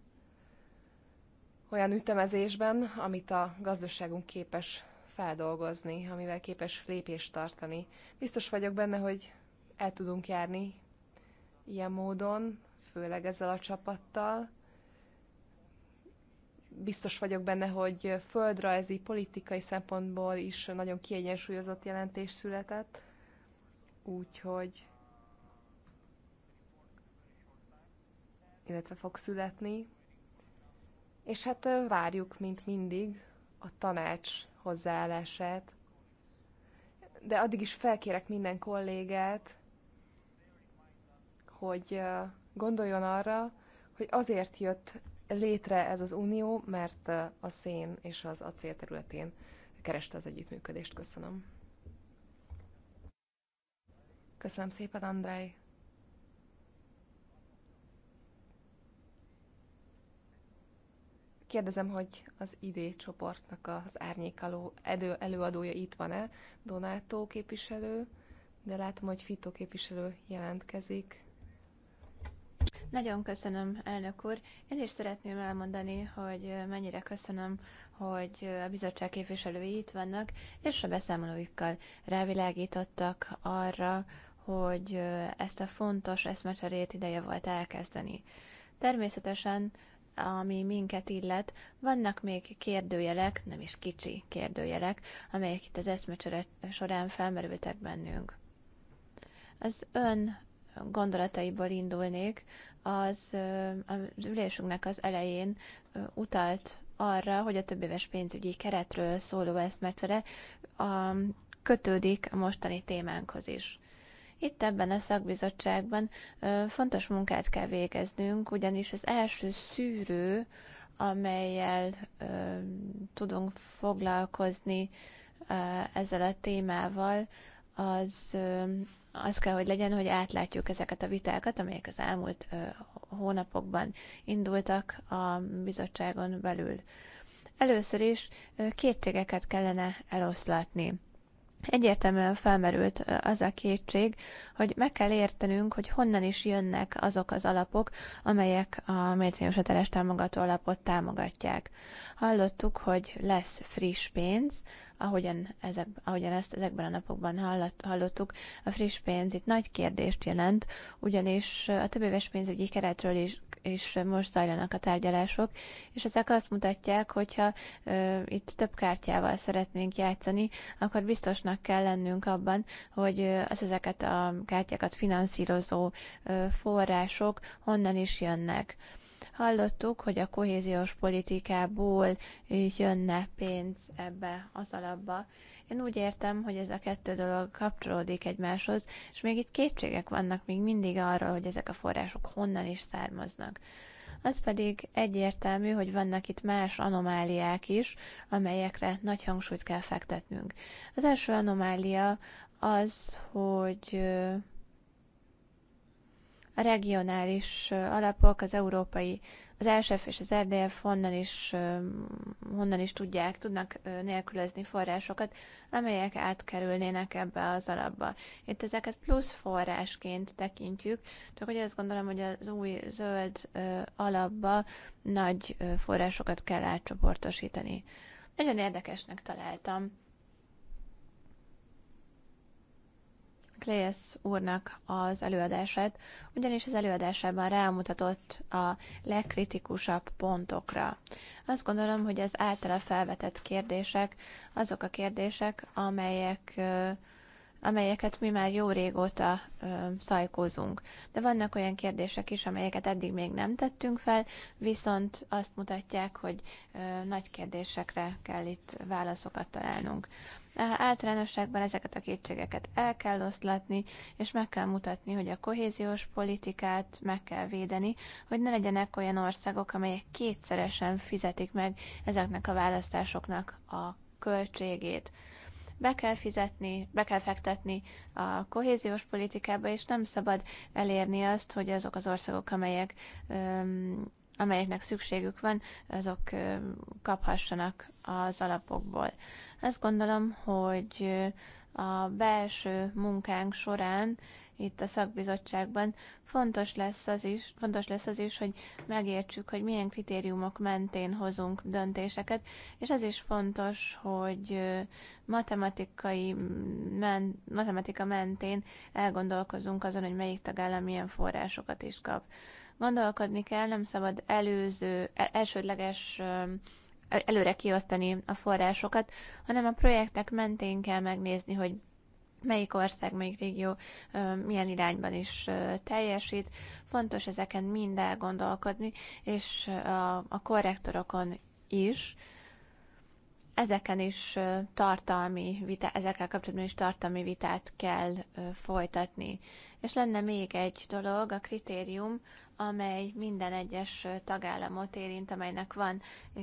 olyan ütemezésben, amit a gazdaságunk képes feldolgozni, amivel képes lépést tartani. Biztos vagyok benne, hogy el tudunk járni ilyen módon, főleg ezzel a csapattal. Biztos vagyok benne, hogy földrajzi, politikai szempontból is nagyon kiegyensúlyozott jelentés született, úgyhogy illetve fog születni. És hát várjuk, mint mindig, a tanács hozzáállását. De addig is felkérek minden kollégát, hogy gondoljon arra, hogy azért jött létre ez az unió, mert a szén és az acél területén kereste az együttműködést. Köszönöm. Köszönöm szépen, Andrej. Kérdezem, hogy az ID csoportnak az árnyékaló elő, előadója itt van-e? Donátó képviselő, de látom, hogy Fito képviselő jelentkezik. Nagyon köszönöm, elnök úr. Én is szeretném elmondani, hogy mennyire köszönöm, hogy a bizottság képviselői itt vannak, és a beszámolóikkal rávilágítottak arra, hogy ezt a fontos eszmecserét ideje volt elkezdeni. Természetesen, ami minket illet, vannak még kérdőjelek, nem is kicsi kérdőjelek, amelyek itt az eszmecsere során felmerültek bennünk. Az ön gondolataiból indulnék, az az ülésünknek az elején utalt arra, hogy a többéves pénzügyi keretről szóló eszmecsere kötődik a mostani témánkhoz is. Itt ebben a szakbizottságban fontos munkát kell végeznünk, ugyanis az első szűrő, amelyel tudunk foglalkozni ezzel a témával, az az kell, hogy legyen, hogy átlátjuk ezeket a vitákat, amelyek az elmúlt hónapokban indultak a bizottságon belül. Először is kétségeket kellene eloszlatni. Egyértelműen felmerült az a kétség, hogy meg kell értenünk, hogy honnan is jönnek azok az alapok, amelyek a méltányos hiteles támogató alapot támogatják. Hallottuk, hogy lesz friss pénz, ahogyan, ezek, ahogyan ezt ezekben a napokban hallott, hallottuk, a friss pénz itt nagy kérdést jelent, ugyanis a többéves pénzügyi keretről is is most zajlanak a tárgyalások, és ezek azt mutatják, hogyha ö, itt több kártyával szeretnénk játszani, akkor biztosnak kell lennünk abban, hogy az ezeket a kártyákat finanszírozó ö, források honnan is jönnek. Ö, Hallottuk, hogy a kohéziós politikából jönne pénz ebbe az alapba. Én úgy értem, hogy ez a kettő dolog kapcsolódik egymáshoz, és még itt kétségek vannak még mindig arról, hogy ezek a források honnan is származnak. Az pedig egyértelmű, hogy vannak itt más anomáliák is, amelyekre nagy hangsúlyt kell fektetnünk. Az első anomália az, hogy a regionális alapok, az európai, az ELSEF és az RDF e honnan is, honnan is tudják, tudnak nélkülözni forrásokat, amelyek átkerülnének ebbe az alapba. Itt ezeket plusz forrásként tekintjük, csak hogy azt gondolom, hogy az új zöld alapba nagy forrásokat kell átcsoportosítani. Nagyon érdekesnek találtam Klejesz úrnak az előadását, ugyanis az előadásában rámutatott a legkritikusabb pontokra. Azt gondolom, hogy az általa felvetett kérdések azok a kérdések, amelyek amelyeket mi már jó régóta ö, szajkózunk. De vannak olyan kérdések is, amelyeket eddig még nem tettünk fel, viszont azt mutatják, hogy ö, nagy kérdésekre kell itt válaszokat találnunk általánosságban ezeket a kétségeket el kell oszlatni, és meg kell mutatni, hogy a kohéziós politikát meg kell védeni, hogy ne legyenek olyan országok, amelyek kétszeresen fizetik meg ezeknek a választásoknak a költségét be kell fizetni, be kell fektetni a kohéziós politikába, és nem szabad elérni azt, hogy azok az országok, amelyek, amelyeknek szükségük van, azok kaphassanak az alapokból. Azt gondolom, hogy a belső munkánk során itt a szakbizottságban fontos lesz az is, fontos lesz az is hogy megértsük, hogy milyen kritériumok mentén hozunk döntéseket, és az is fontos, hogy matematikai men, matematika mentén elgondolkozunk azon, hogy melyik tagállam milyen forrásokat is kap. Gondolkodni kell, nem szabad előző, e-, elsődleges előre kiosztani a forrásokat, hanem a projektek mentén kell megnézni, hogy melyik ország, melyik régió milyen irányban is teljesít. Fontos ezeken mind elgondolkodni, és a, a korrektorokon is, ezeken is tartalmi vita, ezekkel kapcsolatban is tartalmi vitát kell folytatni. És lenne még egy dolog, a kritérium, amely minden egyes tagállamot érint, amelynek van ö,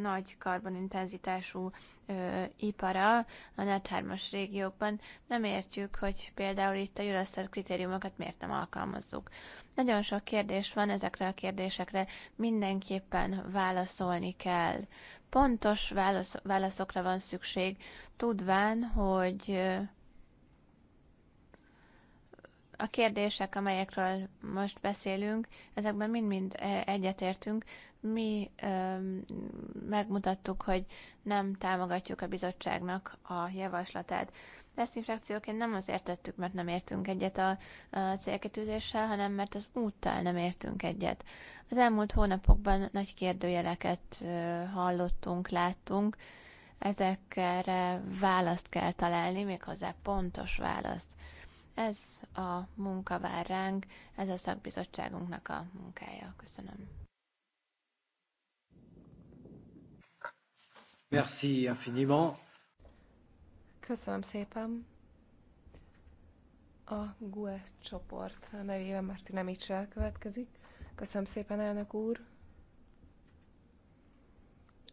nagy karbonintenzitású ö, ipara a net régiókban. Nem értjük, hogy például itt a Eurostat kritériumokat miért nem alkalmazzuk. Nagyon sok kérdés van, ezekre a kérdésekre mindenképpen válaszolni kell pontos válasz, válaszokra van szükség, tudván, hogy a kérdések, amelyekről most beszélünk, ezekben mind-mind egyetértünk, mi ö, megmutattuk, hogy nem támogatjuk a bizottságnak a javaslatát. De ezt mi frakcióként nem azért tettük, mert nem értünk egyet a, a célkitűzéssel, hanem mert az úttal nem értünk egyet. Az elmúlt hónapokban nagy kérdőjeleket ö, hallottunk, láttunk, ezekre választ kell találni, méghozzá pontos választ. Ez a munka vár ránk, ez a szakbizottságunknak a munkája. Köszönöm. Merci infiniment. Köszönöm szépen. A GUE csoport nevében Márti nem így következik. Köszönöm szépen, elnök úr.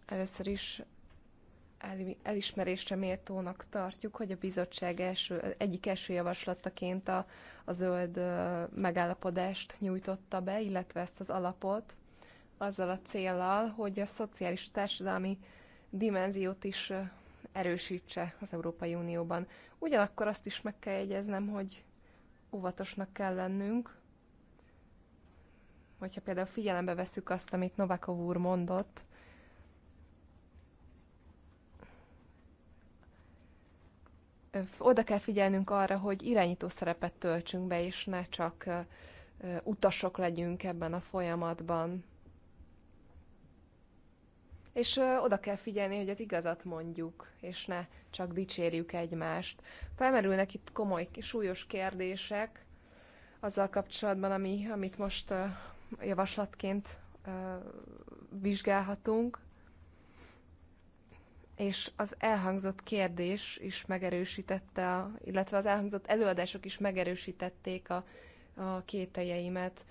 Először is elismerésre méltónak tartjuk, hogy a bizottság első, egyik első javaslataként a, a zöld megállapodást nyújtotta be, illetve ezt az alapot, azzal a célral, hogy a szociális társadalmi dimenziót is erősítse az Európai Unióban. Ugyanakkor azt is meg kell jegyeznem, hogy óvatosnak kell lennünk, hogyha például figyelembe veszük azt, amit Novakov úr mondott, oda kell figyelnünk arra, hogy irányító szerepet töltsünk be, és ne csak utasok legyünk ebben a folyamatban és oda kell figyelni, hogy az igazat mondjuk, és ne csak dicsérjük egymást. Felmerülnek itt komoly, súlyos kérdések azzal kapcsolatban, ami, amit most javaslatként vizsgálhatunk, és az elhangzott kérdés is megerősítette, illetve az elhangzott előadások is megerősítették a, a kételjeimet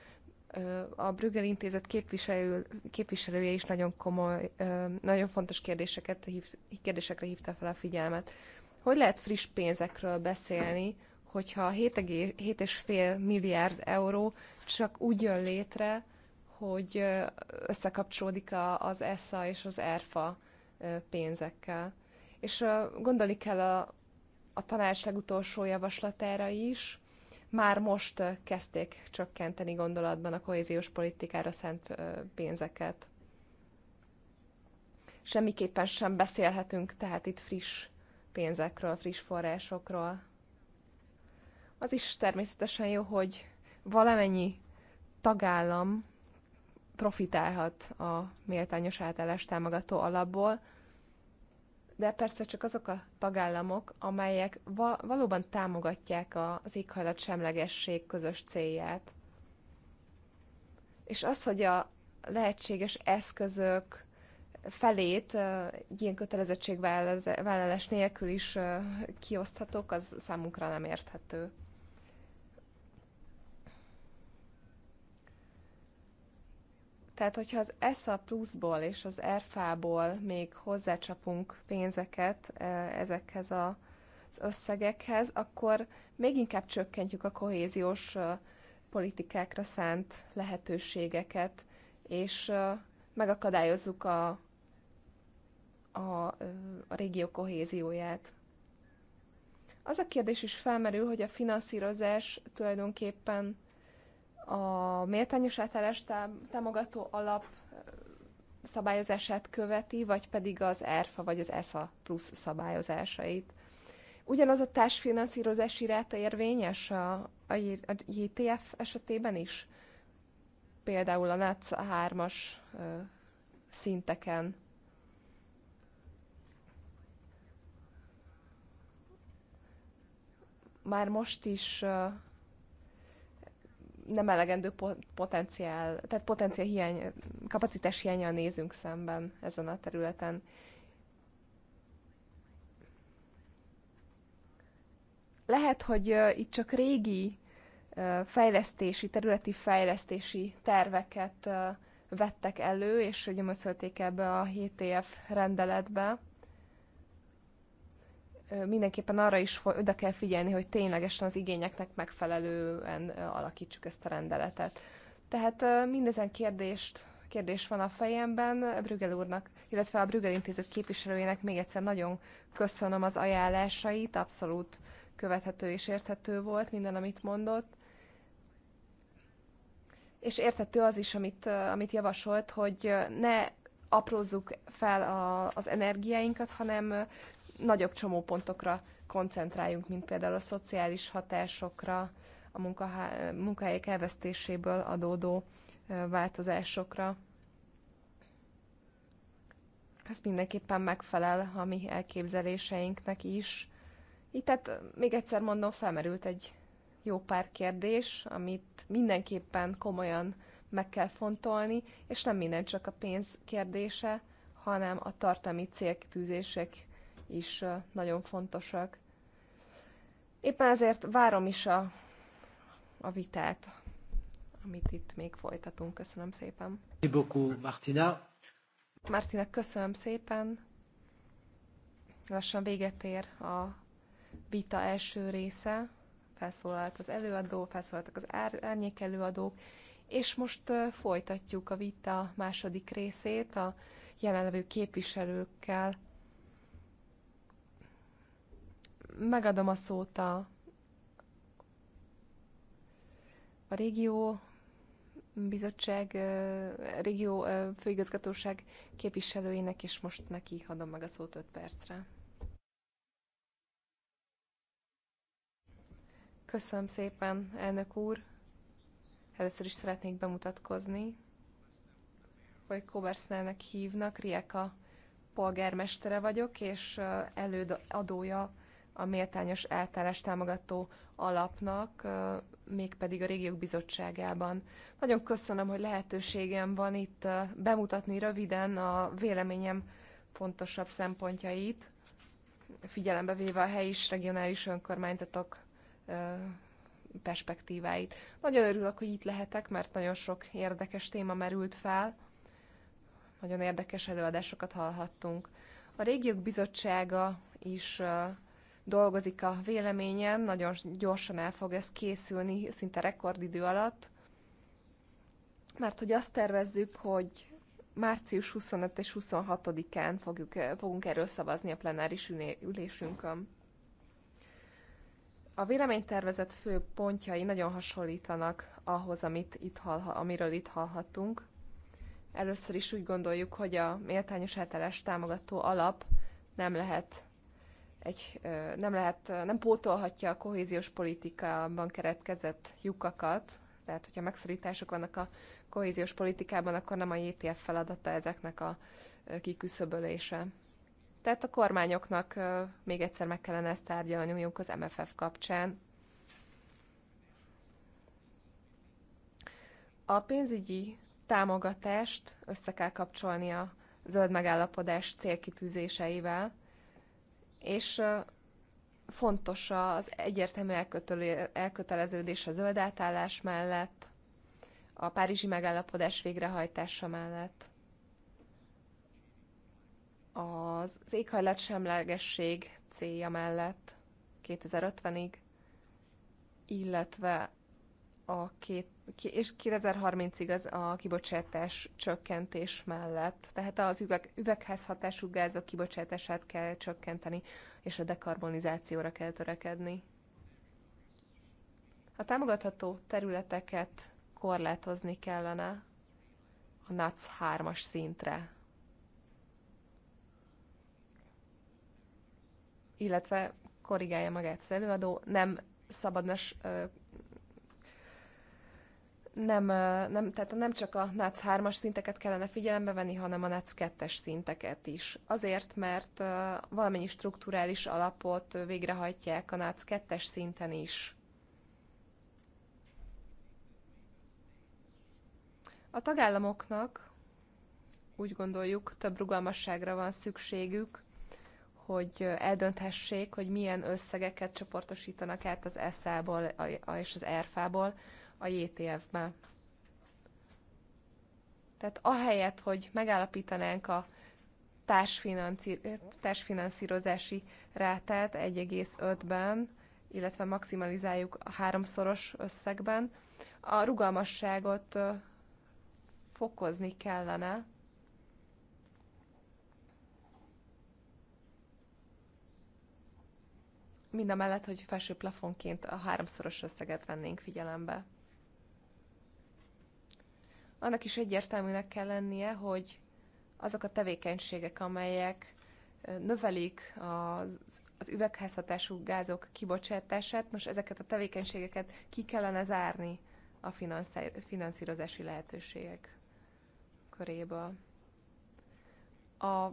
a Brüggel Intézet képviselő, képviselője is nagyon komoly, nagyon fontos kérdéseket, kérdésekre hívta fel a figyelmet. Hogy lehet friss pénzekről beszélni, hogyha 7,5 milliárd euró csak úgy jön létre, hogy összekapcsolódik az ESSA és az ERFA pénzekkel. És gondolni kell a, a tanács legutolsó javaslatára is, már most kezdték csökkenteni gondolatban a kohéziós politikára szent pénzeket. Semmiképpen sem beszélhetünk tehát itt friss pénzekről, friss forrásokról. Az is természetesen jó, hogy valamennyi tagállam profitálhat a méltányos átállást támogató alapból, de persze csak azok a tagállamok, amelyek va- valóban támogatják a, az éghajlat semlegesség közös célját. És az, hogy a lehetséges eszközök felét egy ilyen kötelezettségvállalás nélkül is kioszthatók, az számunkra nem érthető. Tehát, hogyha az ESA pluszból és az rfa ból még hozzácsapunk pénzeket e, ezekhez a, az összegekhez, akkor még inkább csökkentjük a kohéziós e, politikákra szánt lehetőségeket, és e, megakadályozzuk a, a, a régió kohézióját. Az a kérdés is felmerül, hogy a finanszírozás tulajdonképpen a méltányos átállás támogató alap szabályozását követi, vagy pedig az ERFA vagy az ESA plusz szabályozásait. Ugyanaz a társfinanszírozási ráta érvényes a, a, a JTF esetében is? Például a NAC 3-as szinteken. Már most is nem elegendő potenciál, tehát potenciál hiány, kapacitás hiányjal nézünk szemben ezen a területen. Lehet, hogy itt csak régi fejlesztési, területi fejlesztési terveket vettek elő, és most ebbe a 7 rendeletbe mindenképpen arra is oda kell figyelni, hogy ténylegesen az igényeknek megfelelően alakítsuk ezt a rendeletet. Tehát mindezen kérdést, kérdés van a fejemben Brügel úrnak, illetve a Brügel Intézet képviselőjének még egyszer nagyon köszönöm az ajánlásait, abszolút követhető és érthető volt minden, amit mondott. És érthető az is, amit, amit javasolt, hogy ne aprózzuk fel a, az energiáinkat, hanem nagyobb csomópontokra koncentráljunk, mint például a szociális hatásokra, a munkahá- munkahelyek elvesztéséből adódó változásokra. Ez mindenképpen megfelel a mi elképzeléseinknek is. Itt tehát még egyszer mondom, felmerült egy jó pár kérdés, amit mindenképpen komolyan meg kell fontolni, és nem minden csak a pénz kérdése, hanem a tartalmi célkitűzések is nagyon fontosak. Éppen ezért várom is a, a vitát, amit itt még folytatunk. Köszönöm szépen. Martina. Martina, köszönöm szépen. Lassan véget ér a vita első része. Felszólalt az előadó, felszólaltak az ár, árnyék előadók, és most folytatjuk a vita második részét a jelenlevő képviselőkkel megadom a szót a, a régió bizottság, a régió főigazgatóság képviselőjének, és most neki adom meg a szót 5 percre. Köszönöm szépen, elnök úr! Először is szeretnék bemutatkozni, hogy Kobersznelnek hívnak, Rieka polgármestere vagyok, és előadója a méltányos eltárás támogató alapnak, mégpedig a régiók bizottságában. Nagyon köszönöm, hogy lehetőségem van itt bemutatni röviden a véleményem fontosabb szempontjait, figyelembe véve a helyi és regionális önkormányzatok perspektíváit. Nagyon örülök, hogy itt lehetek, mert nagyon sok érdekes téma merült fel, nagyon érdekes előadásokat hallhattunk. A régiók bizottsága is dolgozik a véleményen, nagyon gyorsan el fog ez készülni, szinte rekordidő alatt, mert hogy azt tervezzük, hogy március 25 és 26-án fogjuk, fogunk erről szavazni a plenáris ülésünkön. A véleménytervezet fő pontjai nagyon hasonlítanak ahhoz, amit itt hallha, amiről itt hallhattunk. Először is úgy gondoljuk, hogy a méltányos általás támogató alap nem lehet egy, nem lehet, nem pótolhatja a kohéziós politikában keretkezett lyukakat, tehát hogyha megszorítások vannak a kohéziós politikában, akkor nem a JTF e feladata ezeknek a kiküszöbölése. Tehát a kormányoknak még egyszer meg kellene ezt tárgyalniuk az MFF kapcsán. A pénzügyi támogatást össze kell kapcsolni a zöld megállapodás célkitűzéseivel, és fontos az egyértelmű elköteleződés a zöld átállás mellett, a párizsi megállapodás végrehajtása mellett, az éghajlatsemlegesség célja mellett 2050-ig, illetve a két és 2030-ig az a kibocsátás csökkentés mellett. Tehát az üveg, üvegházhatású gázok kibocsátását kell csökkenteni, és a dekarbonizációra kell törekedni. A támogatható területeket korlátozni kellene a NAC 3-as szintre. Illetve korrigálja magát az előadó, nem szabadnas nem, nem, tehát nem csak a NAC 3-as szinteket kellene figyelembe venni, hanem a NAC 2-es szinteket is. Azért, mert valamennyi strukturális alapot végrehajtják a NAC 2-es szinten is. A tagállamoknak úgy gondoljuk, több rugalmasságra van szükségük, hogy eldönthessék, hogy milyen összegeket csoportosítanak át az SA-ból és az ERFA-ból a JTF-be. Tehát ahelyett, hogy megállapítanánk a társfinanszírozási rátát 1,5-ben, illetve maximalizáljuk a háromszoros összegben, a rugalmasságot fokozni kellene. Mind a mellett, hogy felső plafonként a háromszoros összeget vennénk figyelembe annak is egyértelműnek kell lennie, hogy azok a tevékenységek, amelyek növelik az, az üvegházhatású gázok kibocsátását, most ezeket a tevékenységeket ki kellene zárni a finanszírozási lehetőségek köréből. A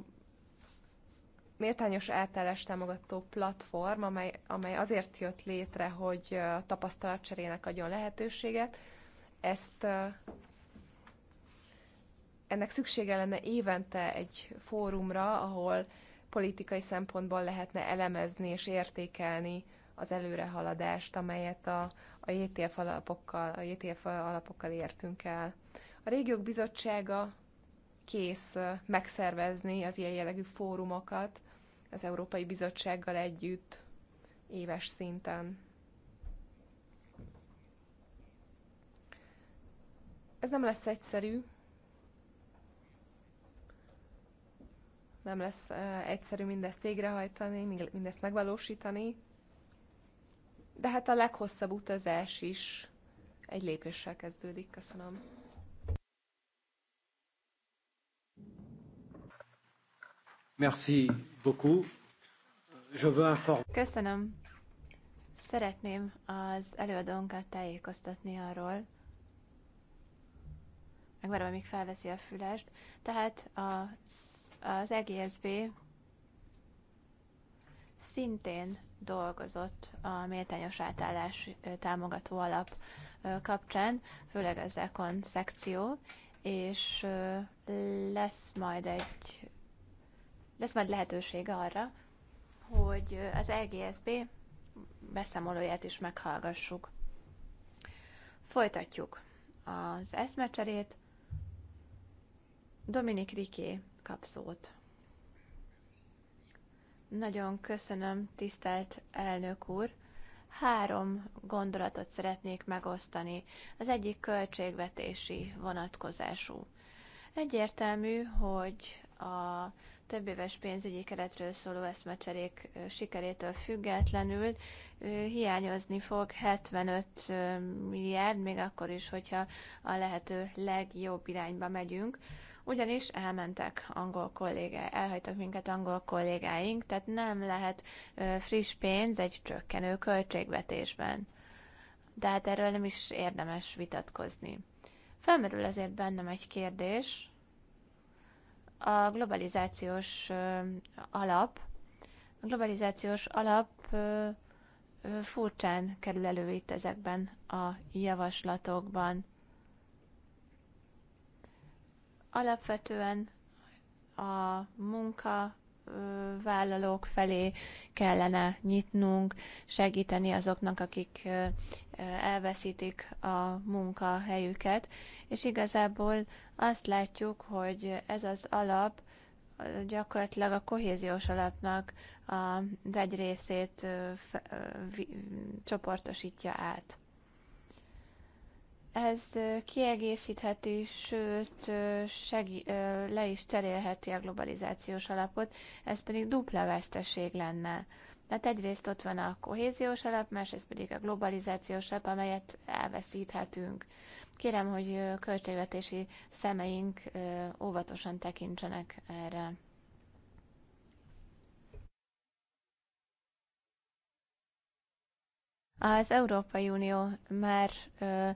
méltányos átállás támogató platform, amely, amely azért jött létre, hogy tapasztalatcserének adjon lehetőséget, ezt ennek szüksége lenne évente egy fórumra, ahol politikai szempontból lehetne elemezni és értékelni az előrehaladást, amelyet a, a JTF alapokkal, a JTF alapokkal értünk el. A régiók bizottsága kész megszervezni az ilyen jellegű fórumokat az Európai Bizottsággal együtt éves szinten. Ez nem lesz egyszerű, nem lesz egyszerű mindezt végrehajtani, mindezt megvalósítani, de hát a leghosszabb utazás is egy lépéssel kezdődik. Köszönöm. Merci beaucoup. Je veux inform- Köszönöm. Szeretném az előadónkat tájékoztatni arról, megvárom, amíg felveszi a fülest, tehát a az EGSB szintén dolgozott a méltányos átállás támogató alap kapcsán, főleg az Econ szekció, és lesz majd egy lesz majd lehetősége arra, hogy az EGSB beszámolóját is meghallgassuk. Folytatjuk az eszmecserét. Dominik Riké kap szót. Nagyon köszönöm, tisztelt elnök úr. Három gondolatot szeretnék megosztani. Az egyik költségvetési vonatkozású. Egyértelmű, hogy a több éves pénzügyi keretről szóló eszmecserék sikerétől függetlenül hiányozni fog 75 milliárd, még akkor is, hogyha a lehető legjobb irányba megyünk ugyanis elmentek angol kollégá, elhagytak minket angol kollégáink, tehát nem lehet friss pénz egy csökkenő költségvetésben. De hát erről nem is érdemes vitatkozni. Felmerül ezért bennem egy kérdés. A globalizációs alap, a globalizációs alap furcsán kerül elő itt ezekben a javaslatokban alapvetően a munka vállalók felé kellene nyitnunk, segíteni azoknak, akik elveszítik a munkahelyüket, és igazából azt látjuk, hogy ez az alap gyakorlatilag a kohéziós alapnak az egy részét csoportosítja át. Ez kiegészítheti, sőt segí- le is cserélheti a globalizációs alapot, ez pedig dupla veszteség lenne. Tehát egyrészt ott van a kohéziós alap, másrészt pedig a globalizációs alap, amelyet elveszíthetünk. Kérem, hogy költségvetési szemeink óvatosan tekintsenek erre. Az Európai Unió már ö,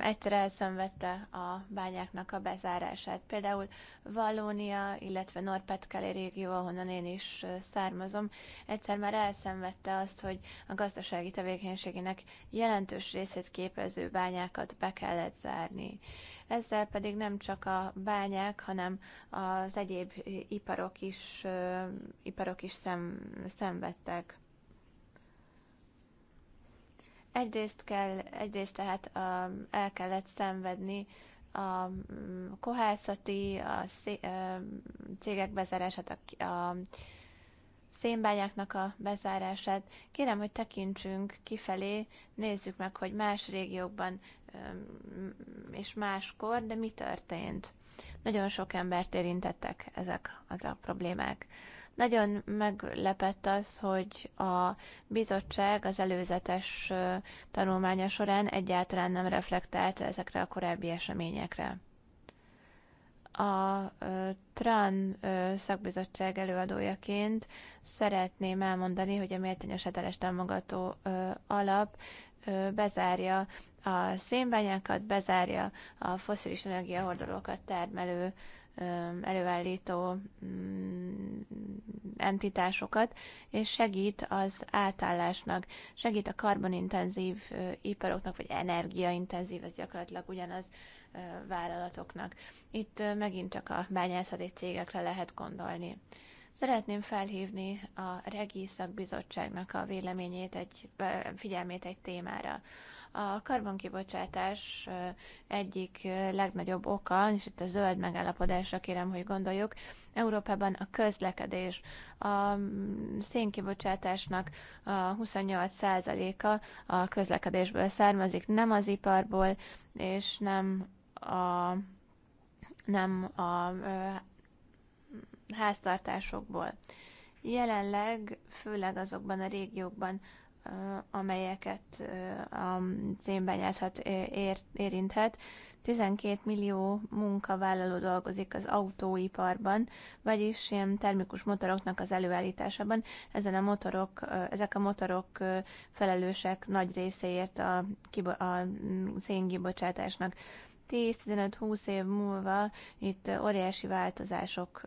egyszer elszenvedte a bányáknak a bezárását. Például Vallónia, illetve Norpetkeli régió, ahonnan én is származom, egyszer már elszenvedte azt, hogy a gazdasági tevékenységének jelentős részét képező bányákat be kellett zárni. Ezzel pedig nem csak a bányák, hanem az egyéb iparok is, iparok is szem, szenvedtek. Egyrészt, kell, egyrészt tehát a, el kellett szenvedni a kohászati, a, szé, a cégek bezárását, a, a szénbányáknak a bezárását. Kérem, hogy tekintsünk kifelé, nézzük meg, hogy más régiókban és máskor, de mi történt. Nagyon sok embert érintettek ezek az a problémák. Nagyon meglepett az, hogy a bizottság az előzetes tanulmánya során egyáltalán nem reflektált ezekre a korábbi eseményekre. A TRAN szakbizottság előadójaként szeretném elmondani, hogy a méltányos eteles támogató alap bezárja a szénbányákat, bezárja a foszilis energiahordolókat termelő előállító mm, entitásokat, és segít az átállásnak, segít a karbonintenzív iparoknak, vagy energiaintenzív, ez gyakorlatilag ugyanaz vállalatoknak. Itt megint csak a bányászati cégekre lehet gondolni. Szeretném felhívni a Regi Szakbizottságnak a véleményét, egy, figyelmét egy témára. A karbonkibocsátás egyik legnagyobb oka, és itt a zöld megállapodásra kérem, hogy gondoljuk, Európában a közlekedés, a mm, szénkibocsátásnak a 28%-a a közlekedésből származik, nem az iparból, és nem a, nem a háztartásokból. Jelenleg, főleg azokban a régiókban, amelyeket a szénbányászat ér, érinthet. 12 millió munkavállaló dolgozik az autóiparban, vagyis ilyen termikus motoroknak az előállításában. Ezen a motorok, ezek a motorok felelősek nagy részéért a, a mm, szénkibocsátásnak. 10-15-20 év múlva itt óriási változások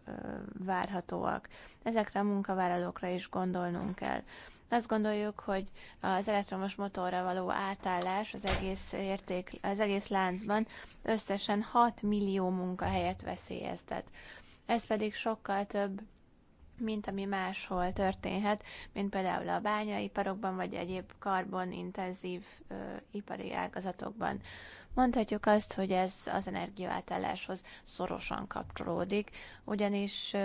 várhatóak. Ezekre a munkavállalókra is gondolnunk kell. Azt gondoljuk, hogy az elektromos motorra való átállás az egész, érték, az egész láncban összesen 6 millió munkahelyet veszélyeztet. Ez pedig sokkal több, mint ami máshol történhet, mint például a bányaiparokban, vagy egyéb karbonintenzív ö, ipari ágazatokban. Mondhatjuk azt, hogy ez az energiaátálláshoz szorosan kapcsolódik, ugyanis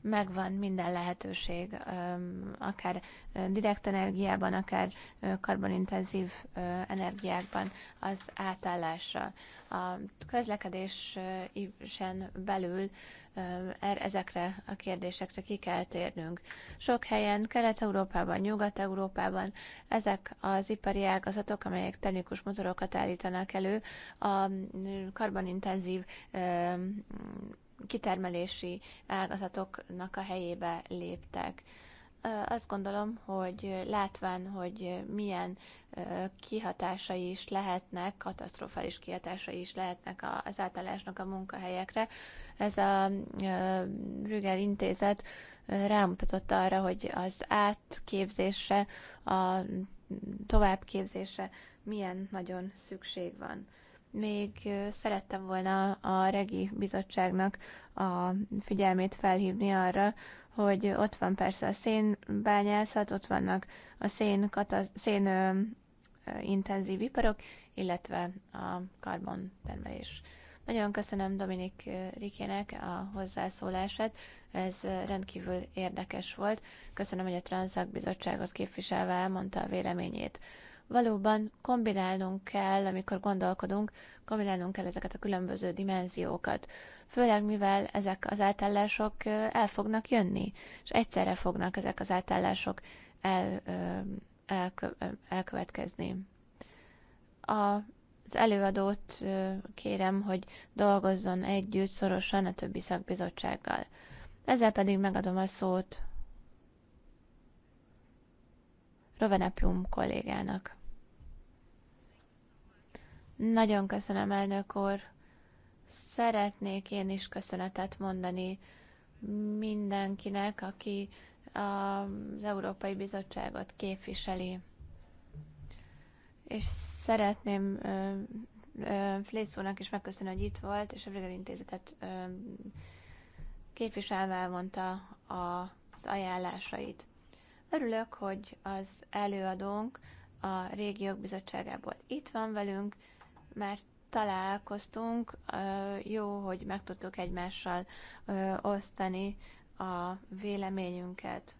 megvan minden lehetőség, akár direkt energiában, akár karbonintenzív energiákban az átállásra. A közlekedésen belül er, ezekre a kérdésekre ki kell térnünk. Sok helyen, Kelet-Európában, Nyugat-Európában ezek az ipari ágazatok, amelyek termikus motorokat állítanak elő, a karbonintenzív kitermelési ágazatoknak a helyébe léptek azt gondolom, hogy látván, hogy milyen kihatásai is lehetnek, katasztrofális kihatásai is lehetnek az átállásnak a munkahelyekre, ez a Rügel intézet rámutatott arra, hogy az átképzésre, a továbbképzésre milyen nagyon szükség van még szerettem volna a Regi Bizottságnak a figyelmét felhívni arra, hogy ott van persze a szénbányászat, ott vannak a szén, szén ö, ö, intenzív iparok, illetve a karbontermelés. Nagyon köszönöm Dominik Rikének a hozzászólását, ez rendkívül érdekes volt. Köszönöm, hogy a Transzak Bizottságot képviselve elmondta a véleményét valóban kombinálnunk kell, amikor gondolkodunk, kombinálnunk kell ezeket a különböző dimenziókat. Főleg mivel ezek az átállások el fognak jönni, és egyszerre fognak ezek az átállások el, elkö, elkövetkezni. A az előadót kérem, hogy dolgozzon együtt szorosan a többi szakbizottsággal. Ezzel pedig megadom a szót Rovenepium kollégának. Nagyon köszönöm, elnök úr. Szeretnék én is köszönetet mondani mindenkinek, aki az Európai Bizottságot képviseli. És szeretném Flészónak is megköszönni, hogy itt volt, és a Brigel Intézetet képviselve elmondta az ajánlásait. Örülök, hogy az előadónk a régiók bizottságából itt van velünk, mert találkoztunk, jó, hogy meg tudtuk egymással osztani a véleményünket.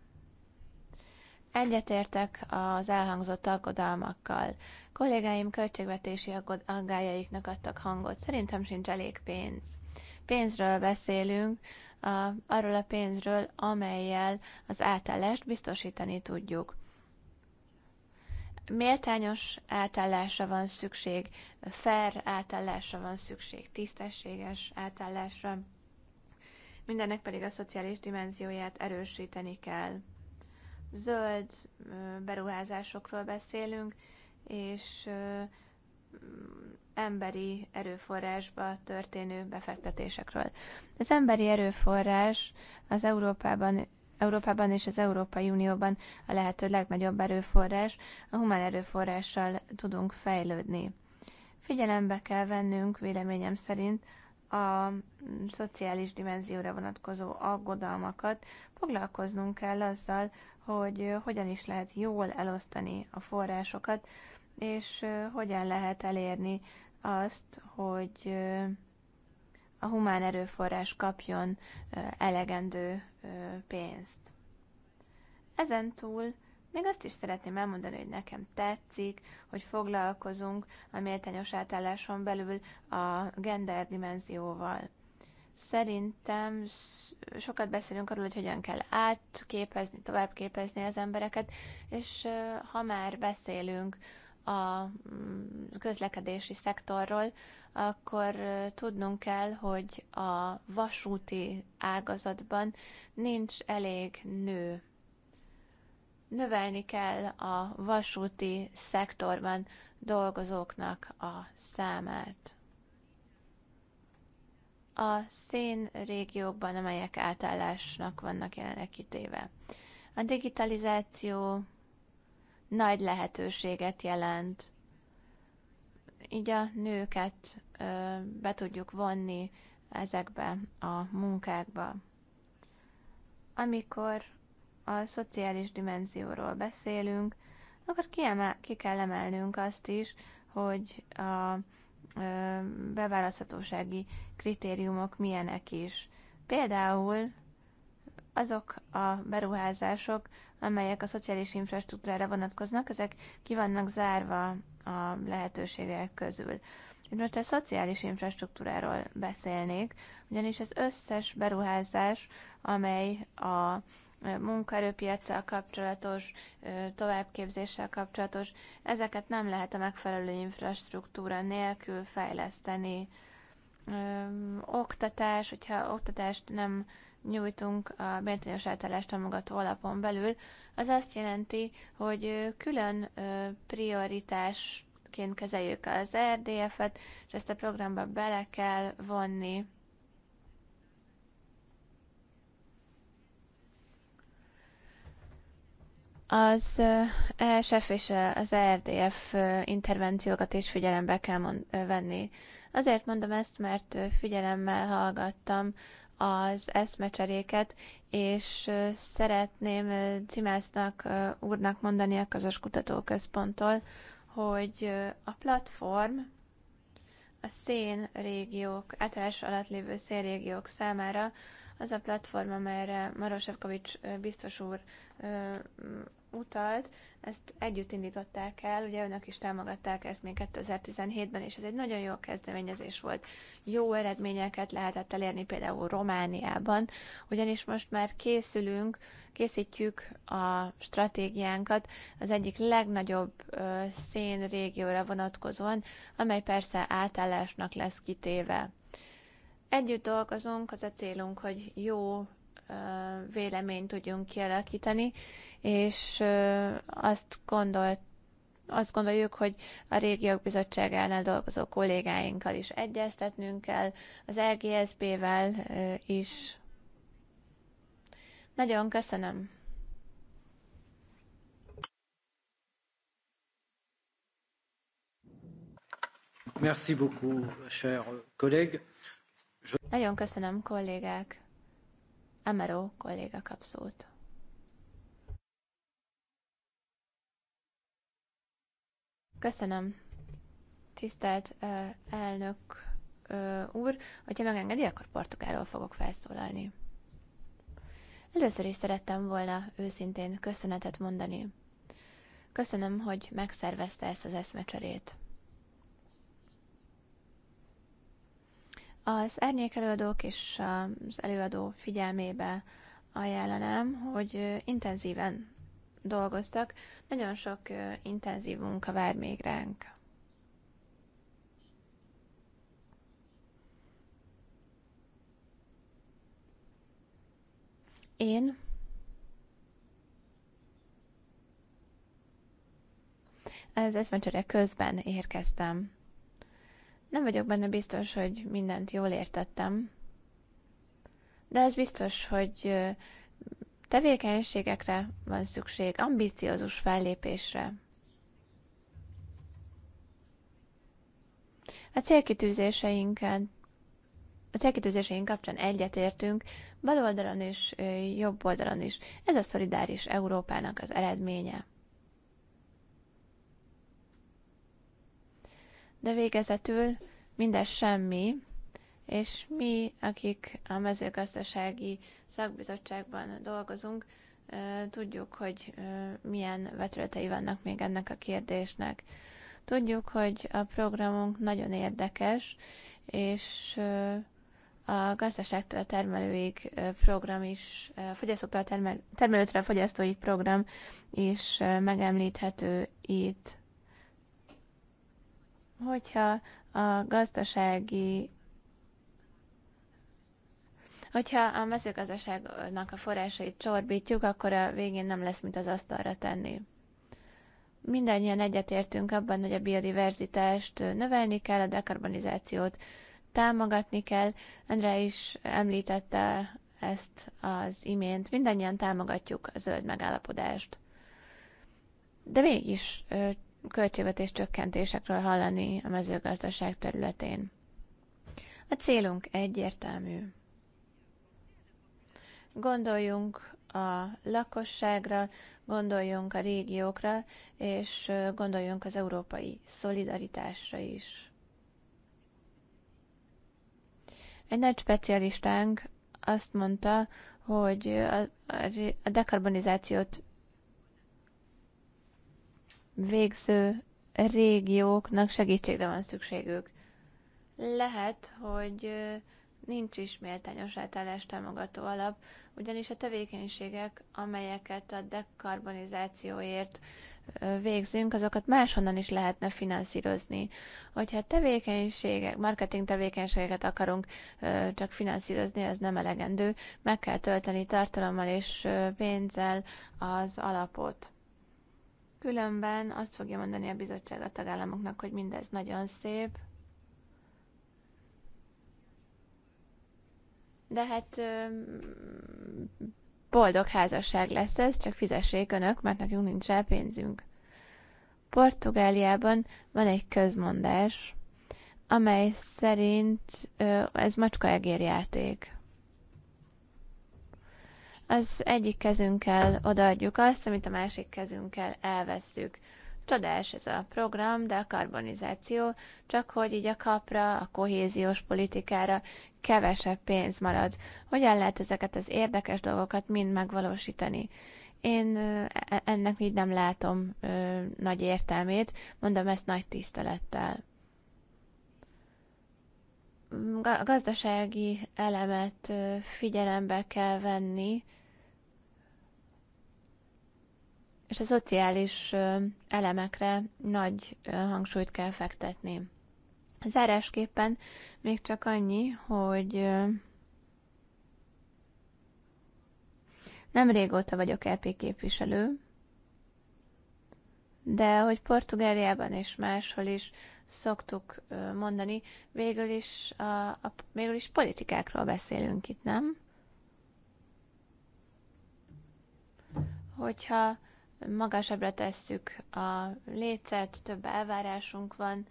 Egyetértek az elhangzott aggodalmakkal. Kollégáim költségvetési aggájaiknak adtak hangot. Szerintem sincs elég pénz. Pénzről beszélünk, a, arról a pénzről, amelyel az átállást biztosítani tudjuk méltányos átállásra van szükség, fair átállásra van szükség, tisztességes átállásra. Mindennek pedig a szociális dimenzióját erősíteni kell. Zöld beruházásokról beszélünk, és emberi erőforrásba történő befektetésekről. Az emberi erőforrás az Európában Európában és az Európai Unióban a lehető legnagyobb erőforrás, a humán erőforrással tudunk fejlődni. Figyelembe kell vennünk, véleményem szerint, a szociális dimenzióra vonatkozó aggodalmakat, foglalkoznunk kell azzal, hogy hogyan is lehet jól elosztani a forrásokat, és hogyan lehet elérni azt, hogy a humán erőforrás kapjon elegendő pénzt. Ezen túl még azt is szeretném elmondani, hogy nekem tetszik, hogy foglalkozunk a méltányos átálláson belül a gender dimenzióval. Szerintem sokat beszélünk arról, hogy hogyan kell átképezni, továbbképezni az embereket, és ha már beszélünk a mm, közlekedési szektorról, akkor tudnunk kell, hogy a vasúti ágazatban nincs elég nő. Növelni kell a vasúti szektorban dolgozóknak a számát. A szén régiókban, amelyek átállásnak vannak jelenleg kitéve. A digitalizáció nagy lehetőséget jelent. Így a nőket be tudjuk vonni ezekbe a munkákba. Amikor a szociális dimenzióról beszélünk, akkor kiemel, ki kell emelnünk azt is, hogy a beválaszthatósági kritériumok milyenek is. Például azok a beruházások, amelyek a szociális infrastruktúrára vonatkoznak, ezek ki vannak zárva a lehetőségek közül. Itt most a szociális infrastruktúráról beszélnék, ugyanis az összes beruházás, amely a munkaerőpiacsal kapcsolatos, továbbképzéssel kapcsolatos, ezeket nem lehet a megfelelő infrastruktúra nélkül fejleszteni. Oktatás, hogyha oktatást nem nyújtunk a méltányos átállás támogató alapon belül, az azt jelenti, hogy külön prioritásként kezeljük az RDF-et, és ezt a programba bele kell vonni. Az ESF és az RDF intervenciókat is figyelembe kell venni. Azért mondom ezt, mert figyelemmel hallgattam az eszmecseréket, és szeretném Cimásznak úrnak mondani a Közös Kutatóközponttól, hogy a platform a szén régiók, általános alatt lévő szénrégiók számára az a platform, amelyre Marosevkovics biztos úr utalt, ezt együtt indították el, ugye önök is támogatták ezt még 2017-ben, és ez egy nagyon jó kezdeményezés volt. Jó eredményeket lehetett elérni például Romániában, ugyanis most már készülünk, készítjük a stratégiánkat az egyik legnagyobb ö, szén régióra vonatkozóan, amely persze átállásnak lesz kitéve. Együtt dolgozunk, az a célunk, hogy jó véleményt tudjunk kialakítani, és azt gondolt, azt gondoljuk, hogy a régiók bizottságánál dolgozó kollégáinkkal is egyeztetnünk kell, az LGSB-vel is. Nagyon köszönöm! Merci beaucoup, cher collègue. Je... Nagyon köszönöm, kollégák! MRO kolléga kap szót. Köszönöm, tisztelt uh, elnök uh, úr. Hogyha megengedi, akkor portugálról fogok felszólalni. Először is szerettem volna őszintén köszönetet mondani. Köszönöm, hogy megszervezte ezt az eszmecserét. Az árnyékelőadók és az előadó figyelmébe ajánlanám, hogy intenzíven dolgoztak, nagyon sok intenzív munka vár még ránk. Én ez eszmecsere közben érkeztem nem vagyok benne biztos, hogy mindent jól értettem, de ez biztos, hogy tevékenységekre van szükség, ambiciózus fellépésre. A célkitűzéseinket a célkitűzéseink kapcsán egyetértünk, bal oldalon is, jobb oldalon is. Ez a szolidáris Európának az eredménye. de végezetül mindez semmi, és mi, akik a mezőgazdasági szakbizottságban dolgozunk, tudjuk, hogy milyen vetületei vannak még ennek a kérdésnek. Tudjuk, hogy a programunk nagyon érdekes, és a gazdaságtól a termelőig program is, a fogyasztóktól a termel, termelőtől a fogyasztóig program is megemlíthető itt. Hogyha a gazdasági Hogyha a mezőgazdaságnak a forrásait csorbítjuk, akkor a végén nem lesz mit az asztalra tenni. Mindannyian egyetértünk abban, hogy a biodiverzitást növelni kell, a dekarbonizációt támogatni kell. Andrá is említette ezt az imént. Mindannyian támogatjuk a zöld megállapodást. De mégis költségvetés csökkentésekről hallani a mezőgazdaság területén. A célunk egyértelmű. Gondoljunk a lakosságra, gondoljunk a régiókra, és gondoljunk az európai szolidaritásra is. Egy nagy specialistánk azt mondta, hogy a dekarbonizációt végző régióknak segítségre van szükségük. Lehet, hogy nincs is méltányos átállás támogató alap, ugyanis a tevékenységek, amelyeket a dekarbonizációért végzünk, azokat máshonnan is lehetne finanszírozni. Hogyha tevékenységek, marketing tevékenységeket akarunk csak finanszírozni, ez nem elegendő, meg kell tölteni tartalommal és pénzzel az alapot. Különben azt fogja mondani a bizottság a tagállamoknak, hogy mindez nagyon szép, de hát boldog házasság lesz ez, csak fizessék önök, mert nekünk nincs el pénzünk. Portugáliában van egy közmondás, amely szerint ez macska egér játék az egyik kezünkkel odaadjuk azt, amit a másik kezünkkel elvesszük. Csodás ez a program, de a karbonizáció, csak hogy így a kapra, a kohéziós politikára kevesebb pénz marad. Hogyan lehet ezeket az érdekes dolgokat mind megvalósítani? Én e-, ennek így nem látom ö, nagy értelmét, mondom ezt nagy tisztelettel gazdasági elemet figyelembe kell venni, és a szociális elemekre nagy hangsúlyt kell fektetni. Zárásképpen még csak annyi, hogy nem régóta vagyok EP képviselő, de hogy Portugáliában és máshol is szoktuk mondani, végül is, a, a, végül is politikákról beszélünk itt, nem? Hogyha magasabbra tesszük a lécet, több elvárásunk van,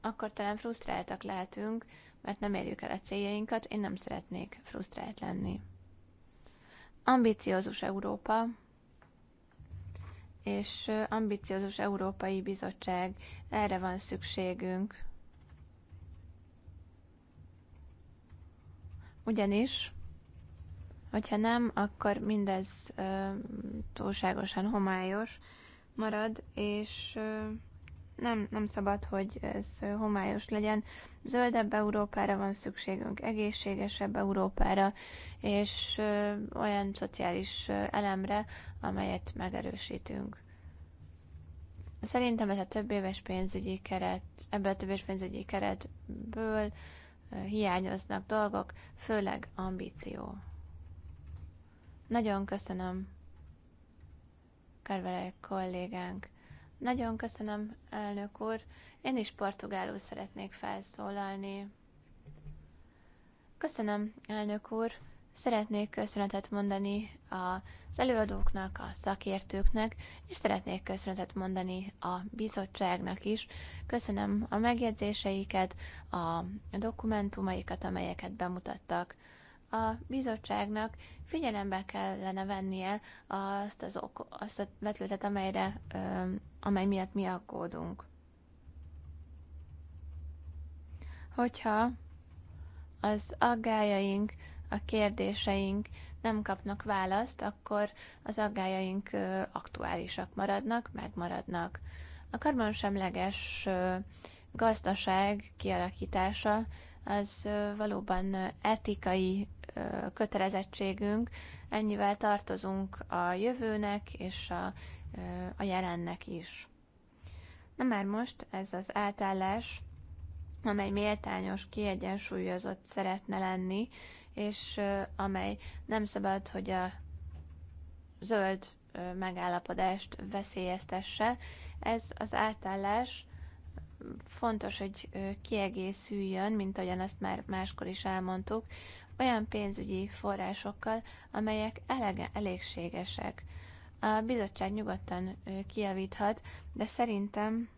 akkor talán frusztráltak lehetünk, mert nem érjük el a céljainkat, én nem szeretnék frusztrált lenni. Ambiciózus Európa és ambiciózus Európai Bizottság, erre van szükségünk. Ugyanis Hogyha nem, akkor mindez ö, túlságosan homályos marad, és ö, nem, nem szabad, hogy ez homályos legyen. Zöldebb Európára van szükségünk, egészségesebb Európára, és ö, olyan szociális elemre, amelyet megerősítünk. Szerintem ez a több éves pénzügyi keret, ebből a több éves pénzügyi keretből hiányoznak dolgok, főleg ambíció. Nagyon köszönöm, Carvalho kollégánk. Nagyon köszönöm, elnök úr. Én is portugálul szeretnék felszólalni. Köszönöm, elnök úr. Szeretnék köszönetet mondani az előadóknak, a szakértőknek, és szeretnék köszönetet mondani a bizottságnak is. Köszönöm a megjegyzéseiket, a dokumentumaikat, amelyeket bemutattak a bizottságnak figyelembe kellene vennie azt, az ok- azt a vetületet, amelyre, amely miatt mi aggódunk. Hogyha az aggájaink, a kérdéseink nem kapnak választ, akkor az aggájaink aktuálisak maradnak, megmaradnak. A karbonsemleges gazdaság kialakítása az valóban etikai kötelezettségünk, ennyivel tartozunk a jövőnek és a, a jelennek is. Na már most ez az átállás, amely méltányos, kiegyensúlyozott szeretne lenni, és amely nem szabad, hogy a zöld megállapodást veszélyeztesse. Ez az átállás fontos, hogy kiegészüljön, mint ahogyan ezt már máskor is elmondtuk, olyan pénzügyi forrásokkal, amelyek elege, elégségesek. A bizottság nyugodtan kijavíthat, de szerintem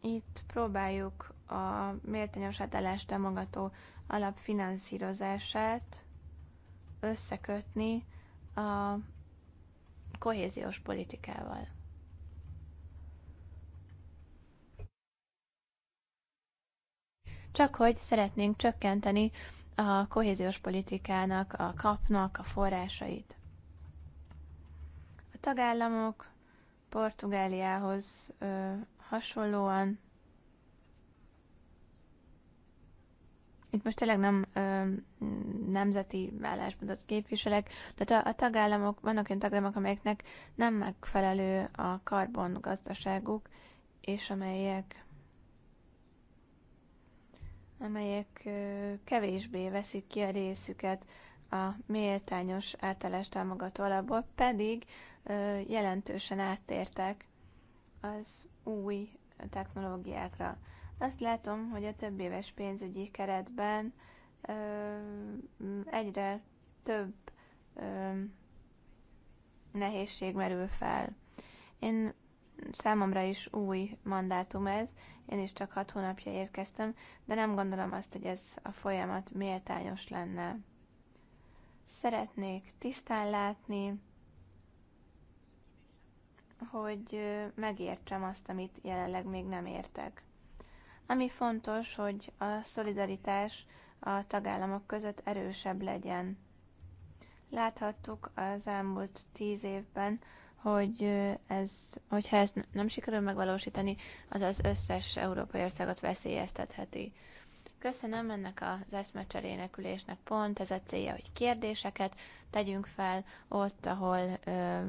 itt próbáljuk a méltányos átállást támogató alapfinanszírozását összekötni a kohéziós politikával. csak hogy szeretnénk csökkenteni a kohéziós politikának, a kapnak a forrásait. A tagállamok Portugáliához ö, hasonlóan itt most tényleg nem ö, nemzeti álláspontot képviselek, tehát a, a tagállamok, vannak olyan tagállamok, amelyeknek nem megfelelő a karbon gazdaságuk, és amelyek amelyek kevésbé veszik ki a részüket a méltányos általás támogató alapból, pedig jelentősen áttértek az új technológiákra. Azt látom, hogy a több éves pénzügyi keretben egyre több nehézség merül fel. Én számomra is új mandátum ez, én is csak hat hónapja érkeztem, de nem gondolom azt, hogy ez a folyamat méltányos lenne. Szeretnék tisztán látni, hogy megértsem azt, amit jelenleg még nem értek. Ami fontos, hogy a szolidaritás a tagállamok között erősebb legyen. Láthattuk az elmúlt tíz évben, hogy ez, hogyha ezt nem sikerül megvalósítani, az az összes európai országot veszélyeztetheti. Köszönöm ennek az eszmecserének ülésnek pont, ez a célja, hogy kérdéseket tegyünk fel ott, ahol ö,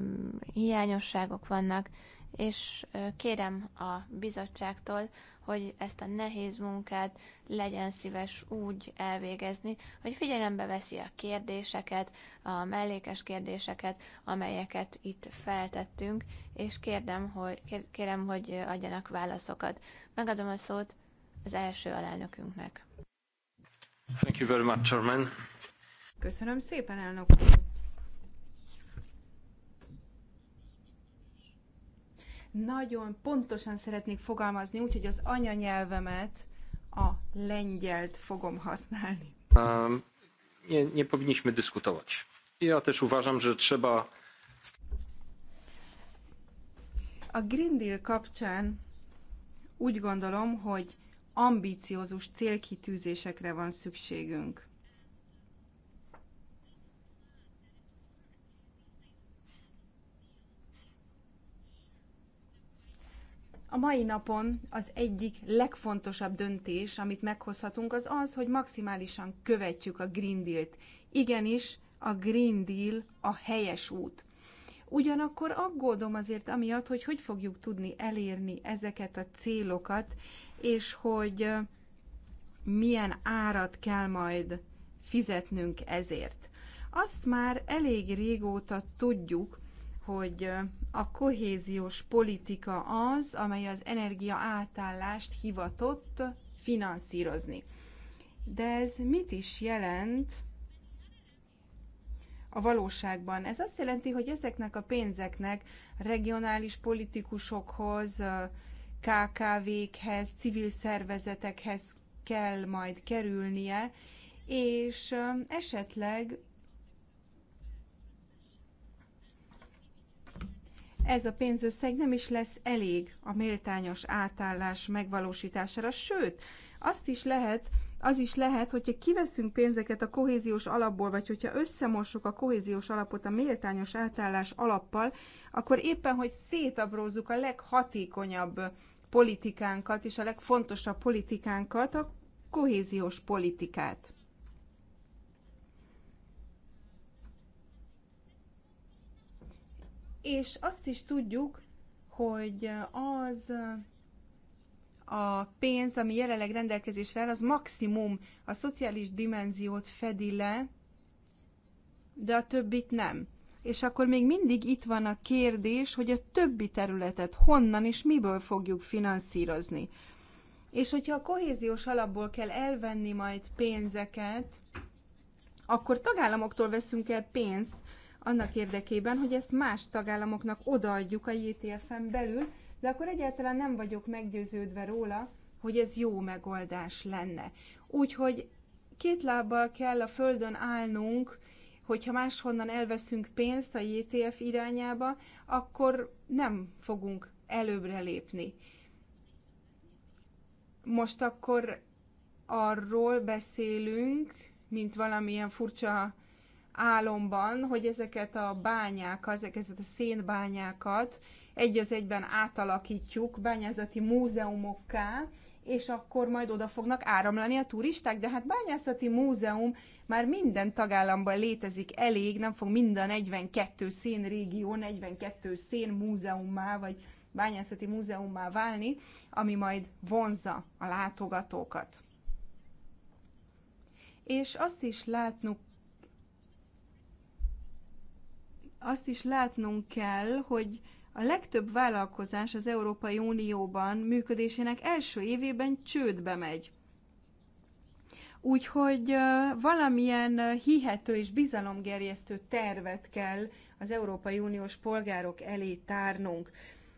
hiányosságok vannak, és kérem a bizottságtól, hogy ezt a nehéz munkát legyen szíves úgy elvégezni, hogy figyelembe veszi a kérdéseket, a mellékes kérdéseket, amelyeket itt feltettünk, és kérdem, hogy, kérem, hogy adjanak válaszokat. Megadom a szót az első alelnökünknek. Thank you very much, Köszönöm szépen, elnök úr. Nagyon pontosan szeretnék fogalmazni, úgyhogy az anyanyelvemet, a lengyelt fogom használni. Um, nie, nie powinniśmy dyskutować. Ja też uważam, że trzeba... A Green Deal kapcsán úgy gondolom, hogy ambíciózus célkitűzésekre van szükségünk. A mai napon az egyik legfontosabb döntés, amit meghozhatunk, az az, hogy maximálisan követjük a Green Deal-t. Igenis, a Green Deal a helyes út. Ugyanakkor aggódom azért amiatt, hogy hogy fogjuk tudni elérni ezeket a célokat, és hogy milyen árat kell majd fizetnünk ezért. Azt már elég régóta tudjuk, hogy a kohéziós politika az, amely az energia átállást hivatott finanszírozni. De ez mit is jelent a valóságban? Ez azt jelenti, hogy ezeknek a pénzeknek regionális politikusokhoz, KKV-khez, civil szervezetekhez kell majd kerülnie, és esetleg ez a pénzösszeg nem is lesz elég a méltányos átállás megvalósítására, sőt, azt is lehet, az is lehet, hogyha kiveszünk pénzeket a kohéziós alapból, vagy hogyha összemossuk a kohéziós alapot a méltányos átállás alappal, akkor éppen, hogy szétabrózzuk a leghatékonyabb politikánkat és a legfontosabb politikánkat, a kohéziós politikát. És azt is tudjuk, hogy az a pénz, ami jelenleg rendelkezésre áll, az maximum a szociális dimenziót fedi le, de a többit nem. És akkor még mindig itt van a kérdés, hogy a többi területet honnan és miből fogjuk finanszírozni. És hogyha a kohéziós alapból kell elvenni majd pénzeket, akkor tagállamoktól veszünk el pénzt, annak érdekében, hogy ezt más tagállamoknak odaadjuk a JTF-en belül, de akkor egyáltalán nem vagyok meggyőződve róla, hogy ez jó megoldás lenne. Úgyhogy két lábbal kell a földön állnunk, hogyha máshonnan elveszünk pénzt a JTF irányába, akkor nem fogunk előbbre lépni. Most akkor arról beszélünk, mint valamilyen furcsa álomban, hogy ezeket a bányákat, ezeket a szénbányákat egy az egyben átalakítjuk bányászati múzeumokká, és akkor majd oda fognak áramlani a turisták, de hát bányászati múzeum már minden tagállamban létezik elég, nem fog minden 42 szénrégió, 42 múzeummá, vagy bányászati múzeummá válni, ami majd vonza a látogatókat. És azt is látnunk azt is látnunk kell, hogy a legtöbb vállalkozás az Európai Unióban működésének első évében csődbe megy. Úgyhogy valamilyen hihető és bizalomgerjesztő tervet kell az Európai Uniós polgárok elé tárnunk.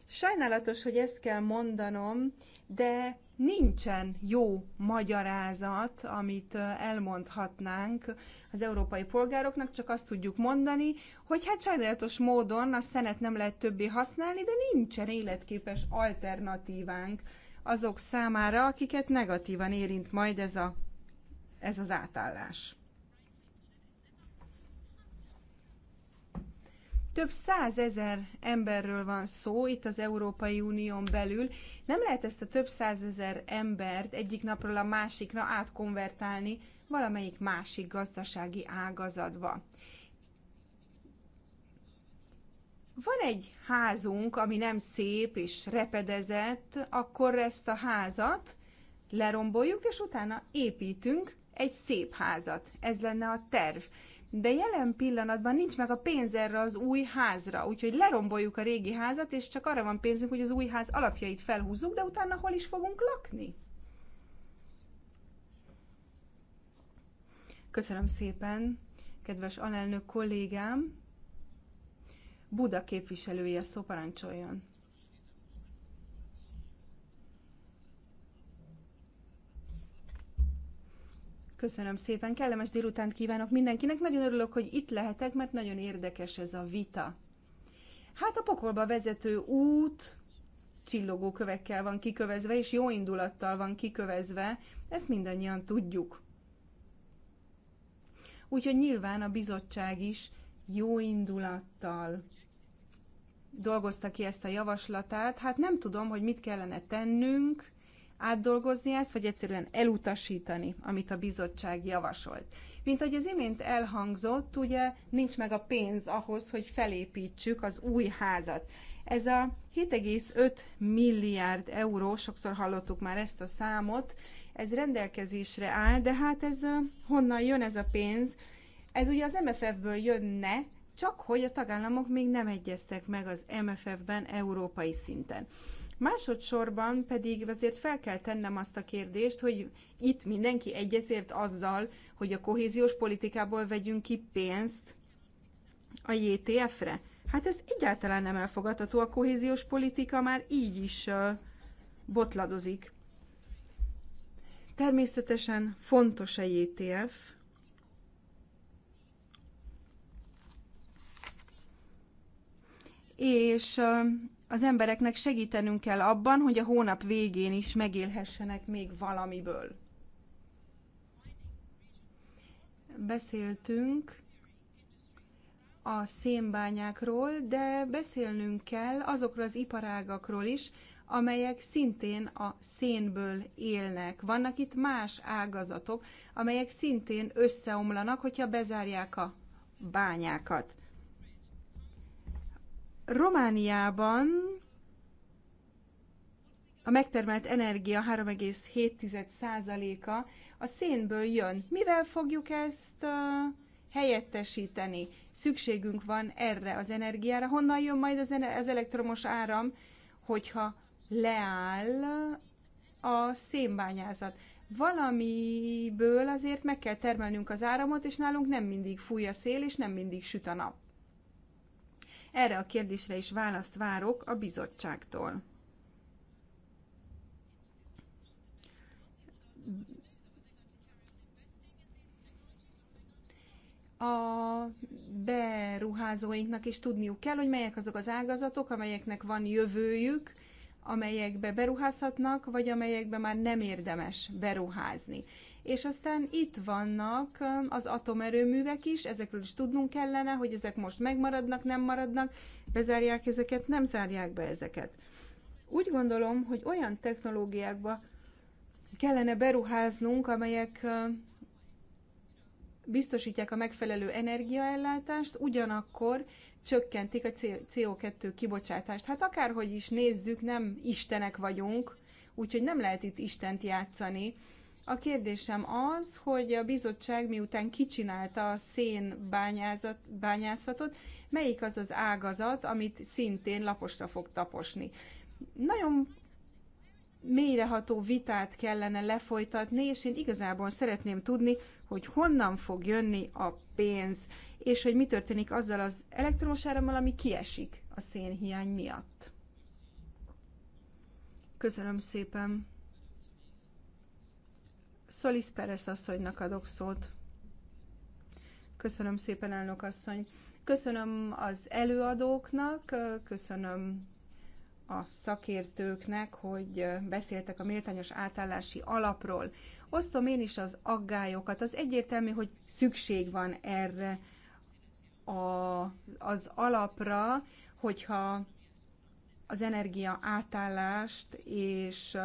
Sajnálatos, hogy ezt kell mondanom, de nincsen jó magyarázat, amit elmondhatnánk az európai polgároknak, csak azt tudjuk mondani, hogy hát sajnálatos módon a szenet nem lehet többé használni, de nincsen életképes alternatívánk azok számára, akiket negatívan érint majd ez, a, ez az átállás. több százezer emberről van szó itt az Európai Unión belül. Nem lehet ezt a több százezer embert egyik napról a másikra átkonvertálni valamelyik másik gazdasági ágazatba. Van egy házunk, ami nem szép és repedezett, akkor ezt a házat leromboljuk, és utána építünk egy szép házat. Ez lenne a terv de jelen pillanatban nincs meg a pénz erre az új házra, úgyhogy leromboljuk a régi házat, és csak arra van pénzünk, hogy az új ház alapjait felhúzzuk, de utána hol is fogunk lakni? Köszönöm szépen, kedves alelnök kollégám. Buda képviselője szó parancsoljon. Köszönöm szépen, kellemes délutánt kívánok mindenkinek. Nagyon örülök, hogy itt lehetek, mert nagyon érdekes ez a vita. Hát a pokolba vezető út csillogó kövekkel van kikövezve, és jó indulattal van kikövezve, ezt mindannyian tudjuk. Úgyhogy nyilván a bizottság is jó indulattal dolgozta ki ezt a javaslatát. Hát nem tudom, hogy mit kellene tennünk, átdolgozni ezt, vagy egyszerűen elutasítani, amit a bizottság javasolt. Mint ahogy az imént elhangzott, ugye nincs meg a pénz ahhoz, hogy felépítsük az új házat. Ez a 7,5 milliárd euró, sokszor hallottuk már ezt a számot, ez rendelkezésre áll, de hát ez honnan jön ez a pénz? Ez ugye az MFF-ből jönne, csak hogy a tagállamok még nem egyeztek meg az MFF-ben európai szinten. Másodszorban pedig azért fel kell tennem azt a kérdést, hogy itt mindenki egyetért azzal, hogy a kohéziós politikából vegyünk ki pénzt a JTF-re. Hát ez egyáltalán nem elfogadható, a kohéziós politika már így is botladozik. Természetesen fontos a JTF, és az embereknek segítenünk kell abban, hogy a hónap végén is megélhessenek még valamiből. Beszéltünk a szénbányákról, de beszélnünk kell azokról az iparágakról is, amelyek szintén a szénből élnek. Vannak itt más ágazatok, amelyek szintén összeomlanak, hogyha bezárják a bányákat. Romániában a megtermelt energia 3,7%-a a szénből jön. Mivel fogjuk ezt uh, helyettesíteni? Szükségünk van erre az energiára. Honnan jön majd az, az elektromos áram, hogyha leáll a szénbányászat? Valamiből azért meg kell termelnünk az áramot, és nálunk nem mindig fúj a szél, és nem mindig süt a nap. Erre a kérdésre is választ várok a bizottságtól. a beruházóinknak is tudniuk kell, hogy melyek azok az ágazatok, amelyeknek van jövőjük, amelyekbe beruházhatnak, vagy amelyekbe már nem érdemes beruházni. És aztán itt vannak um, az atomerőművek is, ezekről is tudnunk kellene, hogy ezek most megmaradnak, nem maradnak, bezárják ezeket, nem zárják be ezeket. Úgy gondolom, hogy olyan technológiákba kellene beruháznunk, amelyek um, biztosítják a megfelelő energiaellátást, ugyanakkor csökkentik a CO2 kibocsátást. Hát akárhogy is nézzük, nem istenek vagyunk, úgyhogy nem lehet itt Istent játszani, a kérdésem az, hogy a bizottság miután kicsinálta a szén bányázat, bányászatot, melyik az az ágazat, amit szintén laposra fog taposni? Nagyon mélyreható vitát kellene lefolytatni, és én igazából szeretném tudni, hogy honnan fog jönni a pénz, és hogy mi történik azzal az elektromos árammal, ami kiesik a szénhiány miatt. Köszönöm szépen! Szolisz Peres asszonynak adok szót. Köszönöm szépen, elnök asszony. Köszönöm az előadóknak, köszönöm a szakértőknek, hogy beszéltek a méltányos átállási alapról. Osztom én is az aggályokat. Az egyértelmű, hogy szükség van erre a, az alapra, hogyha az energia átállást és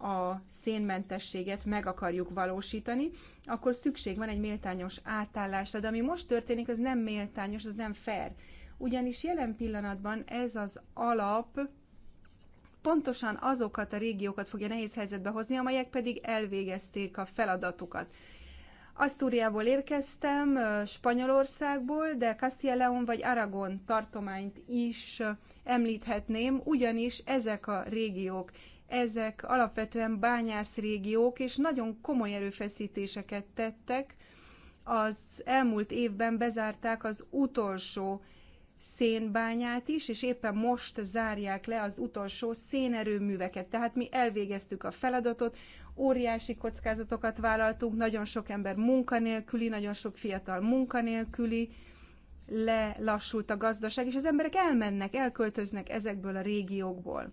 a szénmentességet meg akarjuk valósítani, akkor szükség van egy méltányos átállásra. De ami most történik, az nem méltányos, az nem fair. Ugyanis jelen pillanatban ez az alap pontosan azokat a régiókat fogja nehéz helyzetbe hozni, amelyek pedig elvégezték a feladatukat. Asztúriából érkeztem, Spanyolországból, de Castilla León vagy Aragon tartományt is említhetném, ugyanis ezek a régiók ezek alapvetően bányászrégiók, és nagyon komoly erőfeszítéseket tettek. Az elmúlt évben bezárták az utolsó szénbányát is, és éppen most zárják le az utolsó szénerőműveket. Tehát mi elvégeztük a feladatot, óriási kockázatokat vállaltunk, nagyon sok ember munkanélküli, nagyon sok fiatal munkanélküli, lelassult a gazdaság, és az emberek elmennek, elköltöznek ezekből a régiókból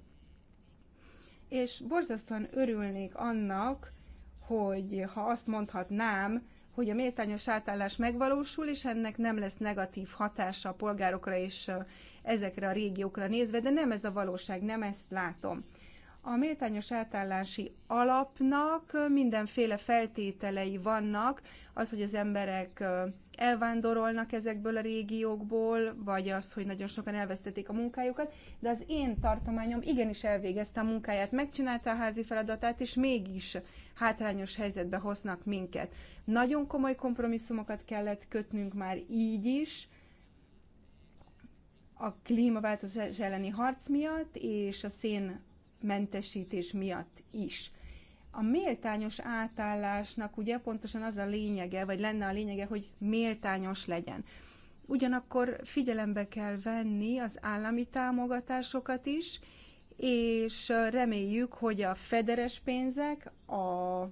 és borzasztóan örülnék annak, hogy ha azt mondhatnám, hogy a méltányos átállás megvalósul, és ennek nem lesz negatív hatása a polgárokra és ezekre a régiókra nézve, de nem ez a valóság, nem ezt látom. A méltányos átállási alapnak mindenféle feltételei vannak, az, hogy az emberek elvándorolnak ezekből a régiókból, vagy az, hogy nagyon sokan elvesztették a munkájukat, de az én tartományom igenis elvégezte a munkáját, megcsinálta a házi feladatát, és mégis hátrányos helyzetbe hoznak minket. Nagyon komoly kompromisszumokat kellett kötnünk már így is, a klímaváltozás elleni harc miatt és a szén mentesítés miatt is. A méltányos átállásnak ugye pontosan az a lényege, vagy lenne a lényege, hogy méltányos legyen. Ugyanakkor figyelembe kell venni az állami támogatásokat is, és reméljük, hogy a federes pénzek, a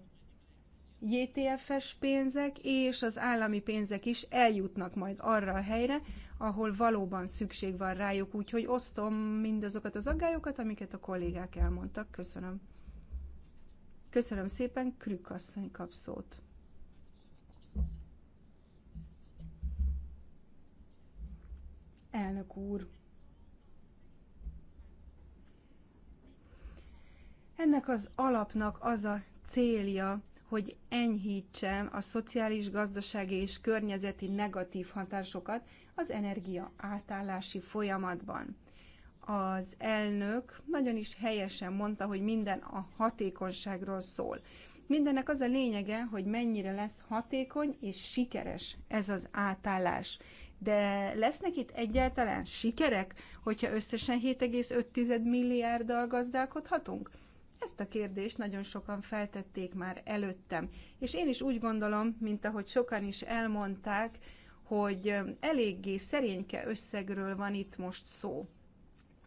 JTFS pénzek és az állami pénzek is eljutnak majd arra a helyre, ahol valóban szükség van rájuk, úgyhogy osztom mindazokat az aggályokat, amiket a kollégák elmondtak. Köszönöm. Köszönöm szépen, Krük asszony kap szót. Elnök úr! Ennek az alapnak az a célja, hogy enyhítsen a szociális, gazdasági és környezeti negatív hatásokat, az energia átállási folyamatban. Az elnök nagyon is helyesen mondta, hogy minden a hatékonyságról szól. Mindennek az a lényege, hogy mennyire lesz hatékony és sikeres ez az átállás. De lesznek itt egyáltalán sikerek, hogyha összesen 7,5 milliárddal gazdálkodhatunk? Ezt a kérdést nagyon sokan feltették már előttem, és én is úgy gondolom, mint ahogy sokan is elmondták, hogy eléggé szerényke összegről van itt most szó.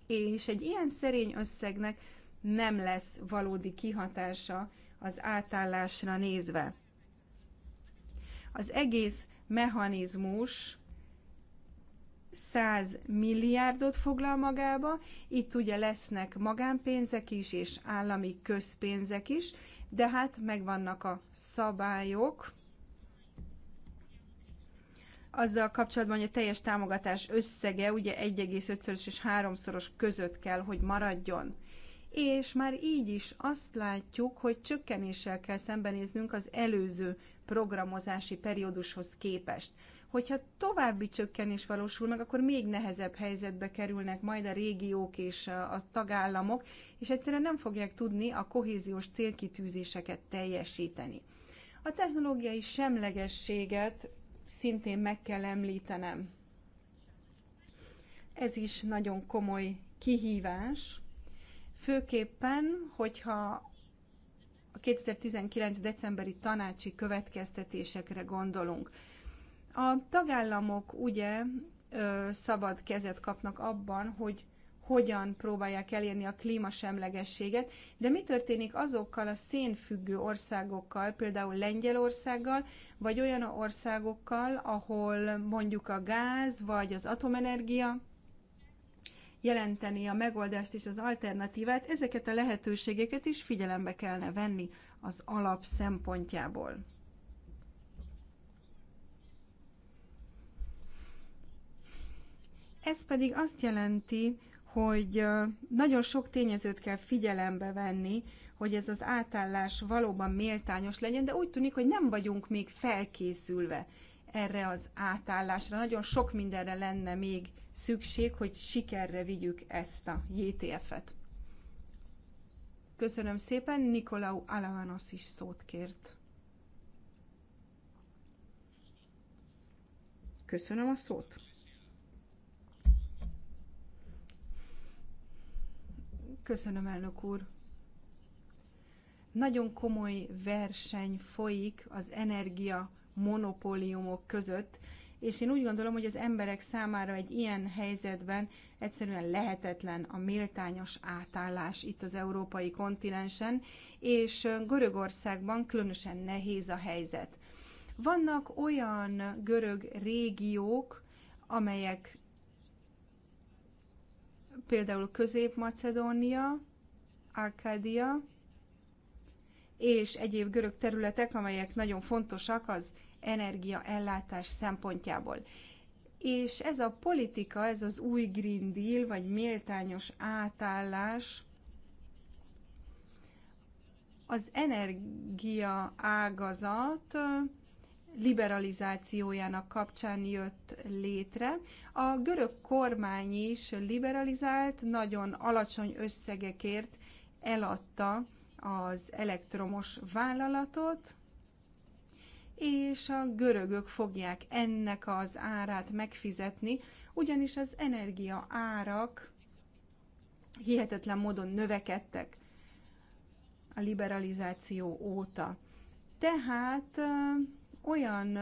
És egy ilyen szerény összegnek nem lesz valódi kihatása az átállásra nézve. Az egész mechanizmus 100 milliárdot foglal magába, itt ugye lesznek magánpénzek is, és állami közpénzek is, de hát megvannak a szabályok, azzal kapcsolatban, hogy a teljes támogatás összege ugye 1,5-szoros és 3-szoros között kell, hogy maradjon. És már így is azt látjuk, hogy csökkenéssel kell szembenéznünk az előző programozási periódushoz képest. Hogyha további csökkenés valósul meg, akkor még nehezebb helyzetbe kerülnek majd a régiók és a tagállamok, és egyszerűen nem fogják tudni a kohéziós célkitűzéseket teljesíteni. A technológiai semlegességet szintén meg kell említenem. Ez is nagyon komoly kihívás, főképpen, hogyha a 2019. decemberi tanácsi következtetésekre gondolunk. A tagállamok ugye szabad kezet kapnak abban, hogy hogyan próbálják elérni a klímasemlegességet, de mi történik azokkal a szénfüggő országokkal, például Lengyelországgal, vagy olyan országokkal, ahol mondjuk a gáz vagy az atomenergia jelenteni a megoldást és az alternatívát, ezeket a lehetőségeket is figyelembe kellene venni az alap szempontjából. Ez pedig azt jelenti, hogy nagyon sok tényezőt kell figyelembe venni, hogy ez az átállás valóban méltányos legyen, de úgy tűnik, hogy nem vagyunk még felkészülve erre az átállásra. Nagyon sok mindenre lenne még szükség, hogy sikerre vigyük ezt a JTF-et. Köszönöm szépen, Nikolau Alavanos is szót kért. Köszönöm a szót. Köszönöm, elnök úr. Nagyon komoly verseny folyik az energia monopóliumok között, és én úgy gondolom, hogy az emberek számára egy ilyen helyzetben egyszerűen lehetetlen a méltányos átállás itt az európai kontinensen, és Görögországban különösen nehéz a helyzet. Vannak olyan görög régiók, amelyek például Közép-Macedónia, Arkádia és egyéb görög területek, amelyek nagyon fontosak az energiaellátás szempontjából. És ez a politika, ez az új Green Deal, vagy méltányos átállás, az energia ágazat liberalizációjának kapcsán jött létre. A görög kormány is liberalizált, nagyon alacsony összegekért eladta az elektromos vállalatot, és a görögök fogják ennek az árát megfizetni, ugyanis az energia árak hihetetlen módon növekedtek a liberalizáció óta. Tehát olyan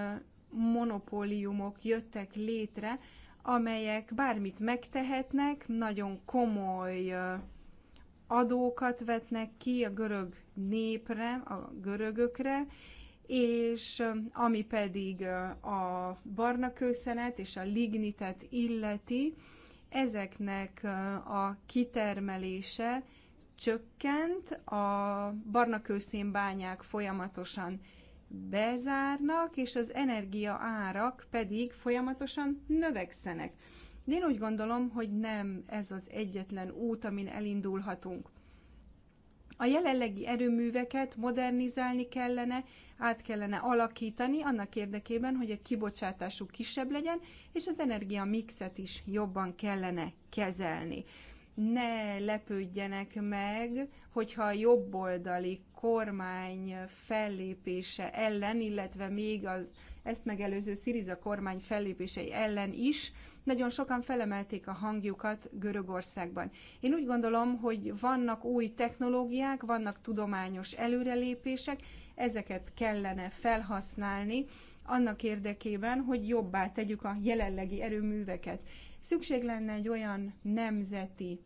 monopóliumok jöttek létre, amelyek bármit megtehetnek, nagyon komoly adókat vetnek ki a görög népre, a görögökre, és ami pedig a barna kőszenet és a lignitet illeti, ezeknek a kitermelése csökkent, a barna kőszénbányák folyamatosan bezárnak, és az energia árak pedig folyamatosan növekszenek. De én úgy gondolom, hogy nem ez az egyetlen út, amin elindulhatunk. A jelenlegi erőműveket modernizálni kellene, át kellene alakítani annak érdekében, hogy a kibocsátásuk kisebb legyen, és az energia mixet is jobban kellene kezelni ne lepődjenek meg, hogyha a jobboldali kormány fellépése ellen, illetve még az ezt megelőző Sziriza kormány fellépései ellen is nagyon sokan felemelték a hangjukat Görögországban. Én úgy gondolom, hogy vannak új technológiák, vannak tudományos előrelépések, ezeket kellene felhasználni annak érdekében, hogy jobbá tegyük a jelenlegi erőműveket. Szükség lenne egy olyan nemzeti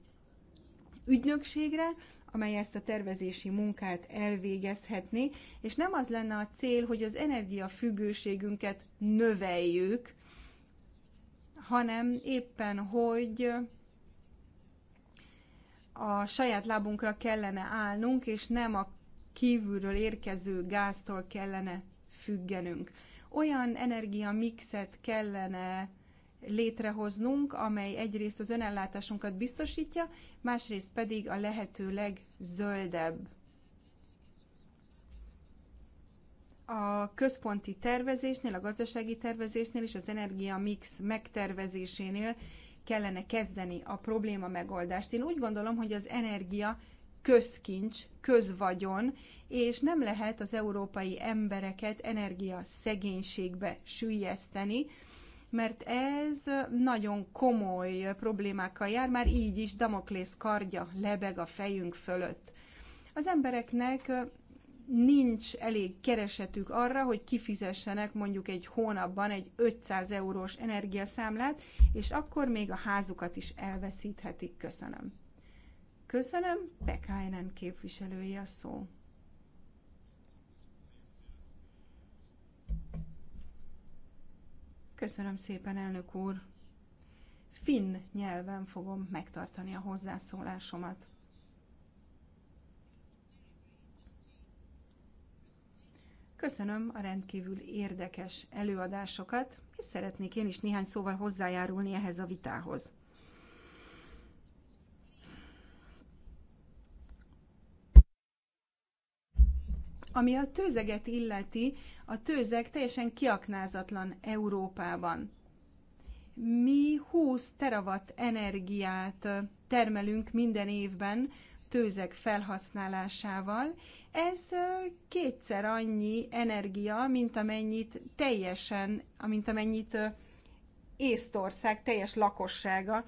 ügynökségre, amely ezt a tervezési munkát elvégezhetné, és nem az lenne a cél, hogy az energiafüggőségünket növeljük, hanem éppen, hogy a saját lábunkra kellene állnunk, és nem a kívülről érkező gáztól kellene függenünk. Olyan energiamixet kellene létrehoznunk, amely egyrészt az önellátásunkat biztosítja, másrészt pedig a lehető legzöldebb. A központi tervezésnél, a gazdasági tervezésnél és az energia mix megtervezésénél kellene kezdeni a probléma megoldást. Én úgy gondolom, hogy az energia közkincs, közvagyon, és nem lehet az európai embereket energia szegénységbe sűjeszteni, mert ez nagyon komoly problémákkal jár, már így is Damoklész kardja lebeg a fejünk fölött. Az embereknek nincs elég keresetük arra, hogy kifizessenek mondjuk egy hónapban egy 500 eurós energiaszámlát, és akkor még a házukat is elveszíthetik. Köszönöm. Köszönöm, Pekájnen képviselője a szó. Köszönöm szépen, elnök úr. Finn nyelven fogom megtartani a hozzászólásomat. Köszönöm a rendkívül érdekes előadásokat, és szeretnék én is néhány szóval hozzájárulni ehhez a vitához. Ami a tőzeget illeti, a tőzeg teljesen kiaknázatlan Európában. Mi 20 terawatt energiát termelünk minden évben tőzeg felhasználásával. Ez kétszer annyi energia, mint amennyit teljesen, mint amennyit Észtország teljes lakossága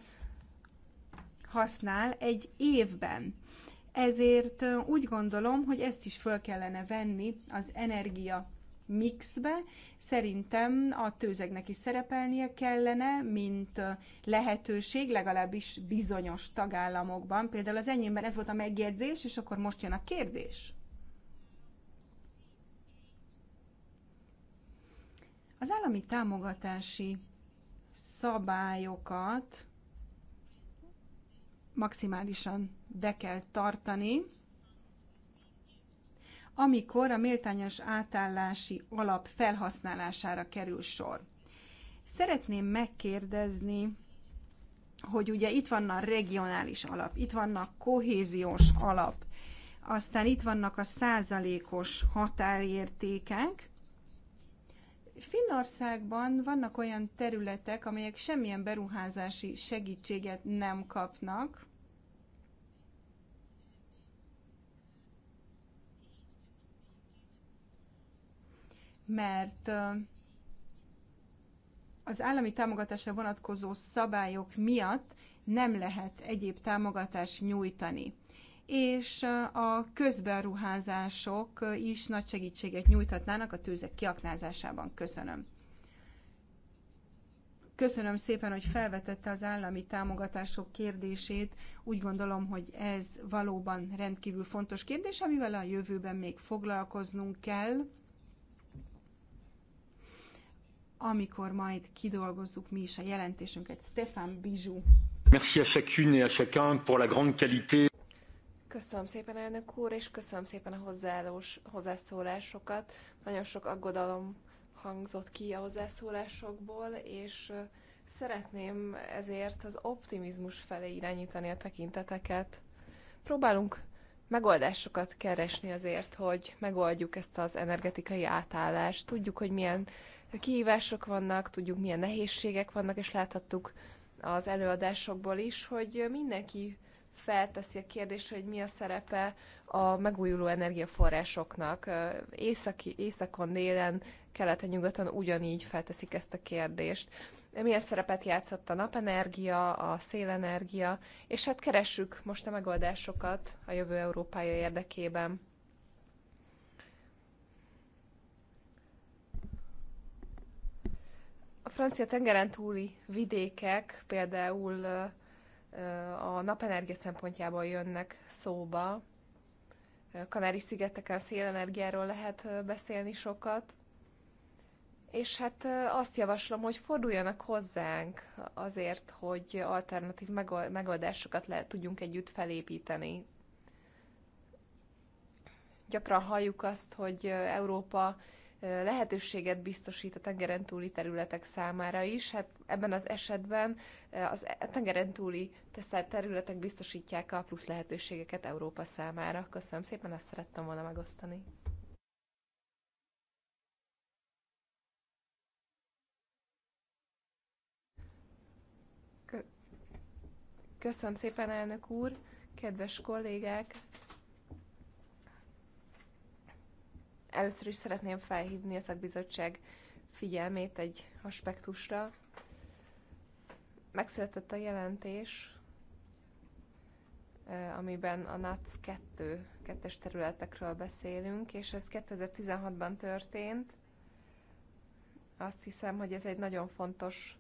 használ egy évben. Ezért úgy gondolom, hogy ezt is föl kellene venni az energia mixbe. Szerintem a tőzegnek is szerepelnie kellene, mint lehetőség, legalábbis bizonyos tagállamokban. Például az enyémben ez volt a megjegyzés, és akkor most jön a kérdés. Az állami támogatási szabályokat maximálisan be kell tartani, amikor a méltányos átállási alap felhasználására kerül sor. Szeretném megkérdezni, hogy ugye itt van a regionális alap, itt vannak kohéziós alap, aztán itt vannak a százalékos határértékek. Finnországban vannak olyan területek, amelyek semmilyen beruházási segítséget nem kapnak, mert az állami támogatásra vonatkozó szabályok miatt nem lehet egyéb támogatást nyújtani. És a közberuházások is nagy segítséget nyújthatnának a tűzek kiaknázásában. Köszönöm. Köszönöm szépen, hogy felvetette az állami támogatások kérdését. Úgy gondolom, hogy ez valóban rendkívül fontos kérdés, amivel a jövőben még foglalkoznunk kell amikor majd kidolgozzuk mi is a jelentésünket. Stefan Bizsú. Merci à chacune et à chacun pour la grande qualité. Köszönöm szépen, elnök úr, és köszönöm szépen a hozzáállós, hozzászólásokat. Nagyon sok aggodalom hangzott ki a hozzászólásokból, és szeretném ezért az optimizmus felé irányítani a tekinteteket. Próbálunk megoldásokat keresni azért, hogy megoldjuk ezt az energetikai átállást. Tudjuk, hogy milyen kihívások vannak, tudjuk milyen nehézségek vannak, és láthattuk az előadásokból is, hogy mindenki felteszi a kérdést, hogy mi a szerepe a megújuló energiaforrásoknak. Északi, északon, délen, keleten, nyugaton ugyanígy felteszik ezt a kérdést. Milyen szerepet játszott a napenergia, a szélenergia, és hát keressük most a megoldásokat a jövő Európája érdekében. A francia tengeren túli vidékek például a napenergia szempontjából jönnek szóba. Kanári-szigeteken szélenergiáról lehet beszélni sokat. És hát azt javaslom, hogy forduljanak hozzánk azért, hogy alternatív megoldásokat le tudjunk együtt felépíteni. Gyakran halljuk azt, hogy Európa lehetőséget biztosít a tengeren túli területek számára is. Hát ebben az esetben az e, tengeren túli területek biztosítják a plusz lehetőségeket Európa számára. Köszönöm szépen, ezt szerettem volna megosztani. Köszönöm szépen, elnök úr, kedves kollégák! Először is szeretném felhívni a szakbizottság figyelmét egy aspektusra. Megszületett a jelentés, amiben a NAC 2 kettes területekről beszélünk, és ez 2016-ban történt. Azt hiszem, hogy ez egy nagyon fontos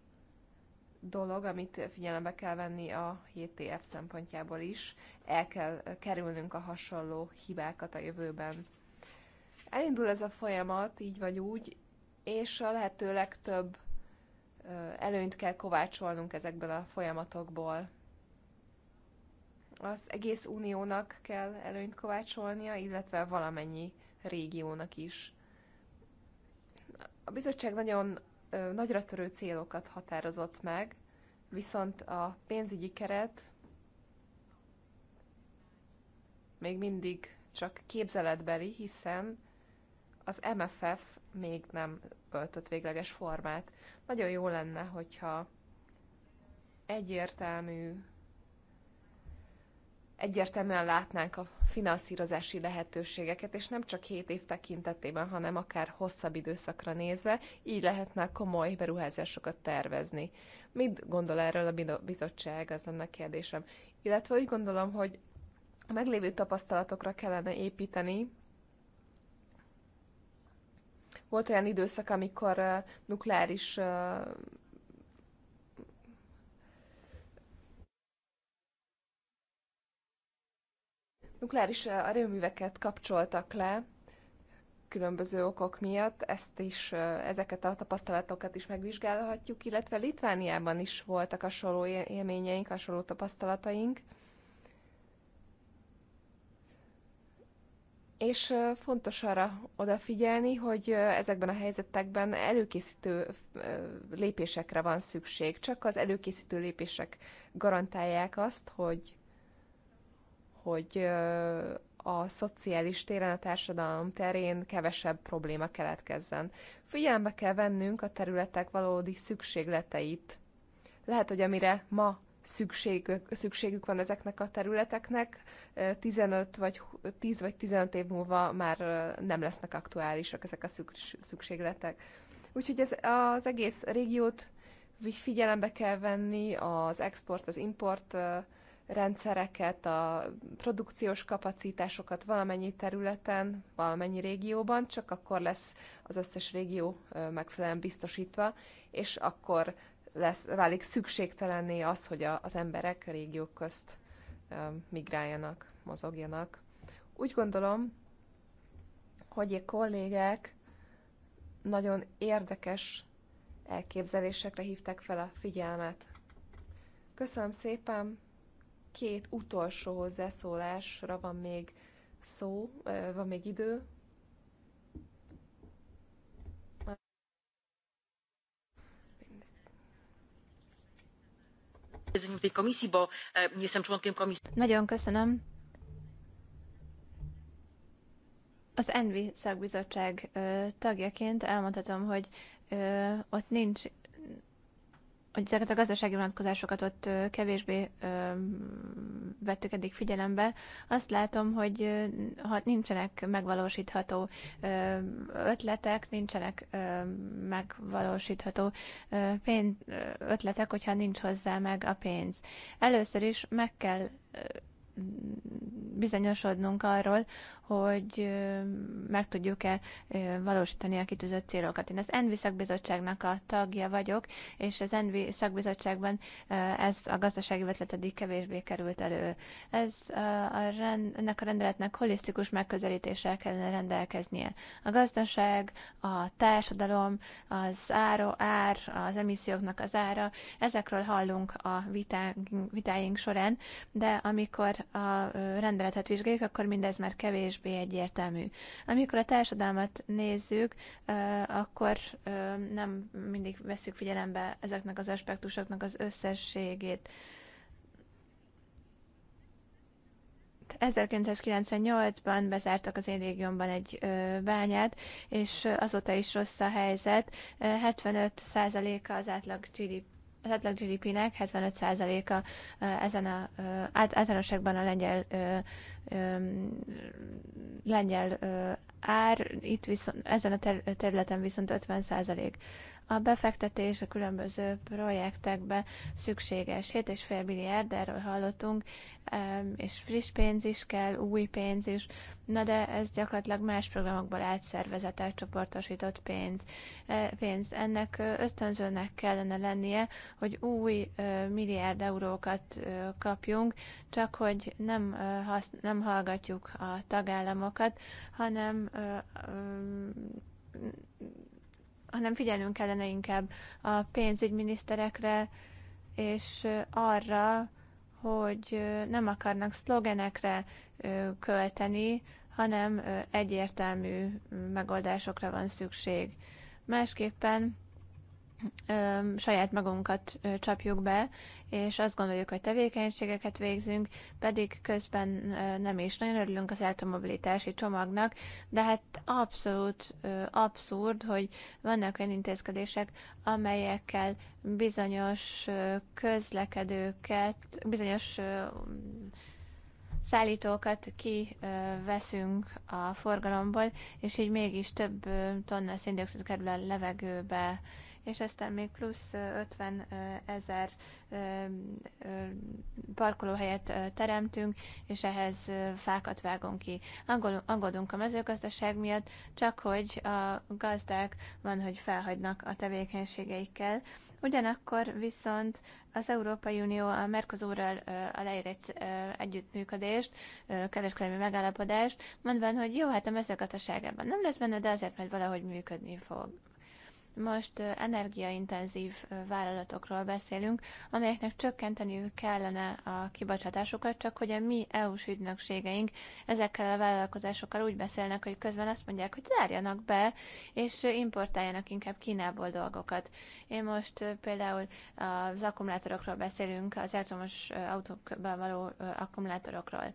dolog, amit figyelembe kell venni a JTF szempontjából is. El kell kerülnünk a hasonló hibákat a jövőben. Elindul ez a folyamat, így vagy úgy, és a lehető legtöbb előnyt kell kovácsolnunk ezekből a folyamatokból. Az egész uniónak kell előnyt kovácsolnia, illetve valamennyi régiónak is. A bizottság nagyon nagyra törő célokat határozott meg, viszont a pénzügyi keret még mindig csak képzeletbeli, hiszen az MFF még nem öltött végleges formát. Nagyon jó lenne, hogyha egyértelmű, egyértelműen látnánk a finanszírozási lehetőségeket, és nem csak 7 év tekintetében, hanem akár hosszabb időszakra nézve, így lehetne komoly beruházásokat tervezni. Mit gondol erről a bizottság, az lenne a kérdésem. Illetve úgy gondolom, hogy a meglévő tapasztalatokra kellene építeni, volt olyan időszak, amikor nukleáris nukleáris erőműveket kapcsoltak le különböző okok miatt, ezt is, ezeket a tapasztalatokat is megvizsgálhatjuk, illetve Litvániában is voltak hasonló élményeink, hasonló tapasztalataink. És fontos arra odafigyelni, hogy ezekben a helyzetekben előkészítő lépésekre van szükség. Csak az előkészítő lépések garantálják azt, hogy, hogy a szociális téren, a társadalom terén kevesebb probléma keletkezzen. Figyelembe kell vennünk a területek valódi szükségleteit. Lehet, hogy amire ma szükségük, szükségük van ezeknek a területeknek, 15 vagy 10 vagy 15 év múlva már nem lesznek aktuálisak ezek a szükségletek. Úgyhogy ez, az egész régiót figyelembe kell venni, az export, az import rendszereket, a produkciós kapacitásokat valamennyi területen, valamennyi régióban, csak akkor lesz az összes régió megfelelően biztosítva, és akkor lesz, válik szükségtelenné az, hogy a, az emberek a régiók közt migráljanak, mozogjanak. Úgy gondolom, hogy a kollégák nagyon érdekes elképzelésekre hívták fel a figyelmet. Köszönöm szépen, két utolsó hozzászólásra van még szó, van még idő, E, Nagyon köszönöm. Az ENVI szakbizottság e, tagjaként elmondhatom, hogy e, ott nincs hogy ezeket a gazdasági vonatkozásokat ott kevésbé vettük eddig figyelembe, azt látom, hogy ha nincsenek megvalósítható ötletek, nincsenek megvalósítható pénz, ötletek, hogyha nincs hozzá meg a pénz. Először is meg kell bizonyosodnunk arról, hogy meg tudjuk-e valósítani a kitűzött célokat. Én az ENVI szakbizottságnak a tagja vagyok, és az ENVI szakbizottságban ez a gazdasági vetlet eddig kevésbé került elő. Ez a rend, ennek a rendeletnek holisztikus megközelítéssel kellene rendelkeznie. A gazdaság, a társadalom, az ára, ár, az emisszióknak az ára, ezekről hallunk a vitáink, vitáink során, de amikor a rendeletet vizsgáljuk, akkor mindez már kevés kevésbé egyértelmű. Amikor a társadalmat nézzük, akkor nem mindig veszük figyelembe ezeknek az aspektusoknak az összességét. 1998-ban bezártak az én régiómban egy bányát, és azóta is rossz a helyzet. 75%-a az átlag GDP az átlag GDP-nek 75%-a ezen a, át, általánosságban a lengyel, lengyel ár, itt viszont, ezen a területen viszont 50%. A befektetés a különböző projektekbe szükséges. 7,5 milliárd, erről hallottunk, és friss pénz is kell, új pénz is, na de ez gyakorlatilag más programokból átszervezett, átcsoportosított pénz. E, pénz. Ennek ösztönzőnek kellene lennie, hogy új milliárd eurókat kapjunk, csak hogy nem, hasz- nem hallgatjuk a tagállamokat, hanem hanem figyelnünk kellene inkább a pénzügyminiszterekre, és arra, hogy nem akarnak szlogenekre költeni, hanem egyértelmű megoldásokra van szükség. Másképpen saját magunkat csapjuk be, és azt gondoljuk, hogy tevékenységeket végzünk, pedig közben nem is nagyon örülünk az elektromobilitási csomagnak, de hát abszolút abszurd, hogy vannak olyan intézkedések, amelyekkel bizonyos közlekedőket, bizonyos szállítókat kiveszünk a forgalomból, és így mégis több tonna széndiokszid kerül a levegőbe, és aztán még plusz 50 ezer parkolóhelyet teremtünk, és ehhez fákat vágunk ki. Aggódunk a mezőgazdaság miatt, csak hogy a gazdák van, hogy felhagynak a tevékenységeikkel. Ugyanakkor viszont az Európai Unió a Mercosurral aláír egy együttműködést, kereskedelmi megállapodást, mondván, hogy jó, hát a mezőgazdaságában nem lesz benne, de azért majd valahogy működni fog. Most energiaintenzív vállalatokról beszélünk, amelyeknek csökkenteniük kellene a kibocsátásokat, csak hogy a mi EU-s ügynökségeink ezekkel a vállalkozásokkal úgy beszélnek, hogy közben azt mondják, hogy zárjanak be, és importáljanak inkább Kínából dolgokat. Én most például az akkumulátorokról beszélünk, az elektromos autókban való akkumulátorokról.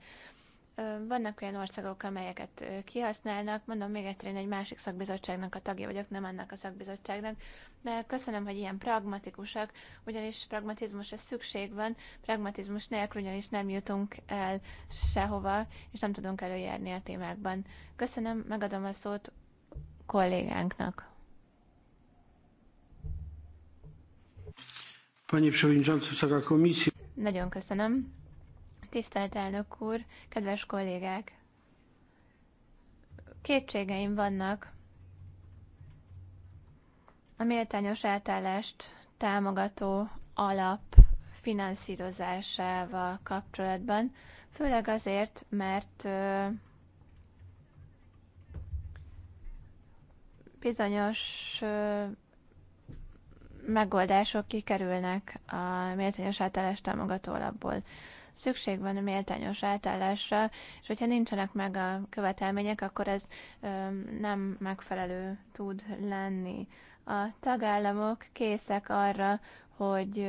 Vannak olyan országok, amelyeket kihasználnak. Mondom még egyszer, én egy másik szakbizottságnak a tagja vagyok, nem annak a szakbizottságnak. De köszönöm, hogy ilyen pragmatikusak, ugyanis pragmatizmusra szükség van, pragmatizmus nélkül ugyanis nem jutunk el sehova, és nem tudunk előjárni a témákban. Köszönöm, megadom a szót kollégánknak. Panie Przewodniczący Komisji. Nagyon köszönöm. Tisztelt elnök úr, kedves kollégák! Kétségeim vannak. A méltányos átállást támogató alap finanszírozásával kapcsolatban, főleg azért, mert bizonyos megoldások kikerülnek a méltányos átállást támogató alapból szükség van a méltányos átállásra, és hogyha nincsenek meg a követelmények, akkor ez nem megfelelő tud lenni. A tagállamok készek arra, hogy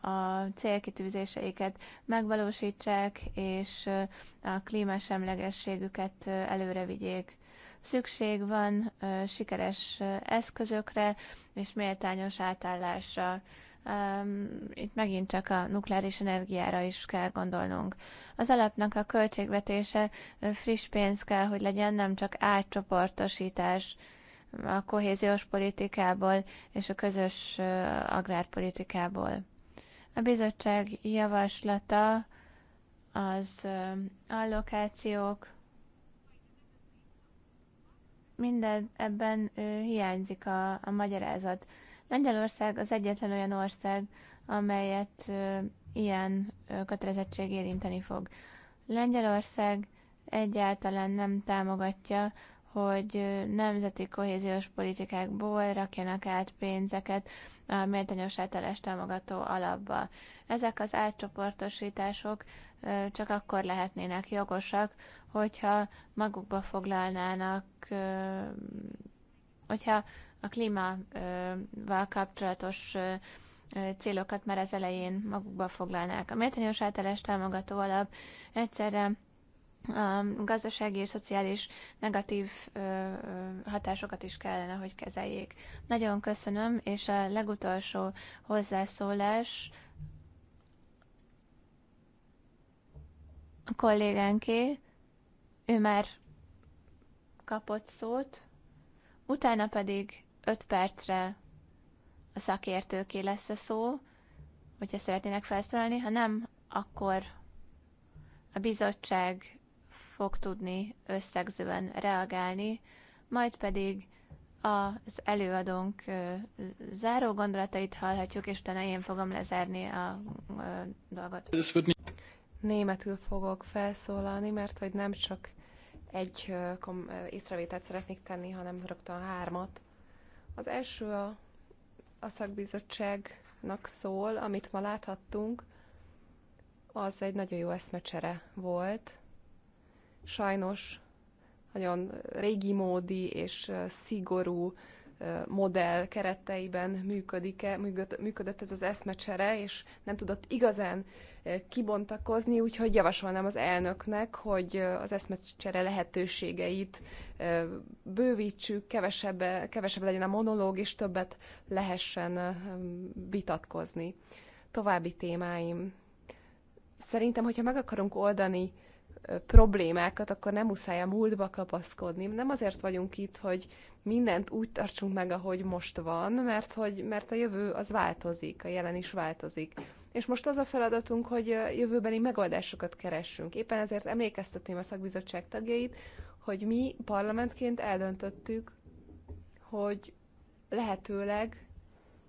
a célkitűzéseiket megvalósítsák, és a klímasemlegességüket előre vigyék szükség van sikeres eszközökre és méltányos átállásra itt megint csak a nukleáris energiára is kell gondolnunk. Az alapnak a költségvetése friss pénz kell, hogy legyen, nem csak átcsoportosítás a kohéziós politikából és a közös agrárpolitikából. A bizottság javaslata az allokációk, minden ebben hiányzik a, a magyarázat Lengyelország az egyetlen olyan ország, amelyet ilyen kötelezettség érinteni fog. Lengyelország egyáltalán nem támogatja, hogy nemzeti kohéziós politikákból rakjanak át pénzeket a méltányos átállás támogató alapba. Ezek az átcsoportosítások csak akkor lehetnének jogosak, hogyha magukba foglalnának, hogyha a klímával kapcsolatos célokat már az elején magukba foglalnák. A méltányos általás támogató alap egyszerre a gazdasági és szociális negatív hatásokat is kellene, hogy kezeljék. Nagyon köszönöm, és a legutolsó hozzászólás a kollégánké, ő már kapott szót, utána pedig 5 percre a szakértőké lesz a szó, hogyha szeretnének felszólalni, ha nem, akkor a bizottság fog tudni összegzően reagálni, majd pedig az előadónk záró gondolatait hallhatjuk, és utána én fogom lezárni a dolgot. Németül fogok felszólalni, mert hogy nem csak egy észrevételt szeretnék tenni, hanem rögtön hármat. Az első a, a szakbizottságnak szól, amit ma láthattunk, az egy nagyon jó eszmecsere volt. Sajnos nagyon régi módi és szigorú modell kereteiben működik-e, működött ez az eszmecsere, és nem tudott igazán kibontakozni, úgyhogy javasolnám az elnöknek, hogy az eszmecsere lehetőségeit bővítsük, kevesebb, kevesebb legyen a monológ, és többet lehessen vitatkozni. További témáim. Szerintem, hogyha meg akarunk oldani problémákat, akkor nem muszáj a múltba kapaszkodni. Nem azért vagyunk itt, hogy mindent úgy tartsunk meg, ahogy most van, mert, hogy, mert a jövő az változik, a jelen is változik. És most az a feladatunk, hogy jövőbeni megoldásokat keressünk. Éppen ezért emlékeztetném a szakbizottság tagjait, hogy mi parlamentként eldöntöttük, hogy lehetőleg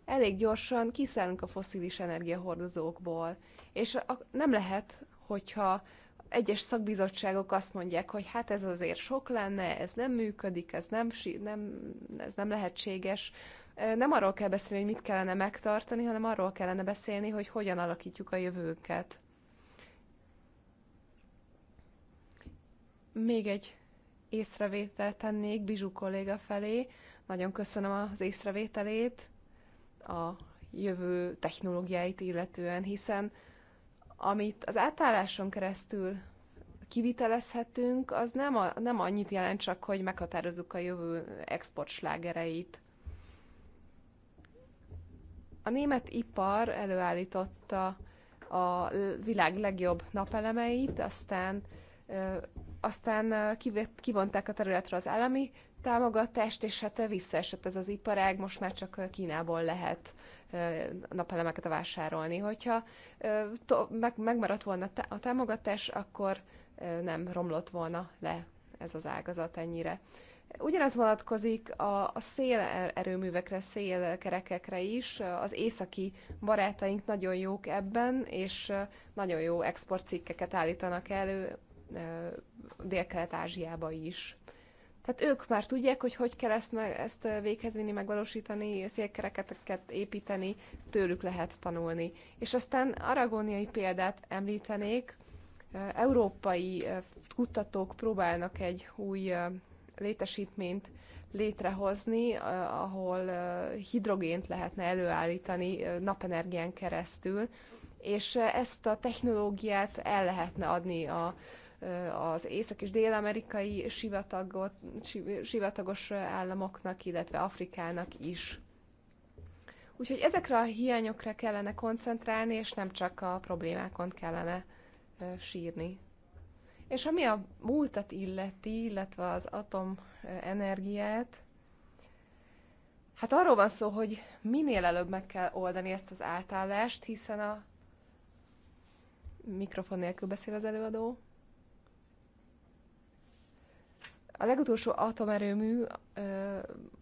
elég gyorsan kiszállunk a foszilis energiahordozókból. És nem lehet, hogyha egyes szakbizottságok azt mondják, hogy hát ez azért sok lenne, ez nem működik, ez nem, nem, ez nem lehetséges. Nem arról kell beszélni, hogy mit kellene megtartani, hanem arról kellene beszélni, hogy hogyan alakítjuk a jövőket. Még egy észrevételt tennék Bizsú kolléga felé. Nagyon köszönöm az észrevételét a jövő technológiáit illetően, hiszen amit az átálláson keresztül kivitelezhetünk, az nem, a, nem annyit jelent csak, hogy meghatározzuk a jövő exportslágereit. A német ipar előállította a világ legjobb napelemeit, aztán aztán kivett, kivonták a területre az állami támogatást, és hát visszaesett ez az iparág, most már csak Kínából lehet napelemeket vásárolni. Hogyha megmaradt volna a támogatás, akkor nem romlott volna le ez az ágazat ennyire. Ugyanaz vonatkozik a, a szélerőművekre, er-, szélkerekekre is. Az északi barátaink nagyon jók ebben, és nagyon jó exportcikkeket állítanak elő Dél-Kelet-Ázsiába is. Tehát ők már tudják, hogy hogy kell ezt, meg, ezt véghez vinni, megvalósítani, szélkereket építeni, tőlük lehet tanulni. És aztán aragóniai példát említenék, európai kutatók próbálnak egy új létesítményt létrehozni, ahol hidrogént lehetne előállítani napenergián keresztül, és ezt a technológiát el lehetne adni a az észak- és dél-amerikai sivatagos államoknak, illetve Afrikának is. Úgyhogy ezekre a hiányokra kellene koncentrálni, és nem csak a problémákon kellene sírni. És ami a múltat illeti, illetve az atomenergiát, hát arról van szó, hogy minél előbb meg kell oldani ezt az átállást, hiszen a mikrofon nélkül beszél az előadó. A legutolsó atomerőmű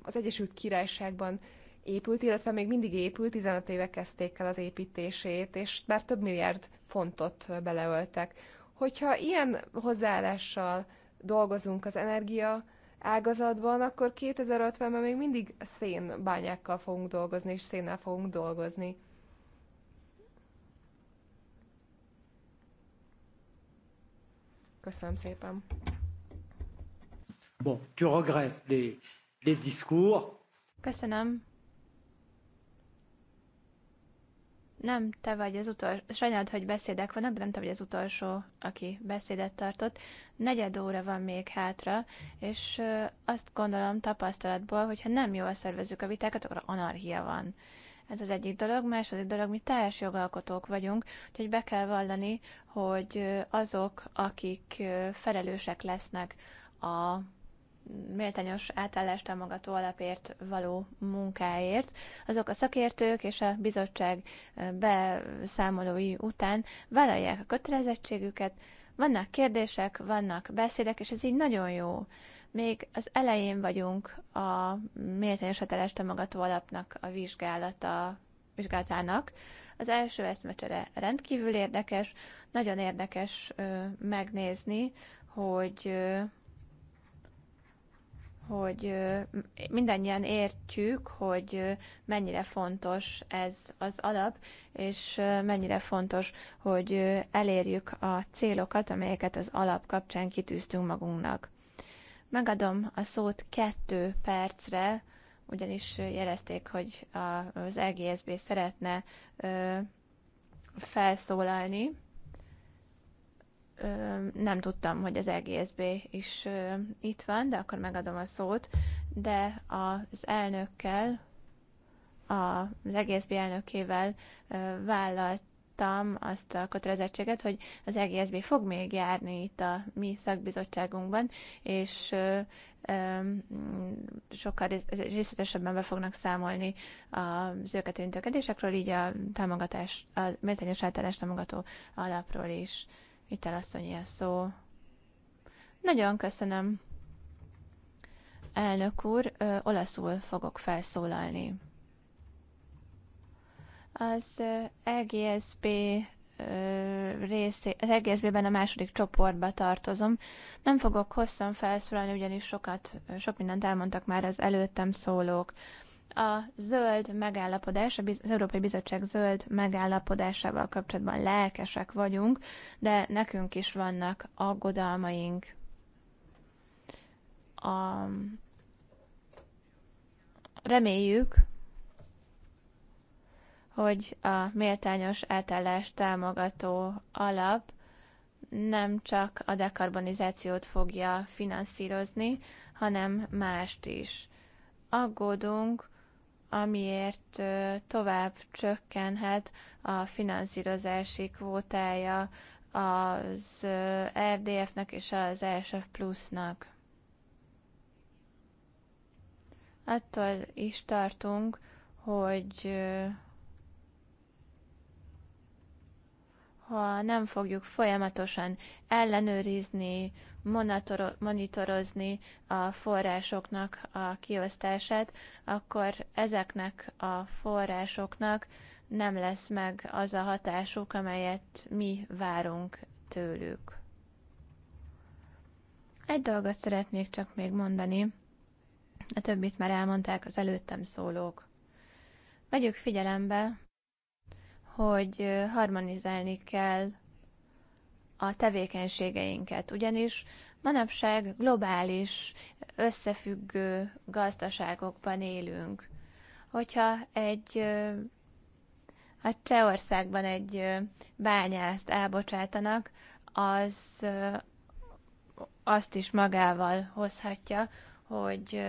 az Egyesült Királyságban épült, illetve még mindig épült, 15 éve kezdték el az építését, és már több milliárd fontot beleöltek. Hogyha ilyen hozzáállással dolgozunk az energia ágazatban, akkor 2050-ben még mindig szénbányákkal fogunk dolgozni, és szénnel fogunk dolgozni. Köszönöm szépen! Bon, tu regrettes les, les discours. Köszönöm. Nem, te vagy az utolsó. Sajnálod, hogy beszédek vannak, de nem te vagy az utolsó, aki beszédet tartott. Negyed óra van még hátra, és azt gondolom tapasztalatból, hogy nem jól szervezzük a vitákat, akkor anarchia van. Ez az egyik dolog. Második dolog, mi teljes jogalkotók vagyunk, úgyhogy be kell vallani, hogy azok, akik felelősek lesznek a méltányos átállást támogató alapért való munkáért. Azok a szakértők és a bizottság beszámolói után vállalják a kötelezettségüket, vannak kérdések, vannak beszédek, és ez így nagyon jó. Még az elején vagyunk a méltányos átállást támogató alapnak a vizsgálata vizsgálatának. Az első eszmecsere rendkívül érdekes, nagyon érdekes ö, megnézni, hogy ö, hogy mindannyian értjük, hogy mennyire fontos ez az alap, és mennyire fontos, hogy elérjük a célokat, amelyeket az alap kapcsán kitűztünk magunknak. Megadom a szót kettő percre, ugyanis jelezték, hogy az EGSB szeretne felszólalni nem tudtam, hogy az EGSB is itt van, de akkor megadom a szót, de az elnökkel, az EGSB elnökével vállalt vállaltam azt a kötelezettséget, hogy az EGSB fog még járni itt a mi szakbizottságunkban, és sokkal részletesebben be fognak számolni az őket érintő kérdésekről, így a támogatás, a méltányos átállás támogató alapról is. Vitelasszony ilyen szó. Nagyon köszönöm. Elnök úr, ö, olaszul fogok felszólalni. Az EGSB részé, az EGSB-ben a második csoportba tartozom. Nem fogok hosszan felszólalni, ugyanis sokat, sok mindent elmondtak már az előttem szólók a zöld megállapodás, az Európai Bizottság zöld megállapodásával kapcsolatban lelkesek vagyunk, de nekünk is vannak aggodalmaink. A... Reméljük, hogy a méltányos átállást támogató alap nem csak a dekarbonizációt fogja finanszírozni, hanem mást is. Aggódunk amiért tovább csökkenhet a finanszírozási kvótája az RDF-nek és az ESF plusznak. Attól is tartunk, hogy ha nem fogjuk folyamatosan ellenőrizni, monitorozni a forrásoknak a kiosztását, akkor ezeknek a forrásoknak nem lesz meg az a hatásuk, amelyet mi várunk tőlük. Egy dolgot szeretnék csak még mondani, a többit már elmondták az előttem szólók. Vegyük figyelembe, hogy harmonizálni kell a tevékenységeinket, ugyanis manapság globális, összefüggő gazdaságokban élünk. Hogyha egy a Csehországban egy bányászt elbocsátanak, az azt is magával hozhatja, hogy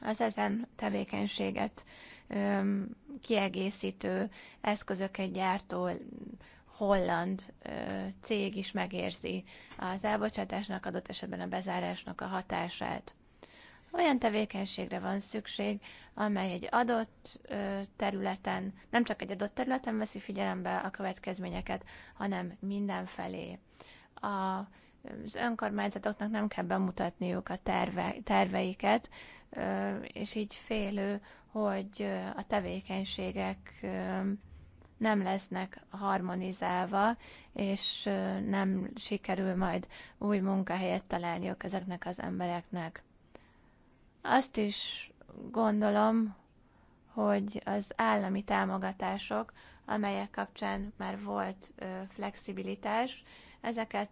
az ezen tevékenységet kiegészítő eszközöket gyártó holland cég is megérzi az elbocsátásnak, adott esetben a bezárásnak a hatását. Olyan tevékenységre van szükség, amely egy adott területen, nem csak egy adott területen veszi figyelembe a következményeket, hanem mindenfelé. A az önkormányzatoknak nem kell bemutatniuk a terve, terveiket, és így félő, hogy a tevékenységek nem lesznek harmonizálva, és nem sikerül majd új munkahelyet találniuk ezeknek az embereknek. Azt is gondolom, hogy az állami támogatások, amelyek kapcsán már volt flexibilitás, ezeket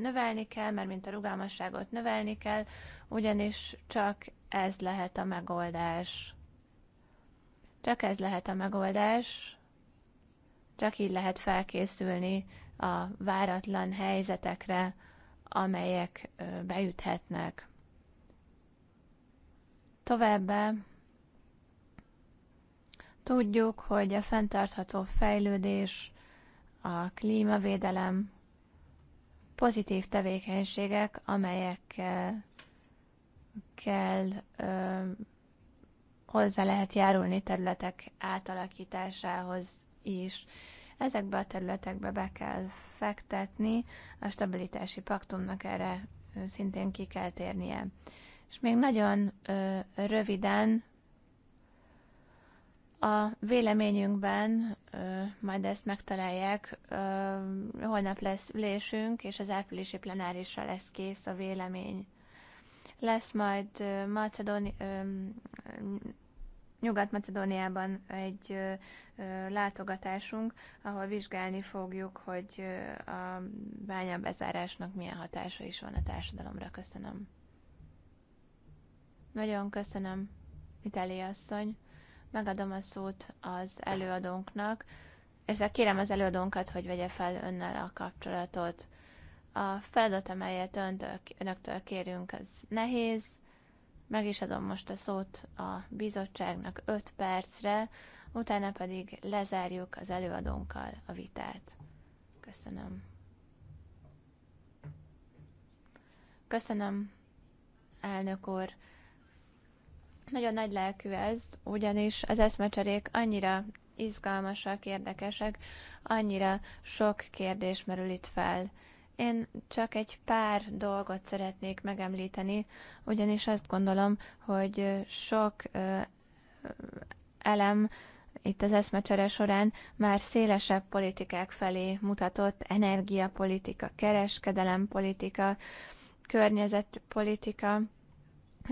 növelni kell, mert mint a rugalmasságot növelni kell, ugyanis csak ez lehet a megoldás. Csak ez lehet a megoldás, csak így lehet felkészülni a váratlan helyzetekre, amelyek beüthetnek. Továbbá tudjuk, hogy a fenntartható fejlődés, a klímavédelem pozitív tevékenységek, amelyekkel kell, ö, hozzá lehet járulni területek átalakításához, is. Ezekbe a területekbe be kell fektetni, a stabilitási paktumnak erre szintén ki kell térnie. És még nagyon ö, röviden a véleményünkben, ö, majd ezt megtalálják, ö, holnap lesz ülésünk, és az áprilisi plenárisra lesz kész a vélemény. Lesz majd Macedóni, Nyugat-Macedóniában egy látogatásunk, ahol vizsgálni fogjuk, hogy a bánya bezárásnak milyen hatása is van a társadalomra. Köszönöm. Nagyon köszönöm, Itáli asszony. Megadom a szót az előadónknak, illetve kérem az előadónkat, hogy vegye fel önnel a kapcsolatot. A feladat, amelyet öntől, önöktől kérünk, az nehéz, meg is adom most a szót a bizottságnak 5 percre, utána pedig lezárjuk az előadónkkal a vitát. Köszönöm. Köszönöm, elnök úr. Nagyon nagy lelkű ez, ugyanis az eszmecserék annyira izgalmasak, érdekesek, annyira sok kérdés merül itt fel. Én csak egy pár dolgot szeretnék megemlíteni, ugyanis azt gondolom, hogy sok elem itt az eszmecsere során már szélesebb politikák felé mutatott energiapolitika, kereskedelempolitika, környezetpolitika,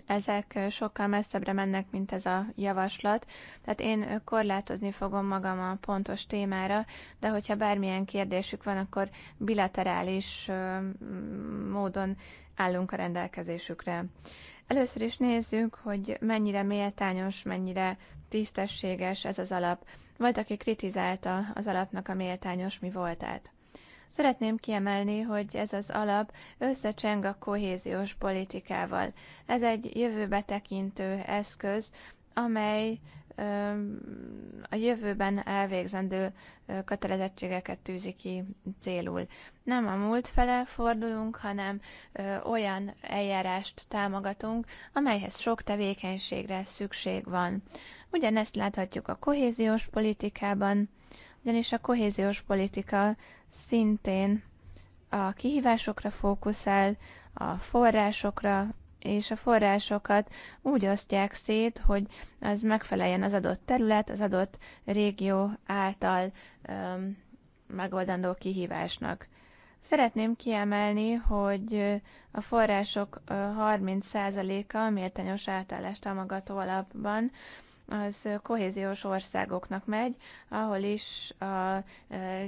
ezek sokkal messzebbre mennek, mint ez a javaslat. Tehát én korlátozni fogom magam a pontos témára, de hogyha bármilyen kérdésük van, akkor bilaterális módon állunk a rendelkezésükre. Először is nézzük, hogy mennyire méltányos, mennyire tisztességes ez az alap. Volt, aki kritizálta az alapnak a méltányos mi voltát. Szeretném kiemelni, hogy ez az alap összecseng a kohéziós politikával. Ez egy jövőbe tekintő eszköz, amely a jövőben elvégzendő kötelezettségeket tűzi ki célul. Nem a múlt fele fordulunk, hanem olyan eljárást támogatunk, amelyhez sok tevékenységre szükség van. Ugyanezt láthatjuk a kohéziós politikában, ugyanis a kohéziós politika szintén a kihívásokra fókuszál, a forrásokra, és a forrásokat úgy osztják szét, hogy az megfeleljen az adott terület, az adott régió által öm, megoldandó kihívásnak. Szeretném kiemelni, hogy a források 30%-a méltányos átállás támogató alapban az kohéziós országoknak megy, ahol is a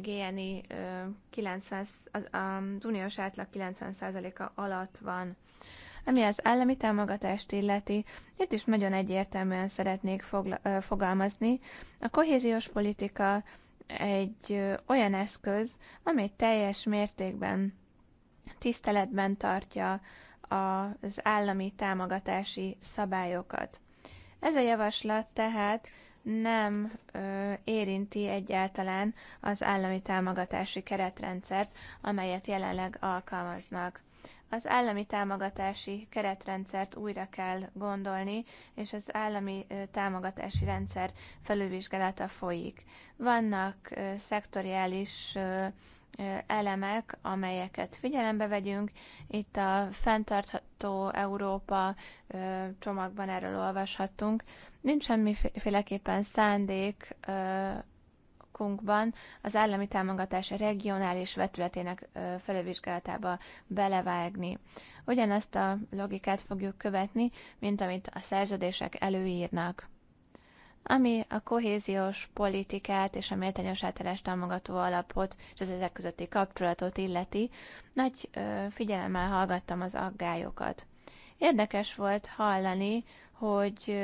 GNI 90, az uniós átlag 90%-a alatt van. Ami az állami támogatást illeti, itt is nagyon egyértelműen szeretnék fogla- fogalmazni. A kohéziós politika egy olyan eszköz, amely teljes mértékben tiszteletben tartja az állami támogatási szabályokat. Ez a javaslat tehát nem ö, érinti egyáltalán az állami támogatási keretrendszert, amelyet jelenleg alkalmaznak. Az állami támogatási keretrendszert újra kell gondolni, és az állami támogatási rendszer felülvizsgálata folyik. Vannak szektoriális ö, elemek, amelyeket figyelembe vegyünk. Itt a fenntartható Európa csomagban erről olvashattunk. Nincs semmiféleképpen szándék az állami támogatás regionális vetületének felülvizsgálatába belevágni. Ugyanazt a logikát fogjuk követni, mint amit a szerződések előírnak ami a kohéziós politikát és a méltányos általás támogató alapot és az ezek közötti kapcsolatot illeti, nagy figyelemmel hallgattam az aggályokat. Érdekes volt hallani hogy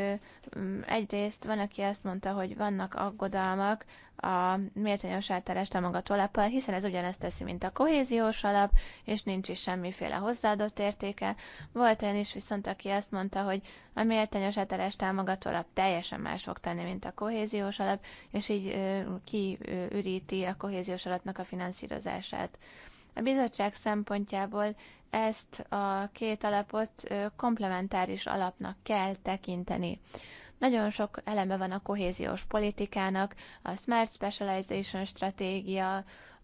mm, egyrészt van, aki azt mondta, hogy vannak aggodalmak a méltányos átállás támogató alappal, hiszen ez ugyanezt teszi, mint a kohéziós alap, és nincs is semmiféle hozzáadott értéke. Volt olyan is viszont, aki azt mondta, hogy a méltányos átállás támogató alap teljesen más fog tenni, mint a kohéziós alap, és így kiüríti a kohéziós alapnak a finanszírozását. A bizottság szempontjából ezt a két alapot komplementáris alapnak kell tekinteni. Nagyon sok eleme van a kohéziós politikának, a Smart Specialization stratégia,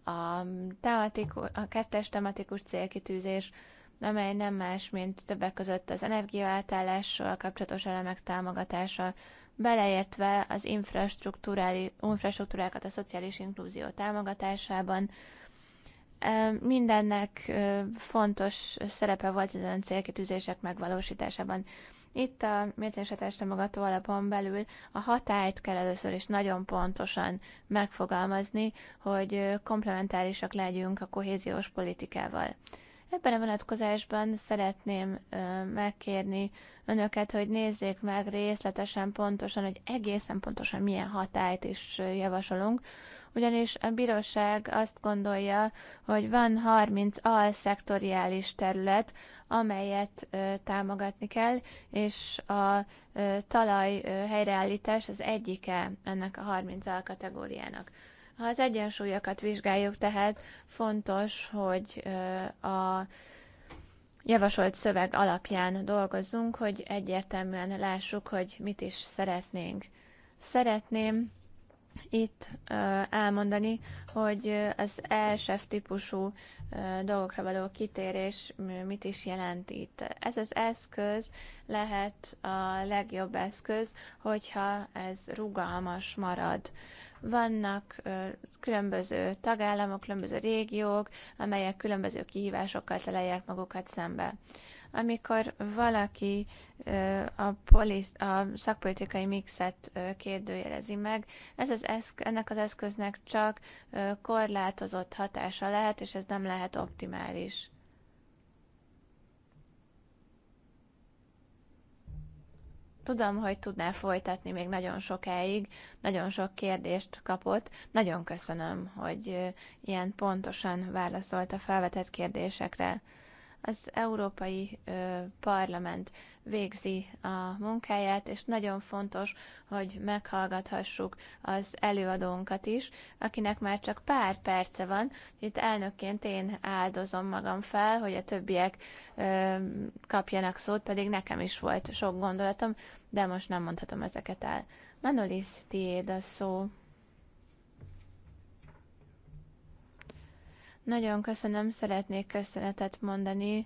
a, tematiku, a kettes tematikus célkitűzés, amely nem más, mint többek között az energiaátállással kapcsolatos elemek támogatása, beleértve az infrastruktúrákat, a szociális inkluzió támogatásában, mindennek fontos szerepe volt ezen célkitűzések megvalósításában. Itt a mértéses támogató alapon belül a hatályt kell először is nagyon pontosan megfogalmazni, hogy komplementárisak legyünk a kohéziós politikával. Ebben a vonatkozásban szeretném megkérni önöket, hogy nézzék meg részletesen, pontosan, hogy egészen pontosan milyen hatályt is javasolunk, ugyanis a bíróság azt gondolja, hogy van 30 alszektoriális terület, amelyet ö, támogatni kell, és a ö, talaj ö, helyreállítás az egyike ennek a 30 alkategóriának. Ha az egyensúlyokat vizsgáljuk, tehát fontos, hogy ö, a javasolt szöveg alapján dolgozzunk, hogy egyértelműen lássuk, hogy mit is szeretnénk. Szeretném itt elmondani, hogy az ESF típusú dolgokra való kitérés mit is jelent itt. Ez az eszköz lehet a legjobb eszköz, hogyha ez rugalmas marad. Vannak különböző tagállamok, különböző régiók, amelyek különböző kihívásokkal találják magukat szembe amikor valaki a, polisz, a szakpolitikai mixet kérdőjelezi meg, ez az eszk, ennek az eszköznek csak korlátozott hatása lehet, és ez nem lehet optimális. Tudom, hogy tudná folytatni még nagyon sokáig, nagyon sok kérdést kapott. Nagyon köszönöm, hogy ilyen pontosan válaszolt a felvetett kérdésekre az Európai Parlament végzi a munkáját, és nagyon fontos, hogy meghallgathassuk az előadónkat is, akinek már csak pár perce van. Itt elnökként én áldozom magam fel, hogy a többiek kapjanak szót, pedig nekem is volt sok gondolatom, de most nem mondhatom ezeket el. Manolis, tiéd a szó. Nagyon köszönöm, szeretnék köszönetet mondani,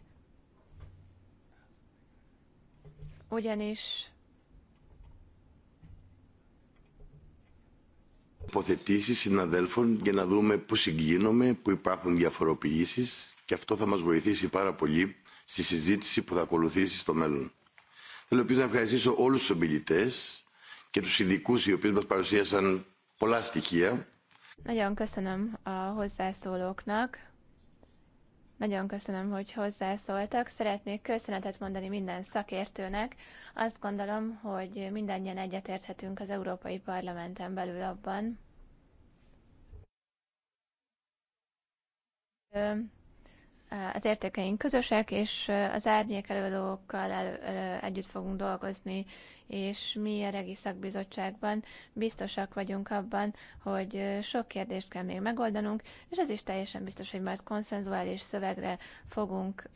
ugyanis τοποθετήσεις συναδέλφων για να δούμε πού συγκλίνομαι, πού υπάρχουν διαφοροποιήσεις και αυτό θα μας βοηθήσει πάρα πολύ στη συζήτηση που θα ακολουθήσει στο μέλλον. Θέλω επίσης να ευχαριστήσω όλους τους ομιλητές και τους ειδικούς οι οποίοι μας παρουσίασαν πολλά στοιχεία nagyon köszönöm a hozzászólóknak. Nagyon köszönöm, hogy hozzászóltak. Szeretnék köszönetet mondani minden szakértőnek. Azt gondolom, hogy mindannyian egyetérthetünk az Európai Parlamenten belül abban, az értékeink közösek, és az árnyék előadókkal elő, elő, együtt fogunk dolgozni, és mi a Regi Szakbizottságban biztosak vagyunk abban, hogy sok kérdést kell még megoldanunk, és ez is teljesen biztos, hogy majd konszenzuális szövegre fogunk,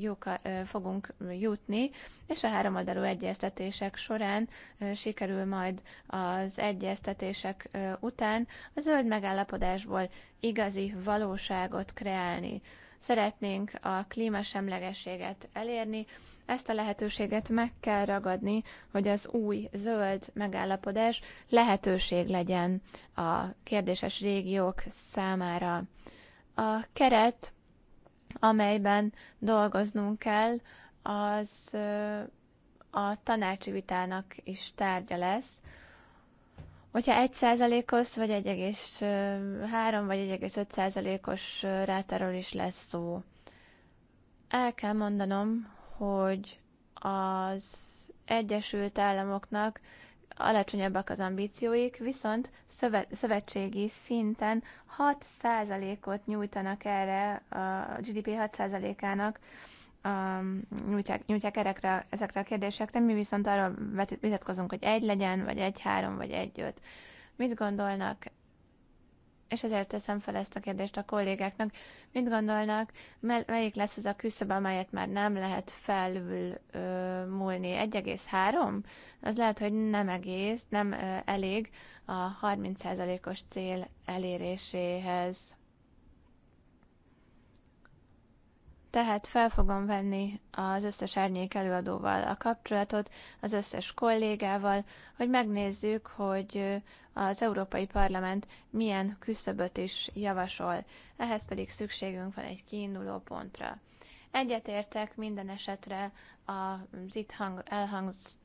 jóka, fogunk jutni, és a háromoldalú egyeztetések során sikerül majd az egyeztetések után a zöld megállapodásból igazi valóságot kreálni. Szeretnénk a klímasemlegességet elérni, ezt a lehetőséget meg kell ragadni, hogy az új zöld megállapodás lehetőség legyen a kérdéses régiók számára. A keret, amelyben dolgoznunk kell, az a tanácsi vitának is tárgya lesz, Hogyha 1 százalékos, vagy 1,3 vagy 1,5 százalékos rátáról is lesz szó. El kell mondanom, hogy az Egyesült Államoknak alacsonyabbak az ambícióik, viszont szövetségi szinten 6%-ot nyújtanak erre a GDP 6%-ának Um, nyújtják, nyújtják erekre, ezekre a kérdésekre, mi viszont arról vitatkozunk, hogy egy legyen, vagy egy-három, vagy egy-öt. Mit gondolnak és ezért teszem fel ezt a kérdést a kollégáknak. Mit gondolnak, melyik lesz ez a küszöb, amelyet már nem lehet felül ö, múlni? 1,3? Az lehet, hogy nem egész, nem ö, elég a 30%-os cél eléréséhez. tehát fel fogom venni az összes árnyék előadóval a kapcsolatot, az összes kollégával, hogy megnézzük, hogy az Európai Parlament milyen küszöböt is javasol. Ehhez pedig szükségünk van egy kiinduló pontra. Egyetértek minden esetre az itt hang, elhangz,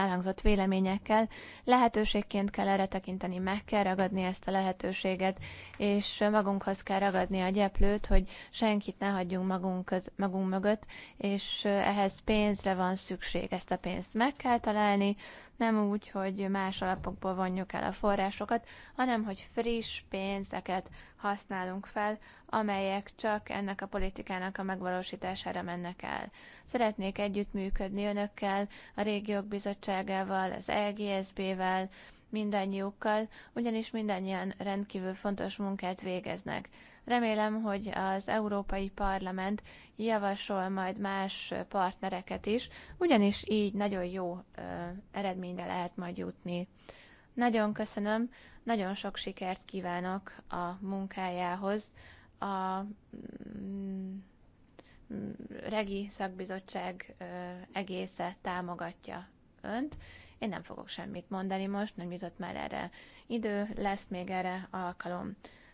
elhangzott véleményekkel. Lehetőségként kell erre tekinteni, meg kell ragadni ezt a lehetőséget, és magunkhoz kell ragadni a gyeplőt, hogy senkit ne hagyjunk magunk, köz, magunk mögött, és ehhez pénzre van szükség. Ezt a pénzt meg kell találni, nem úgy, hogy más alapokból vonjuk el a forrásokat, hanem hogy friss pénzeket használunk fel, amelyek csak ennek a politikának a megvalósítására mennek el. Szeretnék együttműködni önökkel, a régiók bizottságával, az lgsb e vel mindannyiukkal, ugyanis mindannyian rendkívül fontos munkát végeznek. Remélem, hogy az Európai Parlament javasol majd más partnereket is, ugyanis így nagyon jó eredményre lehet majd jutni. Nagyon köszönöm, nagyon sok sikert kívánok a munkájához. A mm, mm, Regi Szakbizottság egésze támogatja önt. Én nem fogok semmit mondani most, nem jutott már erre idő, lesz még erre alkalom.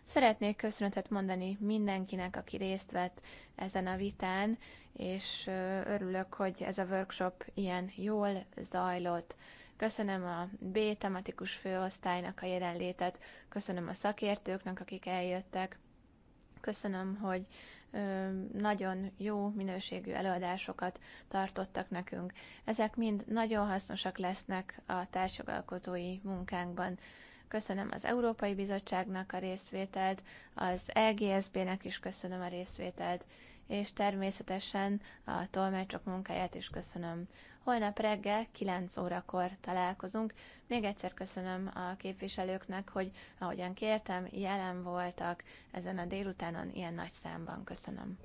Szeretnék köszönetet mondani mindenkinek, aki részt vett ezen a vitán, és örülök, hogy ez a workshop ilyen jól zajlott. Köszönöm a B tematikus főosztálynak a jelenlétet, köszönöm a szakértőknek, akik eljöttek, köszönöm, hogy nagyon jó minőségű előadásokat tartottak nekünk. Ezek mind nagyon hasznosak lesznek a társjogalkotói munkánkban köszönöm az Európai Bizottságnak a részvételt, az EGSB-nek is köszönöm a részvételt, és természetesen a tolmácsok munkáját is köszönöm. Holnap reggel 9 órakor találkozunk. Még egyszer köszönöm a képviselőknek, hogy ahogyan kértem, jelen voltak ezen a délutánon ilyen nagy számban. Köszönöm.